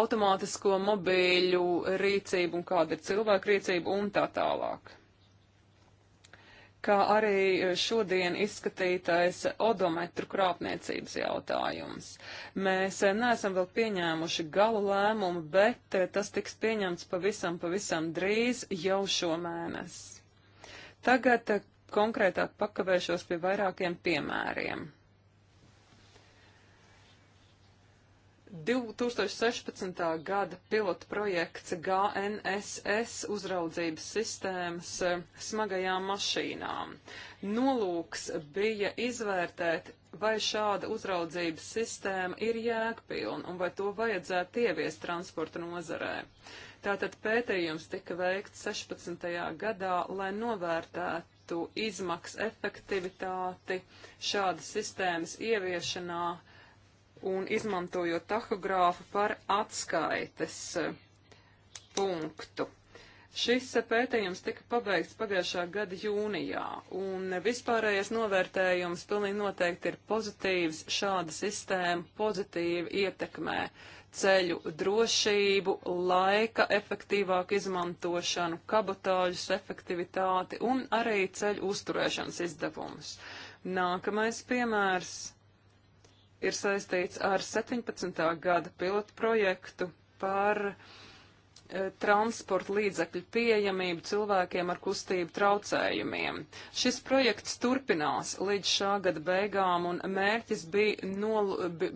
automātisko mobīļu rīcība un kāda ir cilvēku rīcība un tā tālāk kā arī šodien izskatītais odometru krāpniecības jautājums. Mēs neesam vēl pieņēmuši galu lēmumu, bet tas tiks pieņemts pavisam, pavisam drīz jau šomēnes. Tagad konkrētāk pakavēšos pie vairākiem piemēriem. 2016. gada pilota projekts GNSS uzraudzības sistēmas e, smagajām mašīnām. Nolūks bija izvērtēt, vai šāda uzraudzības sistēma ir jēgpilna un vai to vajadzētu ieviest transporta nozarē. Tātad pētījums tika veikts 16. gadā, lai novērtētu izmaksu efektivitāti šādas sistēmas ieviešanā un izmantojot tahogrāfu par atskaites eh, punktu. Šis eh, pētījums tika pabeigts pagājušā gada jūnijā, un vispārējais novērtējums pilnīgi noteikti ir pozitīvs. Šāda sistēma pozitīvi ietekmē ceļu drošību, laika efektīvāku izmantošanu, kabotāžas efektivitāti un arī ceļu uzturēšanas izdevumus. Nākamais piemērs ir saistīts ar 17. gada pilotu projektu par e, transporta līdzekļu pieejamību cilvēkiem ar kustību traucējumiem. Šis projekts turpinās līdz šā gada beigām, un mērķis bija, nol, bi,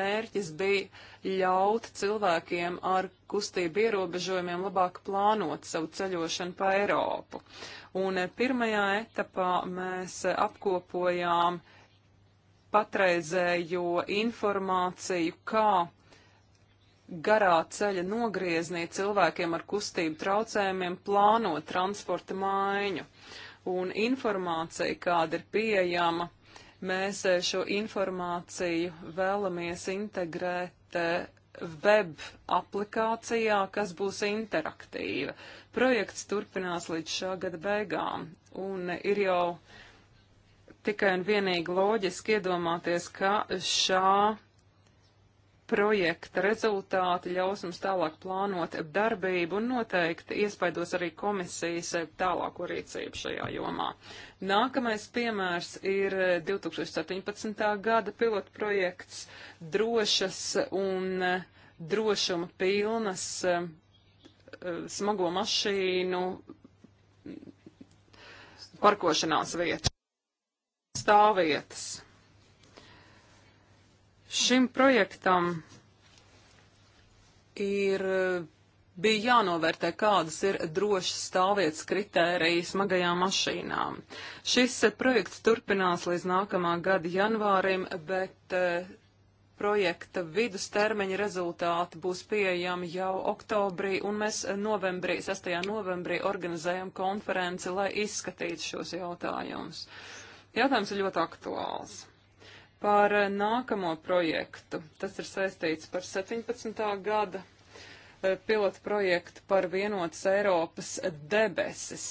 mērķis bija ļaut cilvēkiem ar kustību ierobežojumiem labāk plānot savu ceļošanu pa Eiropu. Un e, pirmajā etapā mēs e, apkopojām uh, patreizējo informāciju, kā garā ceļa nogrieznī cilvēkiem ar kustību traucējumiem plāno transporta maiņu. Un informācija, kāda ir pieejama, mēs šo informāciju vēlamies integrēt eh, web aplikācijā, kas būs interaktīva. Projekts turpinās līdz šā gada beigām, un ir jau uh, tikai un vienīgi loģiski iedomāties, ka šā projekta rezultāti ļaus mums tālāk plānot darbību un noteikti iespaidos arī komisijas tālāko rīcību šajā jomā. Nākamais piemērs ir 2017. gada pilotprojekts drošas un drošuma pilnas eh, smago mašīnu parkošanās vietu stāvvietas. Šim projektam ir bija jānovērtē, kādas ir drošas stāvvietas kritērijas smagajām mašīnām. Šis projekts turpinās līdz nākamā gada janvārim, bet eh, projekta vidustermiņa rezultāti būs pieejami jau oktobrī, un mēs novembrī, 6. novembrī organizējam konferenci, lai izskatītu šos jautājumus. Uh, Jautājums ir ļoti aktuāls. Par nākamo projektu. Tas ir saistīts par 17. gada eh, pilotu projektu par vienotas Eiropas debesis.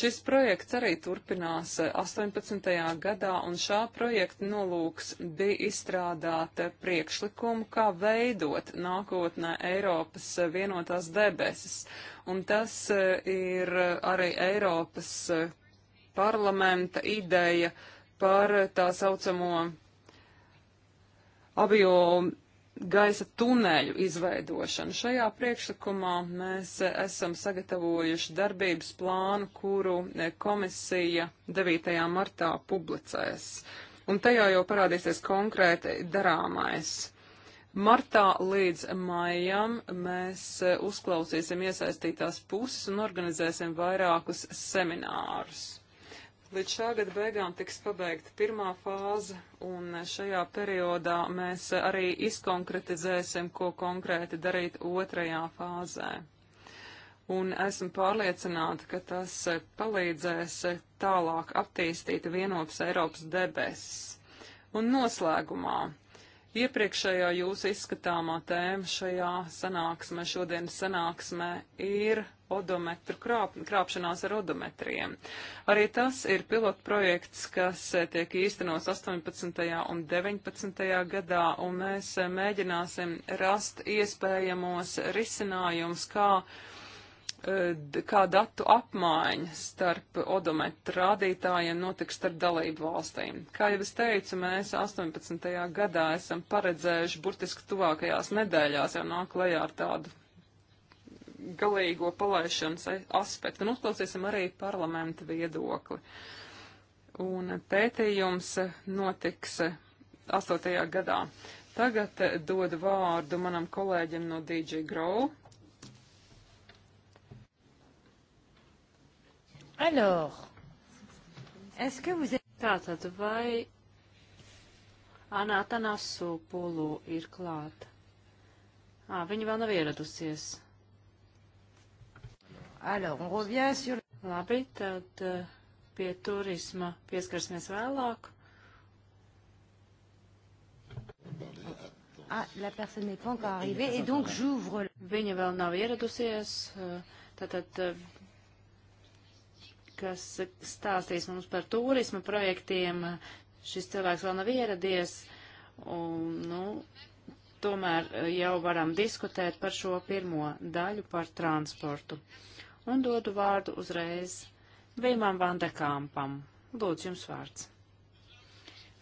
Šis projekts arī turpinās 18. Eh, gadā, un šā projekta nolūks bija izstrādāt eh, priekšlikumu, kā veidot nākotnē Eiropas vienotās debesis. Un tas ir arī Eiropas parlamenta ideja par tā saucamo avio gaisa tuneļu izveidošanu. Šajā priekšlikumā mēs esam sagatavojuši darbības plānu, kuru komisija 9. martā publicēs. Un tajā jau parādīsies konkrēti darāmais. Martā līdz maijam mēs uzklausīsim iesaistītās puses un organizēsim vairākus seminārus. Līdz šā gada beigām tiks pabeigta pirmā fāze, un šajā periodā mēs arī izkonkretizēsim, ko konkrēti darīt otrajā fāzē. Un esmu pārliecināta, ka tas palīdzēs tālāk attīstīt vienotas Eiropas debesis. Un noslēgumā. Iepriekšējā jūsu izskatāmā tēma šajā sanāksmē, šodienas sanāksmē, ir odometru krāp, krāpšanās ar odometriem. Arī tas ir pilotprojekts, kas eh, tiek īstenos 18. un 19. gadā, un mēs eh, mēģināsim rast iespējamos risinājumus, kā eh, kā datu apmaiņa starp odometru rādītājiem notiks starp dalību valstīm. Kā jau es teicu, mēs 18. gadā esam paredzējuši burtiski tuvākajās nedēļās jau nāk lejā ar tādu galīgo palaišanas aspektu, un uzklausīsim arī parlamenta viedokli. Un pētījums notiks 8. gadā. Tagad dodu vārdu manam kolēģim no DJ Grow. Alors, est-ce que vous êtes... Tātad, vai Anā Tanasu pulu ir klāta? Ā, viņa vēl nav ieradusies. Alors, on revient sur... Labi, tad eh, pie turisma pieskarsimies vēlāk. Ah, la personne n'est pas encore arrivée et donc j'ouvre. Viņa vēl nav ieradusies, tātad, eh, eh, kas stāstīs mums par turisma projektiem, šis cilvēks vēl nav ieradies, un, nu, tomēr jau varam diskutēt par šo pirmo daļu par transportu. Uh, un dodu vārdu uzreiz Vīmam Vandekāmpam. Lūdzu, jums vārds.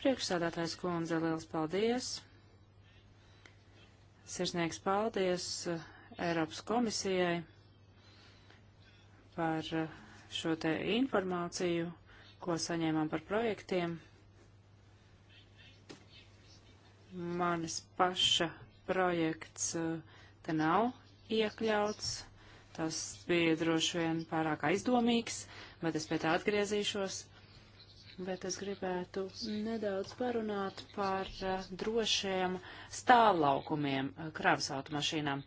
Priekšsādātājs kundze, liels paldies! Sirsnieks paldies eh, Eiropas komisijai par eh, šo te informāciju, ko saņēmām par projektiem. Manis paša projekts eh, te nav iekļauts Tas bija droši vien pārāk aizdomīgs, bet es pie tā atgriezīšos. Bet es gribētu nedaudz parunāt par eh, drošiem stāvlaukumiem eh, kravas automašīnām.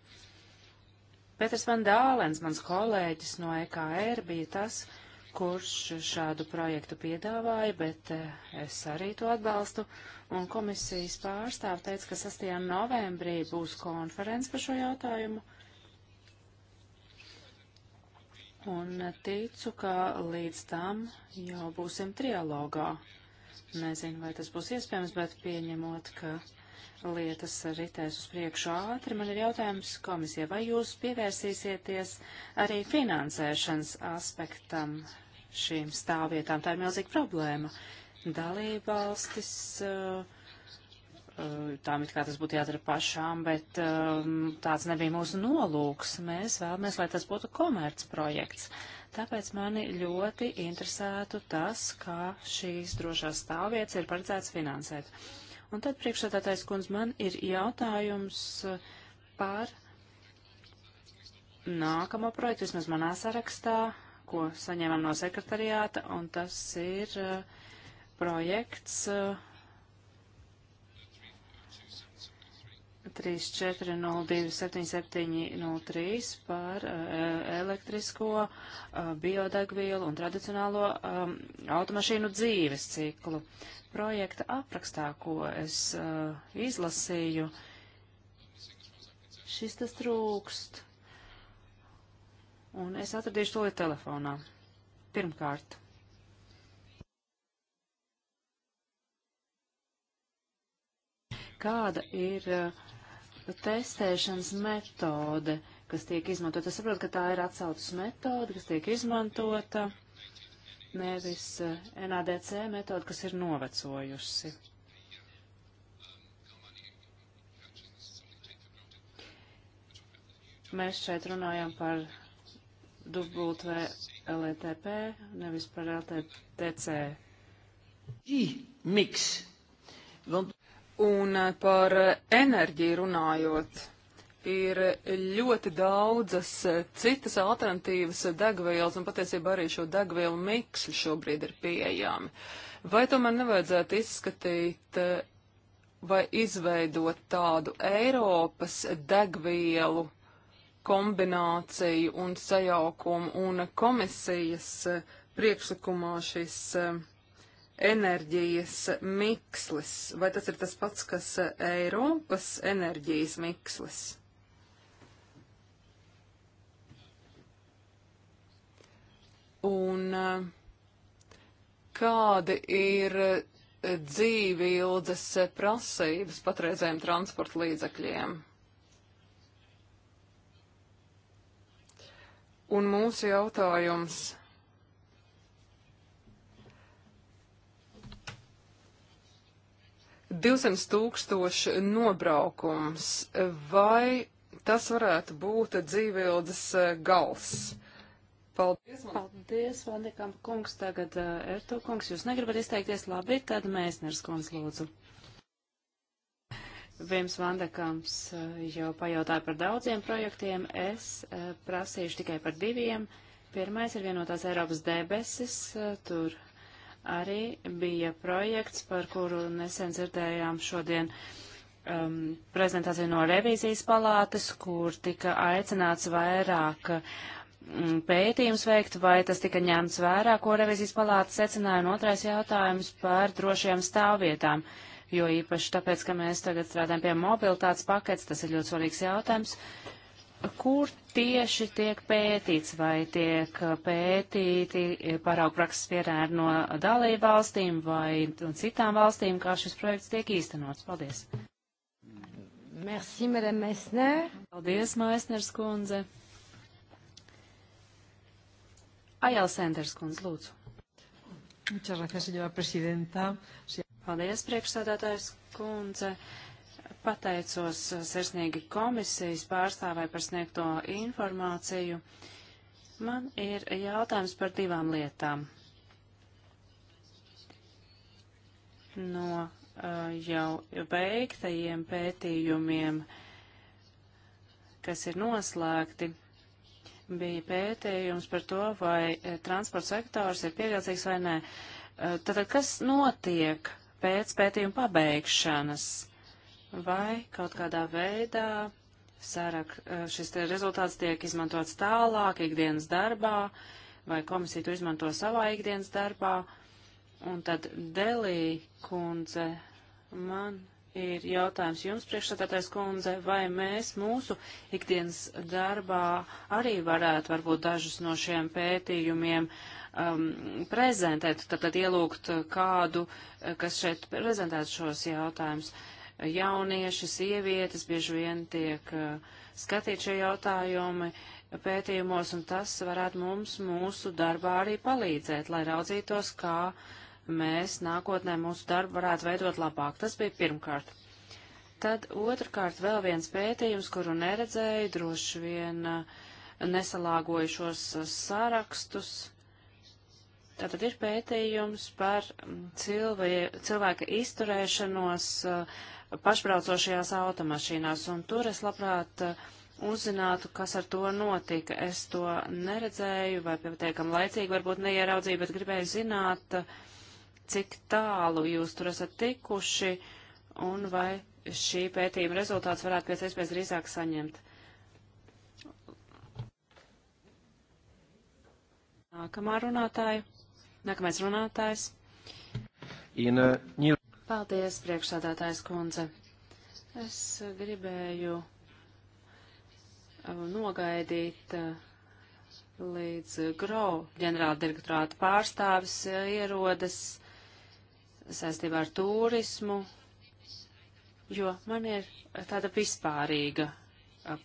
Pēters Van Dālens, mans kolēģis no EKR, bija tas, kurš šādu projektu piedāvāja, bet eh, es arī to atbalstu. Un komisijas pārstāv teica, ka 6. novembrī būs konference par šo jautājumu. un ticu, ka līdz tam jau būsim trialogā. Nezinu, vai tas būs iespējams, bet pieņemot, ka lietas ritēs uz priekšu ātri, man ir jautājums komisija, vai jūs pievērsīsieties arī finansēšanas aspektam šīm stāvvietām? Tā ir milzīga problēma. Dalībvalstis. Uh, Eh, tām it kā tas būtu jādara pašām, bet um, tāds nebija mūsu nolūks. Mēs vēlamies, lai tas būtu komercprojekts. Tāpēc mani ļoti interesētu tas, kā šīs drošās stāvvietas ir paredzēts finansēt. Un tad priekšsēdētais kundz man ir jautājums eh, par nākamo projektu, vismaz manā sarakstā, ko saņēmām no sekretariāta, un tas ir uh, projekts. Uh, 34027703 par uh, e, elektrisko uh, biodegvielu un tradicionālo um, automašīnu dzīves ciklu. Projekta aprakstā, ko es uh, izlasīju, šis tas trūkst. Un es atradīšu to telefonā. Pirmkārt. Kāda ir uh, testēšanas metode, kas tiek izmantota. Es saprotu, ka tā ir atsaucas metode, kas tiek izmantota, nevis eh, NADC metode, kas ir novecojusi. Mēs šeit runājam par WLTP, nevis par LTTC. I miks. Want... Un eh, par eh, enerģiju runājot, ir ļoti daudzas eh, citas alternatīvas degvielas, un patiesībā arī šo degvielu miksu šobrīd ir pieejami. Vai tomēr nevajadzētu izskatīt vai izveidot tādu Eiropas degvielu kombināciju un sajaukumu, un komisijas priekšlikumā šis uh, enerģijas mikslis, vai tas ir tas pats, kas e, Eiropas enerģijas mikslis? Un e, kādi ir e, dzīvi ilgas prasības patreizējiem transporta līdzakļiem? Un mūsu jautājums 200 tūkstoši nobraukums, vai tas varētu būt dzīvildes eh, gals? Paldies, man. Paldies, Vandekam kungs. Tagad uh, Erto kungs, jūs negribat izteikties labi, tad Mēsners kungs lūdzu. Vims Vandekams uh, jau pajautāja par daudziem projektiem, es uh, prasīšu tikai par diviem. Pirmais ir vienotās Eiropas debesis, uh, tur arī bija projekts, par kuru nesen dzirdējām šodien um, prezentāciju no revīzijas palātes, kur tika aicināts vairāk um, pētījums veikt, vai tas tika ņemts vērā, ko revizijas palāta secināja, un otrais jautājums par drošajām stāvvietām, jo īpaši tāpēc, ka mēs tagad strādājam pie mobilitātes paketes, tas ir ļoti svarīgs jautājums, uh, kur tieši tiek pētīts, vai tiek uh, pētīti eh, paraugu prakses pierēri no dalību valstīm vai no citām valstīm, kā šis projekts tiek īstenots. Paldies! Merci, Madame Meissner. Paldies, Maisners kundze. Ajala Sanders kundze, lūdzu. Muchas gracias, señora presidenta. Paldies, priekšsādātājs kundze. Uh, Pateicos eh, sirsnīgi komisijas pārstāvai par sniegto informāciju. Man ir jautājums par divām lietām. No eh, jau veiktajiem pētījumiem, kas ir noslēgti, bija pētījums par to, vai eh, transporta sektors ir pievilcīgs vai nē. Tātad, kas notiek pēc pētījuma pabeigšanas? vai kaut kādā veidā sarak, e, šis rezultāts tiek izmantots tālāk ikdienas darbā, vai komisija to izmanto savā ikdienas darbā. Un tad Delī kundze, man ir jautājums jums, priekšsatātais kundze, vai mēs mūsu ikdienas darbā arī varētu varbūt dažus no šiem pētījumiem um, prezentēt, tad, tad ielūgt kādu, e, kas šeit prezentētu šos jautājumus. Uh, jaunieši, sievietes bieži vien tiek uh, skatīt šie jautājumi pētījumos, un tas varētu mums mūsu darbā arī palīdzēt, lai raudzītos, kā mēs nākotnē mūsu darbu varētu veidot labāk. Tas bija pirmkārt. Tad otrkārt vēl viens pētījums, kuru neredzēju, droši vien uh, nesalāgojušos uh, sārakstus. Tātad ir pētījums par mm, cilvē, cilvēka izturēšanos uh, pašbraucošajās automašīnās, un tur es labprāt uh, uzzinātu, kas ar to notika. Es to neredzēju, vai pietiekam laicīgi varbūt neieraudzīju, bet gribēju zināt, uh, cik tālu jūs tur esat tikuši, un vai šī pētījuma rezultāts varētu pēc iespējas drīzāk saņemt. Nākamā runātāja. Nākamais runātājs. Ina Paldies, priekšsādātājs kundze. Es gribēju uh, nogaidīt uh, līdz GRO ģenerāldirektorāta pārstāvis uh, ierodas saistībā ar turismu, jo man ir tāda vispārīga a,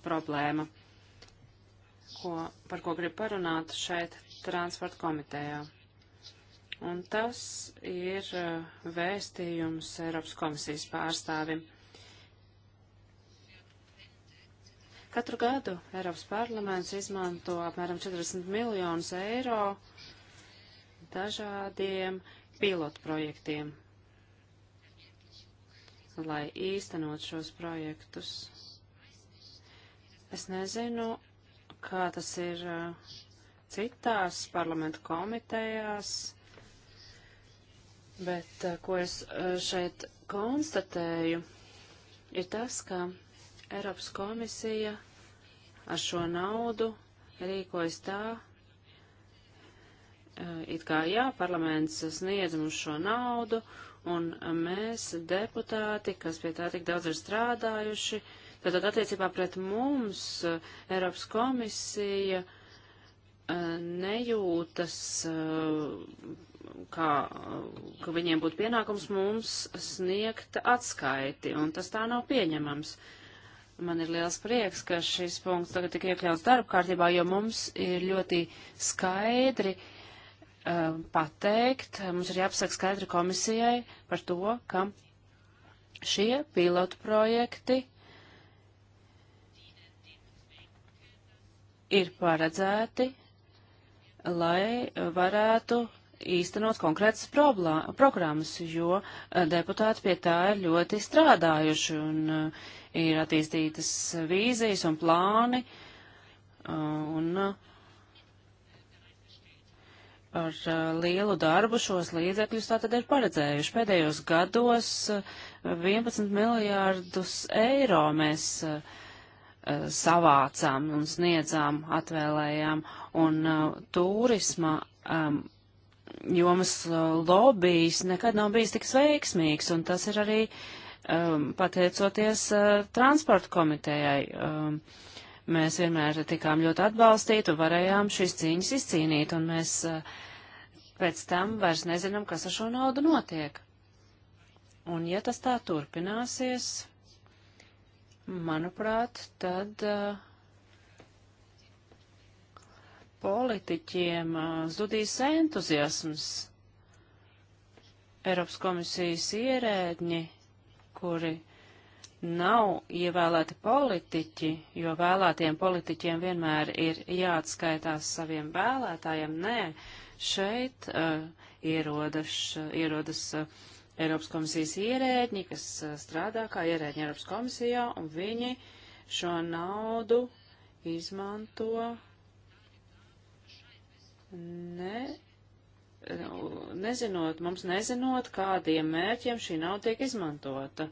problēma, ko, par ko gribu parunāt šeit transporta komitejā. Un tas ir uh, vēstījums Eiropas komisijas pārstāvim. Katru gadu Eiropas parlaments izmanto apmēram 40 miljonus eiro dažādiem pilotprojektiem, lai īstenot šos projektus. Es nezinu, kā tas ir uh, citās parlamentu komitejās, Bet eh, ko es eh, šeit konstatēju, ir tas, ka Eiropas komisija ar šo naudu rīkojas tā, eh, it kā jā, parlaments sniedz mums šo naudu, un mēs, deputāti, kas pie tā tik daudz ir strādājuši, tātad attiecībā pret mums Eiropas komisija nejūtas kā, ka viņiem būtu pienākums mums sniegt atskaiti, un tas tā nav pieņemams. Man ir liels prieks, ka šis punkts tagad tik iekļauts darba kārtībā, jo mums ir ļoti skaidri uh, pateikt, mums ir jāpasaka skaidri komisijai par to, ka šie pilotu projekti ir paredzēti, lai varētu īstenot konkrētas programmas, jo eh, deputāti pie tā ir ļoti strādājuši un eh, ir attīstītas vīzijas un plāni. Eh, un ar lielu darbu šos līdzekļus tātad ir paredzējuši. Pēdējos gados 11 miljārdus eiro mēs savācām un sniedzām, atvēlējām, un turisma um, jomas uh, lobijs nekad nav bijis tik veiksmīgs, un tas ir arī um, pateicoties uh, transporta komitejai. Um, mēs vienmēr tikām ļoti atbalstīti un varējām šīs cīņas izcīnīt, un mēs uh, pēc tam vairs nezinām, kas ar šo naudu notiek. Un ja tas tā turpināsies, manuprāt, tad. Uh, politiķiem zudīs entuziasms. Eiropas komisijas ierēdņi, kuri nav ievēlēti politiķi, jo vēlētiem politiķiem vienmēr ir jāatskaitās saviem vēlētājiem. Nē, šeit uh, ierodas, uh, ierodas uh, Eiropas komisijas ierēdņi, kas uh, strādā kā ierēdņi Eiropas komisijā, un viņi šo naudu izmanto ne, nu, nezinot, mums nezinot, kādiem mērķiem šī nauda tiek izmantota.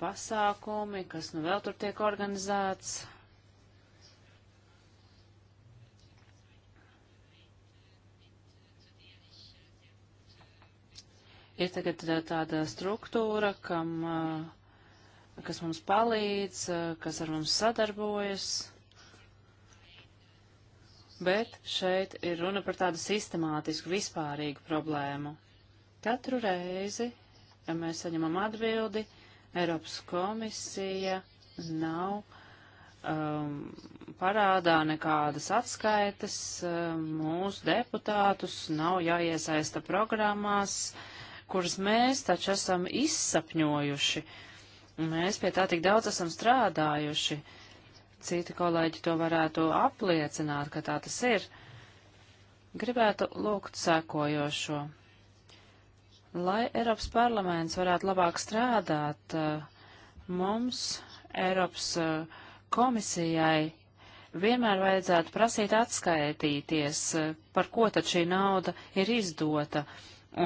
Pasākumi, kas nu vēl tur tiek organizēts. Ir tagad tāda struktūra, kam, kas mums palīdz, kas ar mums sadarbojas bet šeit ir runa par tādu sistemātisku, vispārīgu problēmu. Katru reizi, ja mēs saņemam atbildi, Eiropas komisija nav um, parādā nekādas atskaitas, um, mūsu deputātus nav jāiesaista programmās, kuras mēs taču esam izsapņojuši. Mēs pie tā tik daudz esam strādājuši. Uh, citi kolēģi to varētu apliecināt, ka tā tas ir. Gribētu lūgt sēkojošo. Lai Eiropas parlaments varētu labāk strādāt, eh, mums Eiropas eh, komisijai vienmēr vajadzētu prasīt atskaitīties, eh, par ko tad šī nauda ir izdota.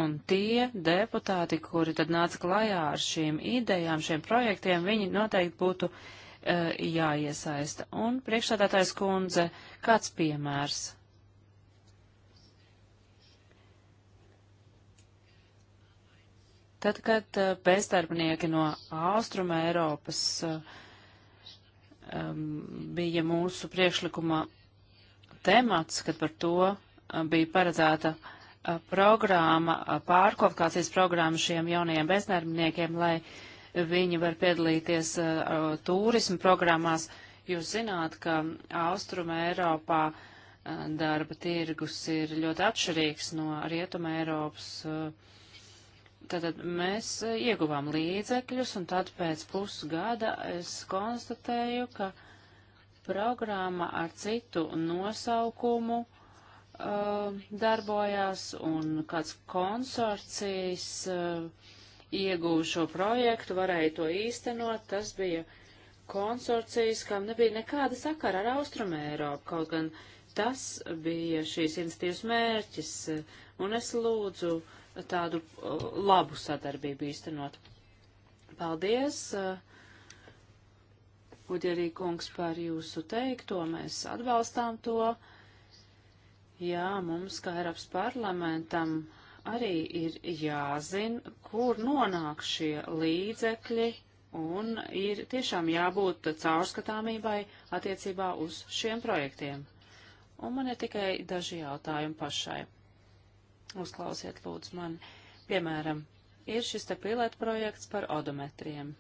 Un tie deputāti, kuri tad nāca klajā ar šīm idejām, šiem projektiem, viņi noteikti būtu uh, E, jāiesaista. Un priekšsādātājs kundze, kāds piemērs? Tad, kad e, bezdarbnieki no Austruma Eiropas um, bija mūsu priekšlikuma temats, kad par to bija paredzēta programma, pārkvalifikācijas programma šiem jaunajiem bezdarbniekiem, lai uh, viņi var piedalīties uh, uh, turismu programmās. Jūs zināt, ka Austruma Eiropā uh, darba tirgus ir ļoti atšķirīgs no Rietuma Eiropas. Uh, Tātad mēs uh, ieguvām līdzekļus, un tad pēc pusgada es konstatēju, ka programma ar citu nosaukumu uh, darbojās, un kāds konsorcijas uh, ieguva šo projektu, varēja to īstenot. Tas bija konsorcijas, kam nebija nekāda sakara ar Austrumu Eiropu, kaut gan tas bija šīs institīvas mērķis, un es lūdzu tādu uh, labu sadarbību īstenot. Paldies, uh, Uģerī kungs, par jūsu teikto, mēs atbalstām to. Jā, mums, kā Eiropas parlamentam, arī ir jāzina, kur nonāk šie līdzekļi, un ir tiešām jābūt caurskatāmībai attiecībā uz šiem projektiem. Un man ir tikai daži jautājumi pašai. Uzklausiet, lūdzu, man. Piemēram, ir šis te pilēt projekts par odometriem,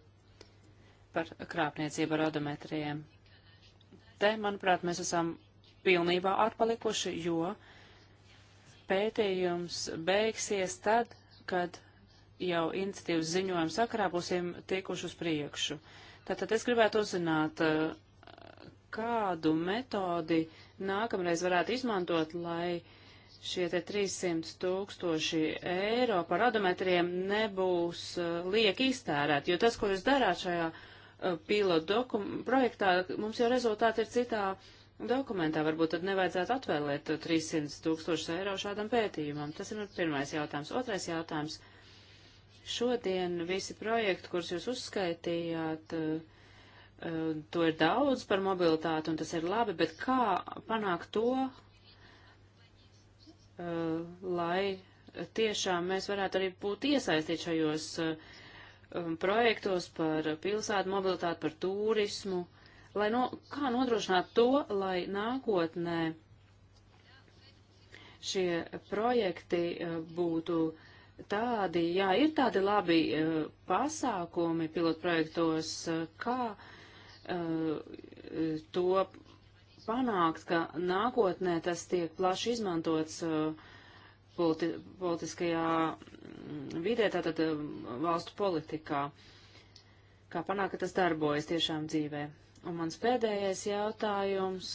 par krāpniecību ar odometriem. Te, manuprāt, mēs esam pilnībā atpalikuši, jo uh, pētījums beigsies tad, kad jau iniciatīvas ziņojuma sakarā būsim tiekuši uz priekšu. Tātad es gribētu uzzināt, eh, kādu metodi nākamreiz varētu izmantot, lai šie te 300 tūkstoši eiro par odometriem nebūs eh, lieki iztērēt, jo tas, ko jūs darāt šajā eh, pilotu projektā, mums jau rezultāti ir citā uh, dokumentā. Varbūt tad nevajadzētu atvēlēt 300 tūkstošus eiro šādam pētījumam. Tas ir pirmais jautājums. Otrais jautājums. Šodien visi projekti, kurus jūs uzskaitījāt, eh, eh, to ir daudz par mobilitāti un tas ir labi, bet kā panākt to, eh, lai tiešām mēs varētu arī būt iesaistīti šajos projektos par pilsētu mobilitāti, par turismu? lai no, kā nodrošināt to, lai nākotnē šie projekti eh, būtu tādi, jā, ir tādi labi eh, pasākumi pilotprojektos, eh, kā to panākt, ka nākotnē tas tiek plaši izmantots politi politiskajā mm, vidē, tātad valstu politikā. Kā panākt, ka tas darbojas tiešām dzīvē. Un mans pēdējais jautājums,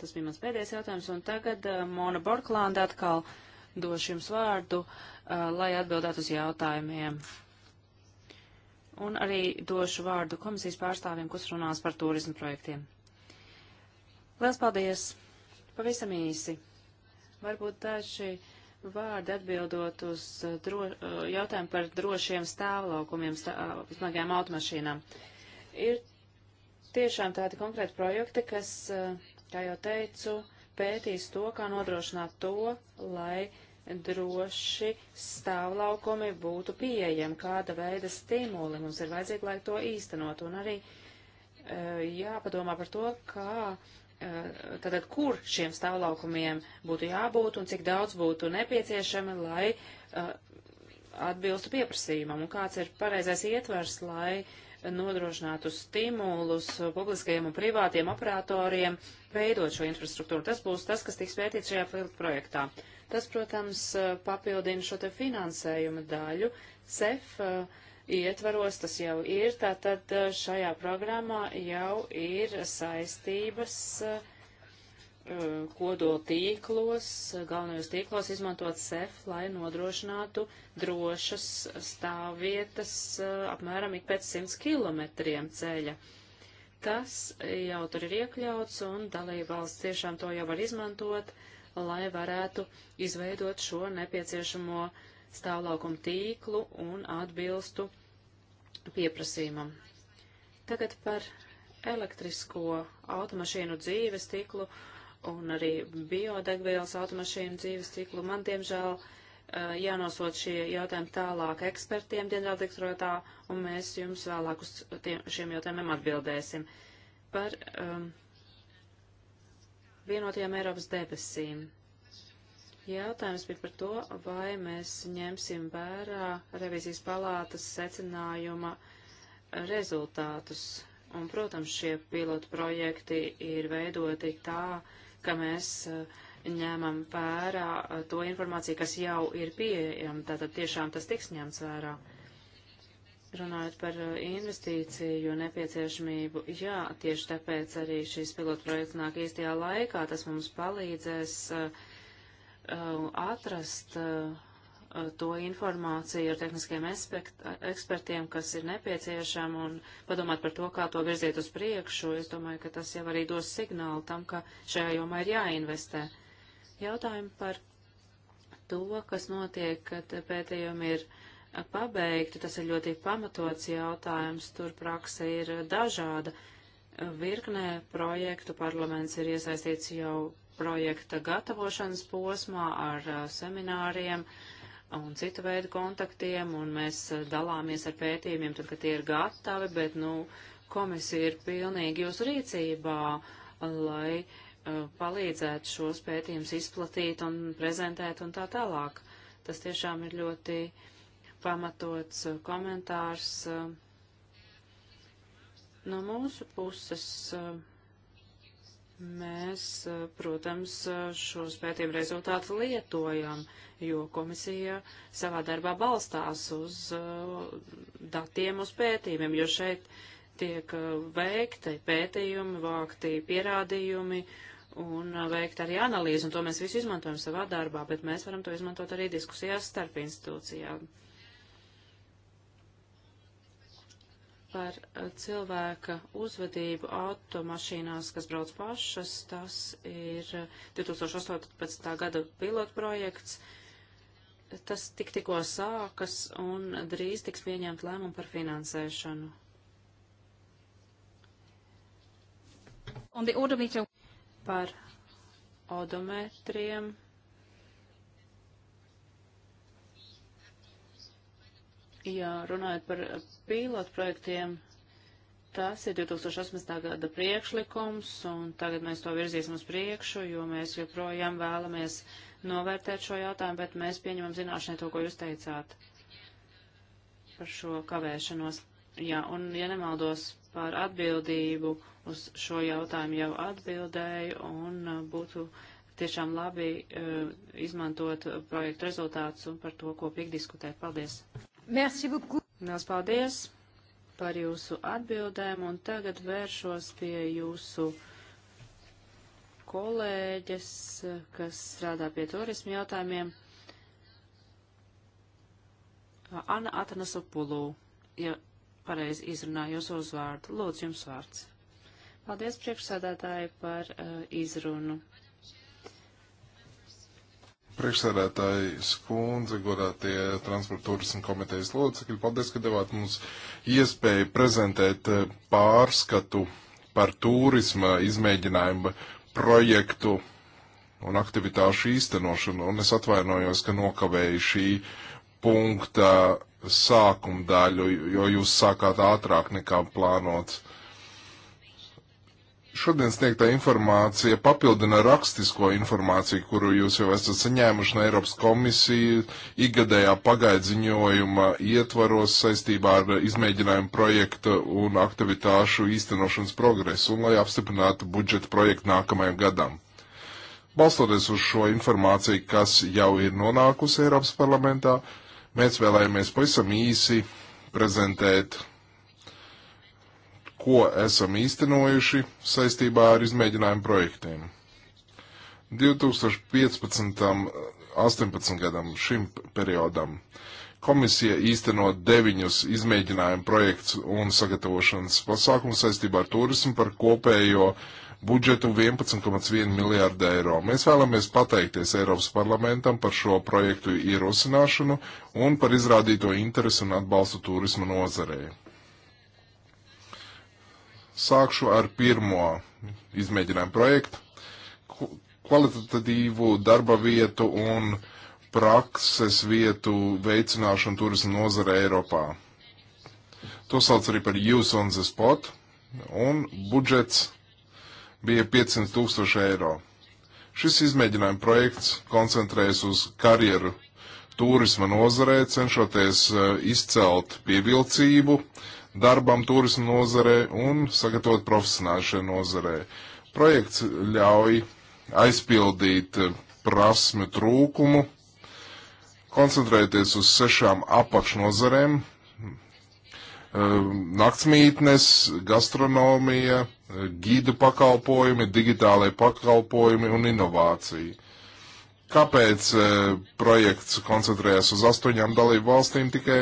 tas bija mans pēdējais jautājums, un tagad eh, Mona Borklānda atkal došu jums vārdu, eh, lai atbildētu uz jautājumiem. Un arī došu vārdu komisijas pārstāvjiem, kas runās par turismu projektiem. Lielas paldies! Pavisam īsi. Varbūt daži vārdi atbildot uz eh, dro, jautājumu par drošiem stāvlaukumiem, stāv, smagajām automašīnām. Ir tiešām tādi konkrēti projekti, kas, eh, kā jau teicu, pētīs to, kā nodrošināt to, lai droši stāvlaukumi būtu pieejami, kāda veida stimuli mums ir vajadzīgi, lai to īstenot. Un arī eh, jāpadomā par to, kā eh, tātad, kur šiem stāvlaukumiem būtu jābūt un cik daudz būtu nepieciešami, lai uh, atbilstu pieprasījumam un kāds ir pareizais ietvers, lai nodrošinātu stimulus publiskajiem un privātiem operatoriem veidot šo infrastruktūru. Tas būs tas, kas tiks vērtīts šajā projektā. Tas, protams, eh, papildina šo te finansējuma daļu. CEF eh, ietvaros tas jau ir, tātad eh, šajā programmā jau ir saistības uh, Eh, kodola tīklos, galvenajos tīklos izmantot SEF, lai nodrošinātu drošas stāvvietas eh, apmēram ik pēc 100 kilometriem ceļa. Tas jau tur ir iekļauts un dalība valsts tiešām to jau var izmantot, lai varētu izveidot šo nepieciešamo stāvlaukumu tīklu un atbilstu pieprasījumam. Tagad par elektrisko automašīnu dzīves tīklu. Uh, un arī biodegvielas automašīnu dzīves ciklu. Man, diemžēl, eh, jānosot šie jautājumi tālāk ekspertiem ģenerāldirektorātā, un mēs jums vēlāk uz tiem, šiem jautājumiem atbildēsim. Par um, vienotajām Eiropas debesīm. Jautājums bija par to, vai mēs ņemsim vērā revizijas palātas secinājuma rezultātus. Un, protams, šie pilotu projekti ir veidoti tā, uh, ka mēs eh, ņēmam vērā eh, to informāciju, kas jau ir pieejama, tātad tiešām tas tiks ņemts vērā. Runājot par eh, investīciju nepieciešamību, jā, tieši tāpēc arī šīs pilotprojekts nāk īstajā laikā, tas mums palīdzēs uh, atrast uh, Eh, to informāciju ar tehniskiem ekspertiem, kas ir nepieciešama, un padomāt par to, kā to virziet uz priekšu. Es domāju, ka tas jau arī dos signālu tam, ka šajā jomā ir jāinvestē. Jautājumi par to, kas notiek, kad pētījumi ir pabeigti, tas ir ļoti pamatots jautājums, tur praksa ir dažāda. Virknē projektu parlaments ir iesaistīts jau projekta gatavošanas posmā ar semināriem, uh, un citu veidu kontaktiem, un mēs eh, dalāmies ar pētījumiem, tad, kad tie ir gatavi, bet, nu, komisija ir pilnīgi jūsu rīcībā, lai uh, palīdzētu šos pētījumus izplatīt un prezentēt un tā tālāk. Tas tiešām ir ļoti pamatots uh, komentārs uh, no mūsu puses. Uh, Mēs, eh, protams, eh, šos pētījumu rezultātus lietojam, jo komisija savā darbā balstās uz eh, datiem, uz pētījumiem, jo šeit tiek veikti pētījumi, vākti pierādījumi un veikt arī analīzi, un to mēs visu izmantojam savā darbā, bet mēs varam to izmantot arī diskusijās starp institūcijām. par eh, cilvēka uzvedību automašīnās, kas brauc pašas. Tas ir 2018. Eh, gada pilotprojekts. Tas tik tikko sākas un drīz tiks pieņemt lēmumu par finansēšanu. Par odometriem Ja runājot par pilotu projektiem, tas ir 2018. gada priekšlikums, un tagad mēs to virzīsim uz priekšu, jo mēs joprojām vēlamies novērtēt šo jautājumu, bet mēs pieņemam zināšanai to, ko jūs teicāt par šo kavēšanos. Jā, un, ja nemaldos, par atbildību uz šo jautājumu jau atbildēju, un uh, būtu tiešām labi uh, izmantot projektu rezultātus un par to kopīgi diskutēt. Paldies! Merci beaucoup. Mēs paldies par jūsu atbildēm, un tagad vēršos pie jūsu kolēģes, kas strādā pie turismu jautājumiem. Anna Atanasopulū, ja pareizi izrunāju jūsu uzvārdu. Lūdzu, jums vārds. Paldies priekšsādātāji par uh, izrunu priekšsēdētāji skundze, godātie transporta turismu komitejas locekļi, paldies, ka devāt mums iespēju prezentēt eh, pārskatu par turisma izmēģinājumu projektu un aktivitāšu īstenošanu, un es atvainojos, ka nokavēju šī punkta sākumdaļu, jo jūs sākāt ātrāk nekā plānots šodien sniegtā informācija papildina rakstisko informāciju, kuru jūs jau esat saņēmuši no Eiropas komisiju igadējā pagaidziņojuma ietvaros saistībā ar izmēģinājumu projektu un aktivitāšu īstenošanas progresu un lai apstiprinātu budžeta projektu nākamajam gadam. Balstoties uz šo informāciju, kas jau ir nonākusi Eiropas parlamentā, mēs vēlējāmies pavisam īsi prezentēt ko esam īstenojuši saistībā ar izmēģinājumu projektiem. 2015. 18 gadam šim periodam komisija īsteno deviņus izmēģinājumu projekts un sagatavošanas pasākumu saistībā ar turismu par kopējo budžetu 11,1 miljārdu eiro. Mēs vēlamies pateikties Eiropas parlamentam par šo projektu ierosināšanu un par izrādīto interesi un atbalstu turisma nozarei. Sākšu ar pirmo izmēģinājumu projektu - kvalitatīvu darba vietu un prakses vietu veicināšanu turismu nozare Eiropā. To sauc arī par Use on the Spot, un budžets bija 500 tūkstoši eiro. Šis izmēģinājuma projekts koncentrējas uz karjeru turisma nozarē, cenšoties eh, izcelt pievilcību, uh, darbam turismu nozarē un sagatavot profesionāli šajā nozarē. Projekts ļauj aizpildīt prasmi trūkumu, koncentrēties uz sešām apakšnozarēm ehm, - naktsmītnes, gastronomija, gīdu pakalpojumi, digitālai pakalpojumi un inovācija. Kāpēc ehm, projekts koncentrējas uz astoņām dalību valstīm tikai?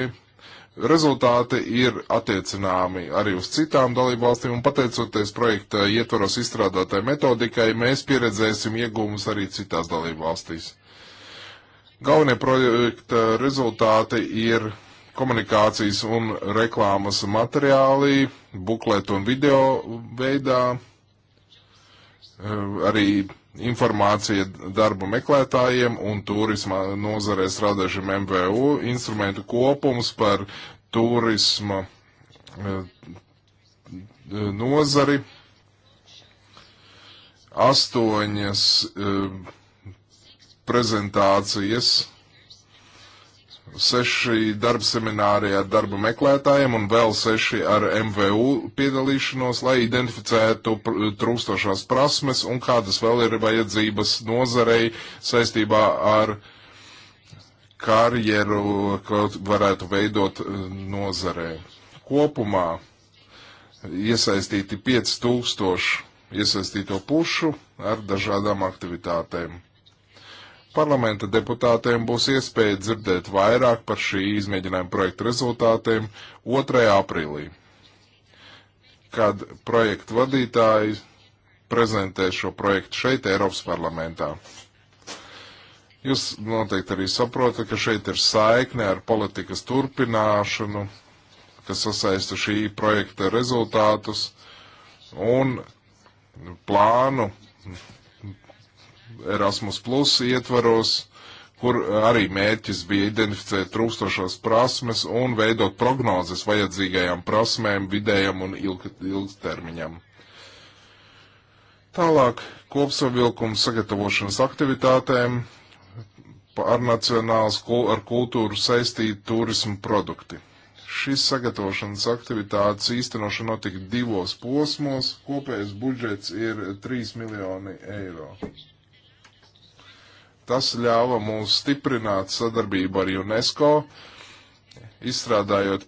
Rezultāti ir attiecināmi arī uz citām dalībvalstīm, un pateicoties projekta ietvaros izstrādātai metodikai, mēs pieredzēsim iegūmus arī citās dalībvalstīs. Galvenie projekta rezultāti ir komunikācijas un reklāmas materiāli, bukletu un video veidā, eh, arī informācija darba meklētājiem un turisma nozarē strādājušiem MVU, instrumentu kopums par turisma eh, eh, nozari, astoņas eh, prezentācijas seši darba semināri ar darba meklētājiem un vēl seši ar MVU piedalīšanos, lai identificētu pr trūkstošās prasmes un kādas vēl ir vajadzības nozarei saistībā ar karjeru, ko varētu veidot eh, nozarei. Kopumā iesaistīti 5000 iesaistīto pušu ar dažādām aktivitātēm Parlamenta deputātiem būs iespēja dzirdēt vairāk par šī izmēģinājuma projekta rezultātiem 2. aprīlī, kad projekta vadītāji prezentēs šo projektu šeit, Eiropas parlamentā. Jūs noteikti arī saprotat, ka šeit ir saikne ar politikas turpināšanu, kas sasaista šī projekta rezultātus un plānu Erasmus Plus ietvaros, kur arī mērķis bija identificēt trūkstošās prasmes un veidot prognozes vajadzīgajām prasmēm vidējam un ilg ilgtermiņam. Tālāk kopsavilkums sagatavošanas aktivitātēm ar nacionāls ar kultūru saistīti turismu produkti. Šis sagatavošanas aktivitātes īstenošana notika divos posmos, kopējais budžets ir 3 miljoni eiro. Tas ļāva mums stiprināt sadarbību ar UNESCO, izstrādājot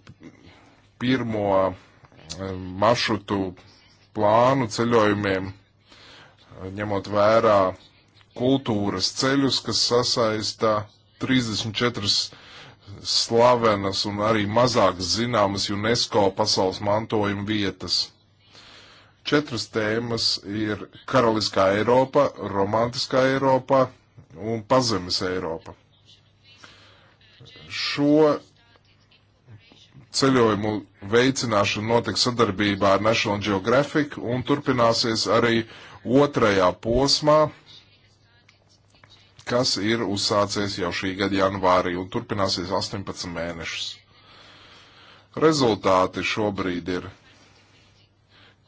pirmo eh, maršrutu plānu ceļojumiem, eh, ņemot vērā kultūras ceļus, kas sasaista 34 slavenas un arī mazāk zināmas UNESCO pasaules mantojuma vietas. Četras tēmas ir Karaliskā Eiropa, Romantiskā Eiropa, un pazemes Eiropa. Šo ceļojumu veicināšana notiks sadarbībā ar National Geographic un turpināsies arī otrajā posmā, kas ir uzsācies jau šī gada janvārī un turpināsies 18 mēnešus. Rezultāti šobrīd ir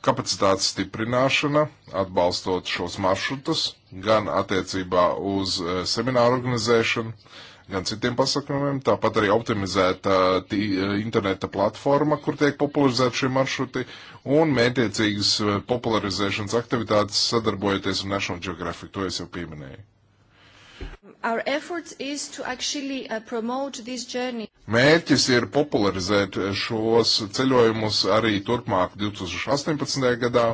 kapacitātes stiprināšana, atbalstot šos maršrutus, gan attiecībā uz e, semināru organizēšanu, gan citiem pasakojumiem, tāpat arī optimizēta e, tī, e, interneta platforma, kur tiek popularizēti šie maršruti, un mētiecīgas popularizēšanas aktivitātes sadarbojoties ar National Geographic, to es jau pieminēju. Uh, Mērķis ir popularizēt šos ceļojumus arī turpmāk 2018. gadā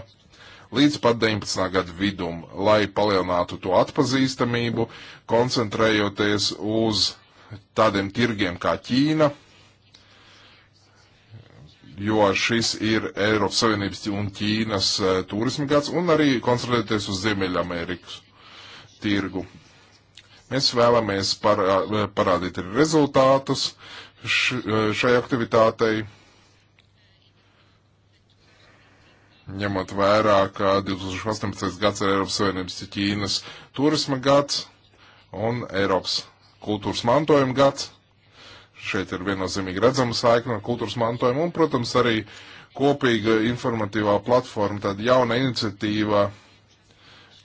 līdz pat 19. gada vidum, lai palielinātu to atpazīstamību, koncentrējoties uz tādiem tirgiem kā Ķīna, jo šis ir Eiropas Savienības un Ķīnas uh, turisma gads, un arī koncentrēties uz Ziemeļamerikas tirgu. Mēs vēlamies parā, parādīt rezultātus šai aktivitātei, ņemot vērā, ka 2018. gads ir Eiropas Savienības Ķīnas turisma gads un Eiropas kultūras mantojuma gads. Šeit ir viennozīmīgi redzama saikna ar kultūras mantojumu un, protams, arī kopīga informatīvā platforma, tāda jauna iniciatīva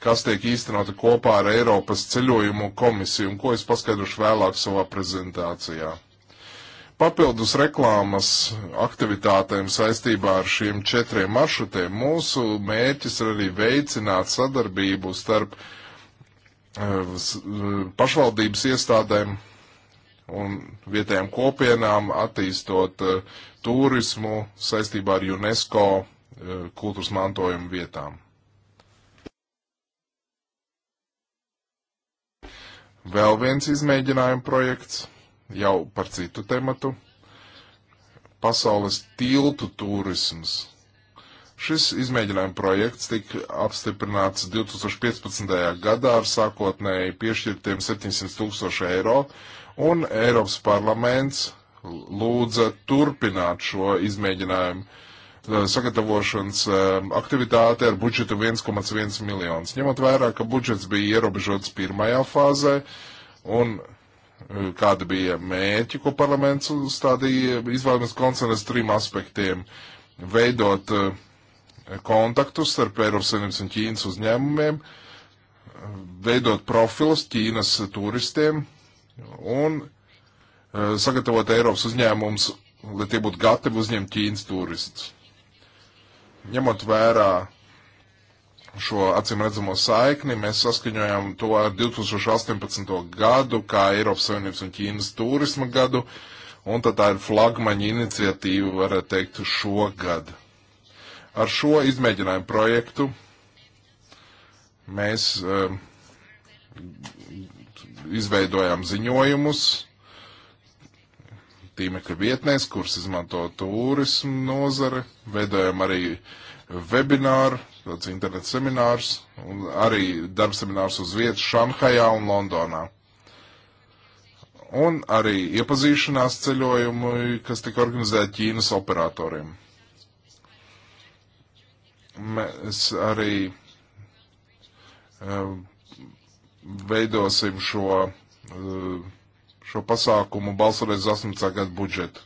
kas tiek īstenota kopā ar Eiropas ceļojumu komisiju, un ko es paskaidrošu vēlāk savā prezentācijā. Papildus reklāmas aktivitātēm saistībā ar šiem četriem maršrutiem mūsu mērķis ir arī veicināt sadarbību starp eh, eh, pašvaldības iestādēm un vietējām kopienām, attīstot uh, turismu saistībā ar UNESCO uh, kultūras mantojumu vietām. Vēl viens izmēģinājuma projekts, jau par citu tematu - pasaules tiltu turisms. Šis izmēģinājuma projekts tika apstiprināts 2015. gadā ar sākotnēji piešķirtiem 700 tūkstoši eiro, un Eiropas parlaments lūdza turpināt šo izmēģinājumu Eh, sagatavošanas eh, aktivitāte ar budžetu 1,1 miljonus. Ņemot vērā, ka budžets bija ierobežots pirmajā fāzē un eh, kāda bija mērķi, ko parlaments uzstādīja, izvēlamies koncernes trim aspektiem - veidot kontaktus starp Eiropas Savienības un Ķīnas uzņēmumiem, veidot profilus Ķīnas turistiem un sagatavot Eiropas uzņēmumus, lai tie būtu gatavi uzņemt Ķīnas turistus. Ņemot vērā šo acīm redzamo saikni, mēs saskaņojam to ar 2018. gadu, kā Eiropas Savienības un Ķīnas turisma gadu, un tad tā ir flagmaņa iniciatīva, varētu teikt, šogad. Ar šo izmēģinājumu projektu mēs uh, eh, izveidojām ziņojumus, tīmekļa vietnēs, kuras izmanto turismu nozare, veidojam arī webināru, tāds internet seminārs un arī darbseminārs uz vietas Šanhajā un Londonā. Un arī iepazīšanās ceļojumu, kas tika organizēta Ķīnas operatoriem. Mēs arī um, veidosim šo uh, šo pasākumu balsoties 18. gadu budžetu.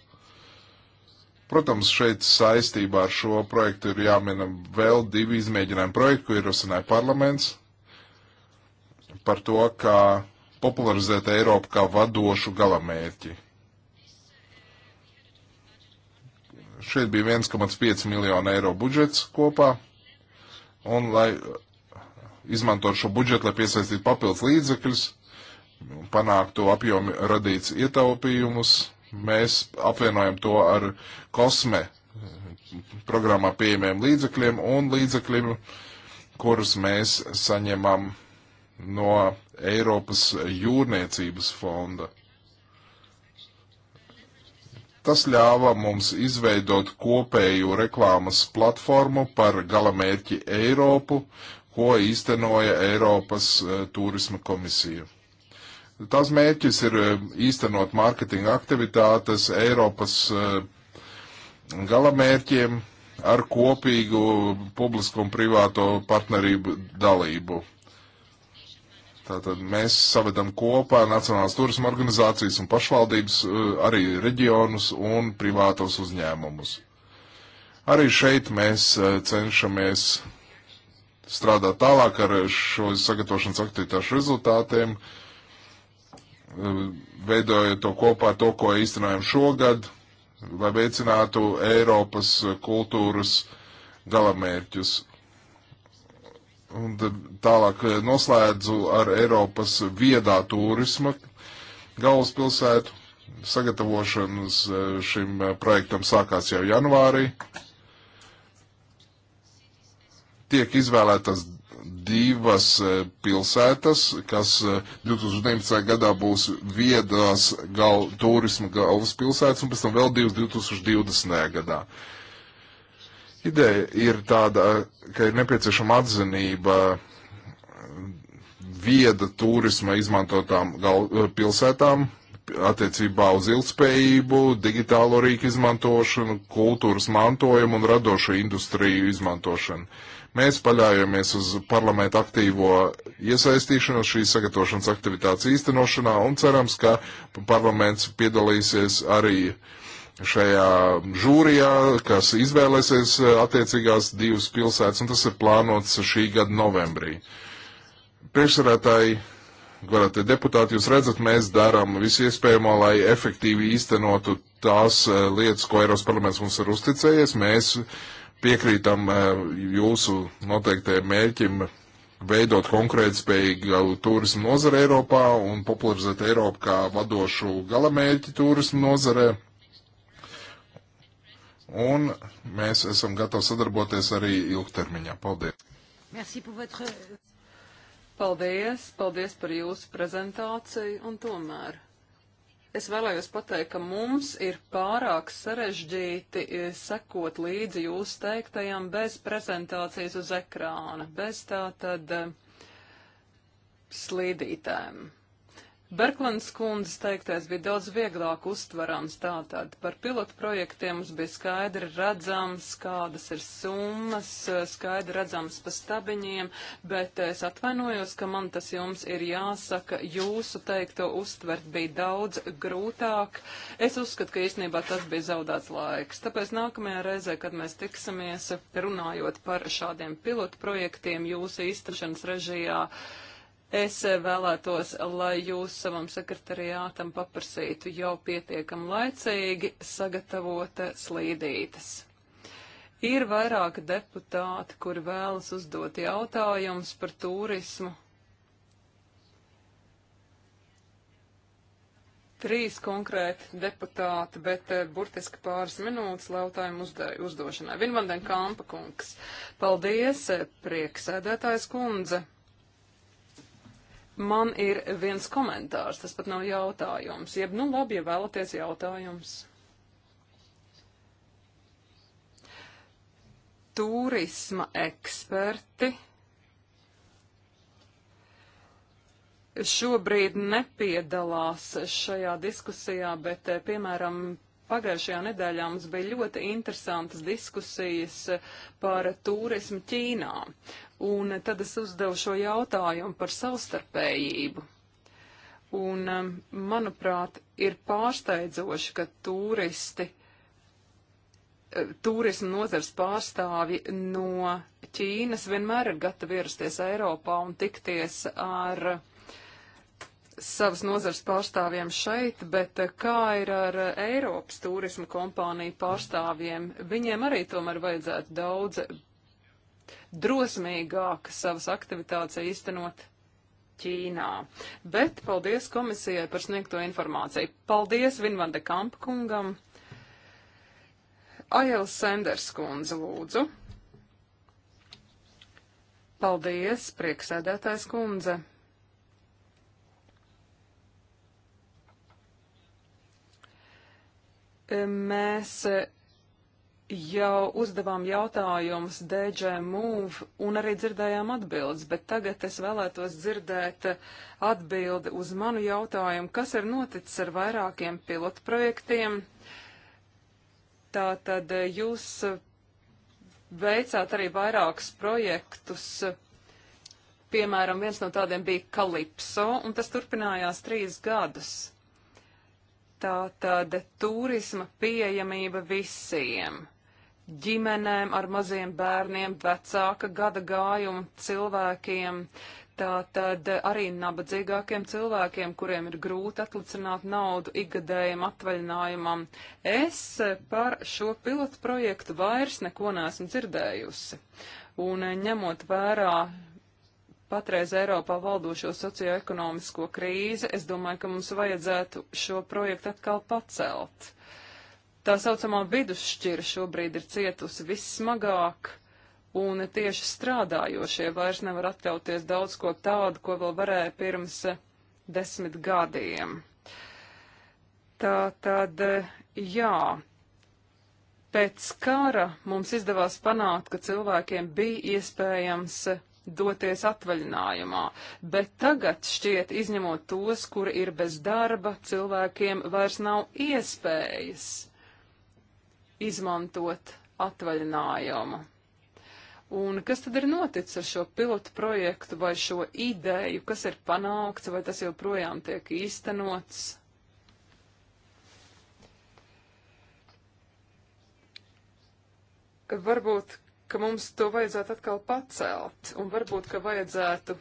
Protams, šeit saistībā ar šo projektu ir jāmina vēl divi izmēģinājumi projekti, ko ierosināja parlaments par to, kā popularizēt Eiropu kā vadošu galamērķi. Šeit bija 1,5 miljonu eiro budžets kopā, un lai izmantot šo budžetu, lai piesaistītu papildus līdzekļus, panākto apjomu radīts ietaupījumus. Mēs apvienojam to ar kosme eh, programmā pieejamiem līdzekļiem un līdzekļiem, kurus mēs saņemam no Eiropas jūrniecības fonda. Tas ļāva mums izveidot kopēju reklāmas platformu par galamērķi Eiropu, ko īstenoja Eiropas uh, turisma komisija. Tās mērķis ir eh, īstenot mārketinga aktivitātes Eiropas eh, galamērķiem ar kopīgu publisku un privāto partnerību dalību. Tātad mēs savedam kopā Nacionālās turisma organizācijas un pašvaldības, eh, arī reģionus un privātos uzņēmumus. Arī šeit mēs cenšamies strādāt tālāk ar šo sagatavošanas aktivitāšu rezultātiem, uh, Um, veidojot to kopā to, ko īstenojam šogad, lai veicinātu Eiropas kultūras galamērķus. Un tālāk noslēdzu ar Eiropas viedā turisma galvaspilsētu. Sagatavošanas uh, šim uh, projektam sākās jau janvārī. Tiek izvēlētas divas e, pilsētas, kas 2019. E, gadā būs viedās gal, turisma galvaspilsētas un pēc tam vēl divas 2020. gadā. Ideja ir tāda, e, ka ir nepieciešama atzinība vieda turisma izmantotām gal, pilsētām attiecībā uz ilgspējību, digitālo rīku izmantošanu, kultūras mantojumu un radošo industriju izmantošanu. Uh, Mēs paļaujamies uz parlamentu aktīvo iesaistīšanos šīs sagatavošanas aktivitātes īstenošanā un cerams, ka parlaments piedalīsies arī šajā žūrijā, kas izvēlēsies eh, attiecīgās divas pilsētas, un tas ir plānots šī gada novembrī. Priekšsarētāji, godātie deputāti, jūs redzat, mēs darām visu iespējamo, lai efektīvi īstenotu tās eh, lietas, ko Eiropas parlaments mums ir uzticējies. Mēs uh, piekrītam eh, jūsu noteiktajam mērķim veidot konkurētspējīgu turismu nozare Eiropā un popularizēt Eiropu kā vadošu galamērķi turismu nozare. Un mēs esam gatavi sadarboties arī ilgtermiņā. Paldies! Merci pour votre... Paldies, paldies par jūsu prezentāciju un tomēr Es vēlējos pateikt, ka mums ir pārāk sarežģīti e, sekot līdzi jūs teiktajam bez prezentācijas uz ekrāna, bez tā tad e, slīdītēm. Berklans kundzes teiktais bija daudz vieglāk uztverams tātad. Par pilotu projektiem mums bija skaidri redzams, kādas ir summas, skaidri redzams pa stabiņiem, bet es atvainojos, ka man tas jums ir jāsaka. Jūsu teikto uztvert bija daudz grūtāk. Es uzskatu, ka īstenībā tas bija zaudēts laiks. Tāpēc nākamajā reizē, kad mēs tiksimies runājot par šādiem pilotu projektiem jūsu īstenošanas režijā, Es vēlētos, lai jūs savam sekretariātam paprasītu jau pietiekam laicīgi sagatavot slīdītes. Ir vairāki deputāti, kuri vēlas uzdot jautājumus par turismu. Trīs konkrēti deputāti, bet eh, burtiski pāris minūtes lautājumu uzdošanai. Vinvanden Kampa kungs. Paldies, eh, prieksēdētājs kundze. Man ir viens komentārs, tas pat nav jautājums. Jeb, nu labi, ja vēlaties jautājums. Turisma eksperti šobrīd nepiedalās šajā diskusijā, bet, eh, piemēram, Pagājušajā nedēļā mums bija ļoti interesantas diskusijas par turismu Ķīnā. Un tad es uzdevu šo jautājumu par savstarpējību. Un, um, manuprāt, ir pārsteidzoši, ka turisti, eh, turismu nozars pārstāvji no Ķīnas vienmēr ir gatavi ierasties Eiropā un tikties ar savas nozars pārstāvjiem šeit, bet eh, kā ir ar Eiropas turismu kompāniju pārstāvjiem? Viņiem arī tomēr vajadzētu daudz drosmīgāk savas aktivitātes īstenot Ķīnā. Bet paldies komisijai par sniegto informāciju. Paldies Vinvande Kampkungam. Aijels Senders kundze lūdzu. Paldies, prieksēdētājs kundze. Mēs jau uzdevām jautājumus DJ Move un arī dzirdējām atbildes, bet tagad es vēlētos dzirdēt atbildi uz manu jautājumu, kas ir noticis ar vairākiem pilotprojektiem. Tātad eh, jūs veicāt arī vairākus projektus. Piemēram, viens no tādiem bija Kalipso, un tas turpinājās trīs gadus tā tad turisma pieejamība visiem ģimenēm ar maziem bērniem, vecāka gada gājuma cilvēkiem, tātad arī nabadzīgākiem cilvēkiem, kuriem ir grūti atlicināt naudu ikgadējiem atvaļinājumam. Es par šo pilotu projektu vairs neko neesmu dzirdējusi. Un ņemot vērā patreiz Eiropā valdošo socioekonomisko krīzi, es domāju, ka mums vajadzētu šo projektu atkal pacelt. Uh, Tā saucamā vidusšķira šobrīd ir cietusi vissmagāk, un tieši strādājošie vairs nevar atļauties daudz ko tādu, ko vēl varēja pirms eh, desmit gadiem. Tā tad, eh, jā, pēc kara mums izdevās panākt, ka cilvēkiem bija iespējams eh, doties atvaļinājumā, bet tagad šķiet izņemot tos, kuri ir bez darba, cilvēkiem vairs nav iespējas izmantot atvaļinājumu. Un kas tad ir noticis ar šo pilotu projektu vai šo ideju, kas ir panākts, vai tas joprojām tiek īstenots? Varbūt, ka mums to vajadzētu atkal pacelt, un varbūt, ka vajadzētu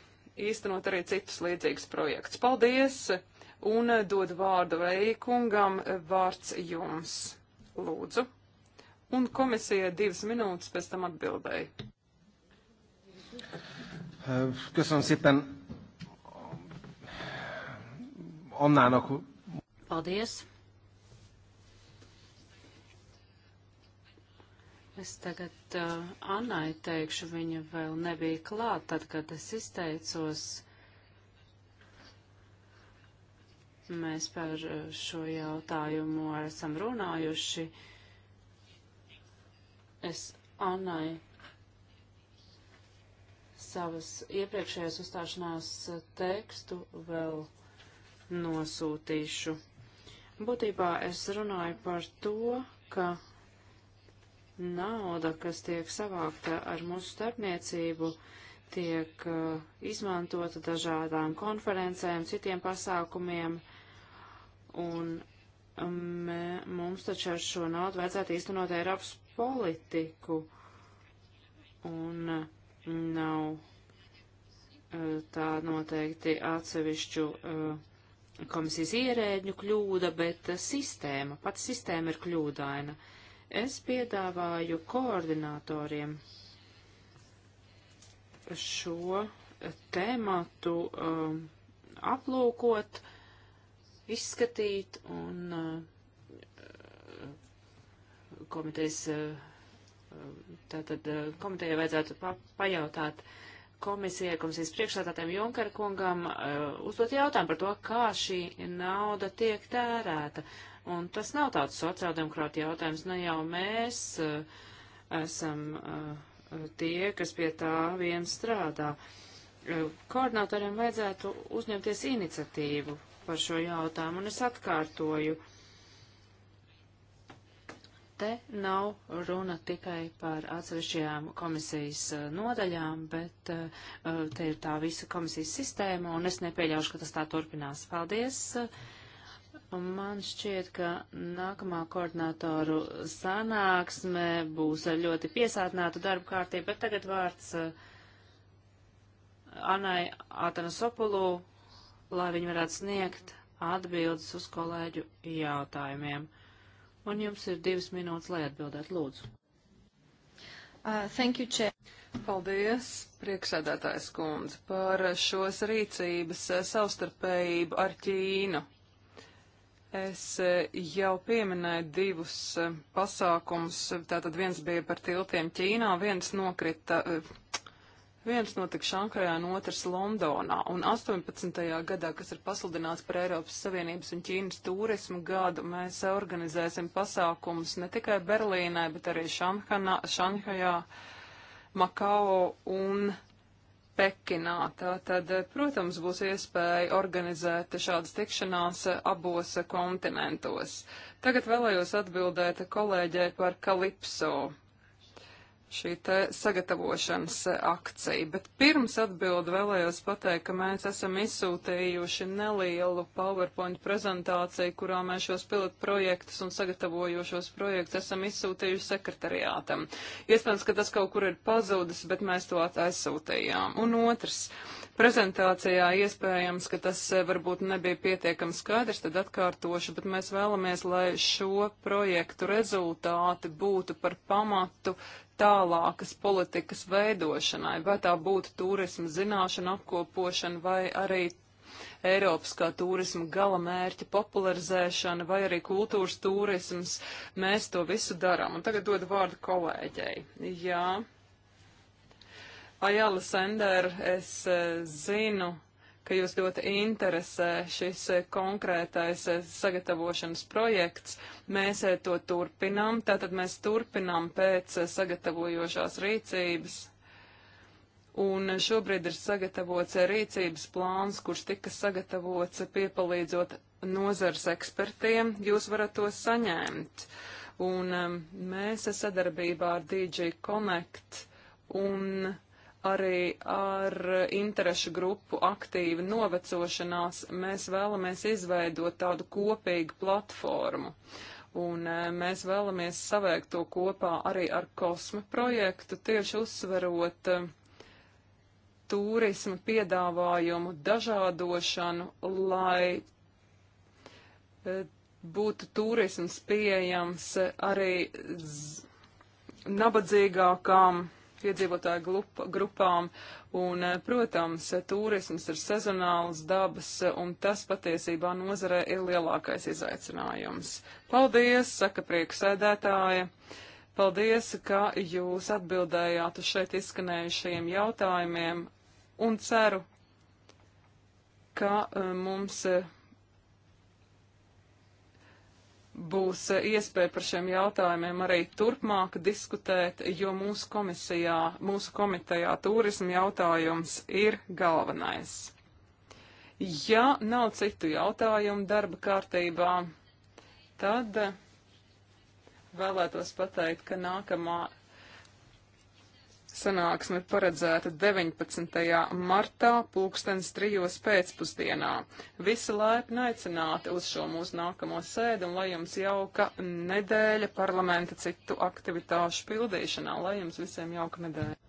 īstenot arī citus līdzīgus projektus. Paldies! Un dod vārdu Veikungam, vārds jums. Lūdzu! un komisijai divas minūtes pēc tam atbildēja. Köszönöm szépen. Annának. Paldies. Es tagad uh, Annai teikšu, viņa vēl nebija klāt, tad, kad es izteicos. Mēs par uh, šo jautājumu esam runājuši. Uh, es Annai savas iepriekšējās uzstāšanās tekstu vēl nosūtīšu. Būtībā es runāju par to, ka nauda, kas tiek savākta ar mūsu starpniecību, tiek uh, izmantota dažādām konferencēm, citiem pasākumiem, un um, mums taču ar šo naudu vajadzētu īstenot Eiropas politiku un nav e, tā noteikti atsevišķu e, komisijas ierēģu kļūda, bet sistēma, pats sistēma ir kļūdaina. Es piedāvāju koordinatoriem šo tēmatu e, aplūkot, izskatīt un uh, komitejas, eh, tātad eh, komitejai vajadzētu pa, pajautāt komisijai, komisijas priekšsādātājiem Junkara kungam, eh, uzdot jautājumu par to, kā šī nauda tiek tērēta. Un tas nav tāds sociāldemokrāta jautājums, ne jau mēs esam tie, kas pie tā vien strādā. Koordinatoriem vajadzētu uzņemties iniciatīvu par šo jautājumu, un es atkārtoju Te nav runa tikai par atsevišķajām komisijas eh, nodaļām, bet uh, te ir tā visa komisijas sistēma, un es nepieļaušu, ka tas tā turpinās. Paldies! Un man šķiet, ka nākamā koordinātoru sanāksme būs ar ļoti piesātinātu darbu kārtību, bet tagad vārds uh, Anai Atanasopulu, lai viņi varētu sniegt atbildes uz kolēģu jautājumiem. Un jums ir divas minūtes, lai atbildētu. Lūdzu. Uh, thank you, Chair. Paldies, priekšsēdētājs kundze, par šos rīcības uh, savstarpējību ar Ķīnu. Es uh, jau pieminēju divus uh, pasākums, tātad viens bija par tiltiem Ķīnā, viens nokrita Viens notika Šankarā un otrs Londonā, un 18. gadā, kas ir pasludināts par Eiropas Savienības un Ķīnas turismu gadu, mēs organizēsim pasākumus ne tikai Berlīnai, bet arī Šanhanā, Šanhajā, Makao un Pekinā. Tātad, protams, būs iespēja organizēt šādas tikšanās abos kontinentos. Tagad vēlējos atbildēt kolēģei par Kalipso šī te sagatavošanas akcija. Bet pirms atbildi vēlējos pateikt, ka mēs esam izsūtījuši nelielu PowerPoint prezentāciju, kurā mēs šos pilotu projektus un sagatavojošos projektus esam izsūtījuši sekretariātam. Iespējams, ka tas kaut kur ir pazudis, bet mēs to aizsūtījām. Un otrs. Prezentācijā iespējams, ka tas eh, varbūt nebija pietiekami skaidrs, tad atkārtošu, bet mēs vēlamies, lai šo projektu rezultāti būtu par pamatu tālākas politikas veidošanai, vai tā būtu turisma zināšana apkopošana vai arī Eiropas kā turisma gala mērķa popularizēšana vai arī kultūras turisms. Mēs to visu darām. Un tagad dodu vārdu kolēģei. Jā. Ajala Sender, es eh, zinu, ka jūs ļoti interesē šis eh, konkrētais eh, sagatavošanas projekts. Mēs eh, to turpinām, tātad mēs turpinām pēc sagatavojošās rīcības. Un šobrīd ir sagatavots rīcības plāns, kurš tika sagatavots piepalīdzot nozars ekspertiem. Jūs varat to saņemt. Un mēs sadarbībā ar DJ Connect un arī ar interešu grupu aktīvu novecošanās mēs vēlamies izveidot tādu kopīgu platformu. Un e, mēs vēlamies savēkt to kopā arī ar kosma projektu, tieši uzsverot e, turismu piedāvājumu dažādošanu, lai e, būtu turisms pieejams arī nabadzīgākām iedzīvotāju glup, grupām. Un, eh, protams, turisms ir sezonāls dabas, eh, un tas patiesībā nozarē ir lielākais izaicinājums. Paldies, saka prieksēdētāja. Paldies, ka jūs atbildējāt uz šeit izskanējušajiem jautājumiem, un ceru, ka eh, mums. Uh, būs eh, iespēja par šiem jautājumiem arī turpmāk diskutēt, jo mūsu komisijā, mūsu komitejā turismu jautājums ir galvenais. Ja nav citu jautājumu darba kārtībā, tad eh, vēlētos pateikt, ka nākamā Sanāksme ir paredzēta 19. martā pulkstens trijos pēcpusdienā. Visi laipni aicināti uz šo mūsu nākamo sēdu un lai jums jauka nedēļa parlamenta citu aktivitāšu pildīšanā. Lai jums visiem jauka nedēļa.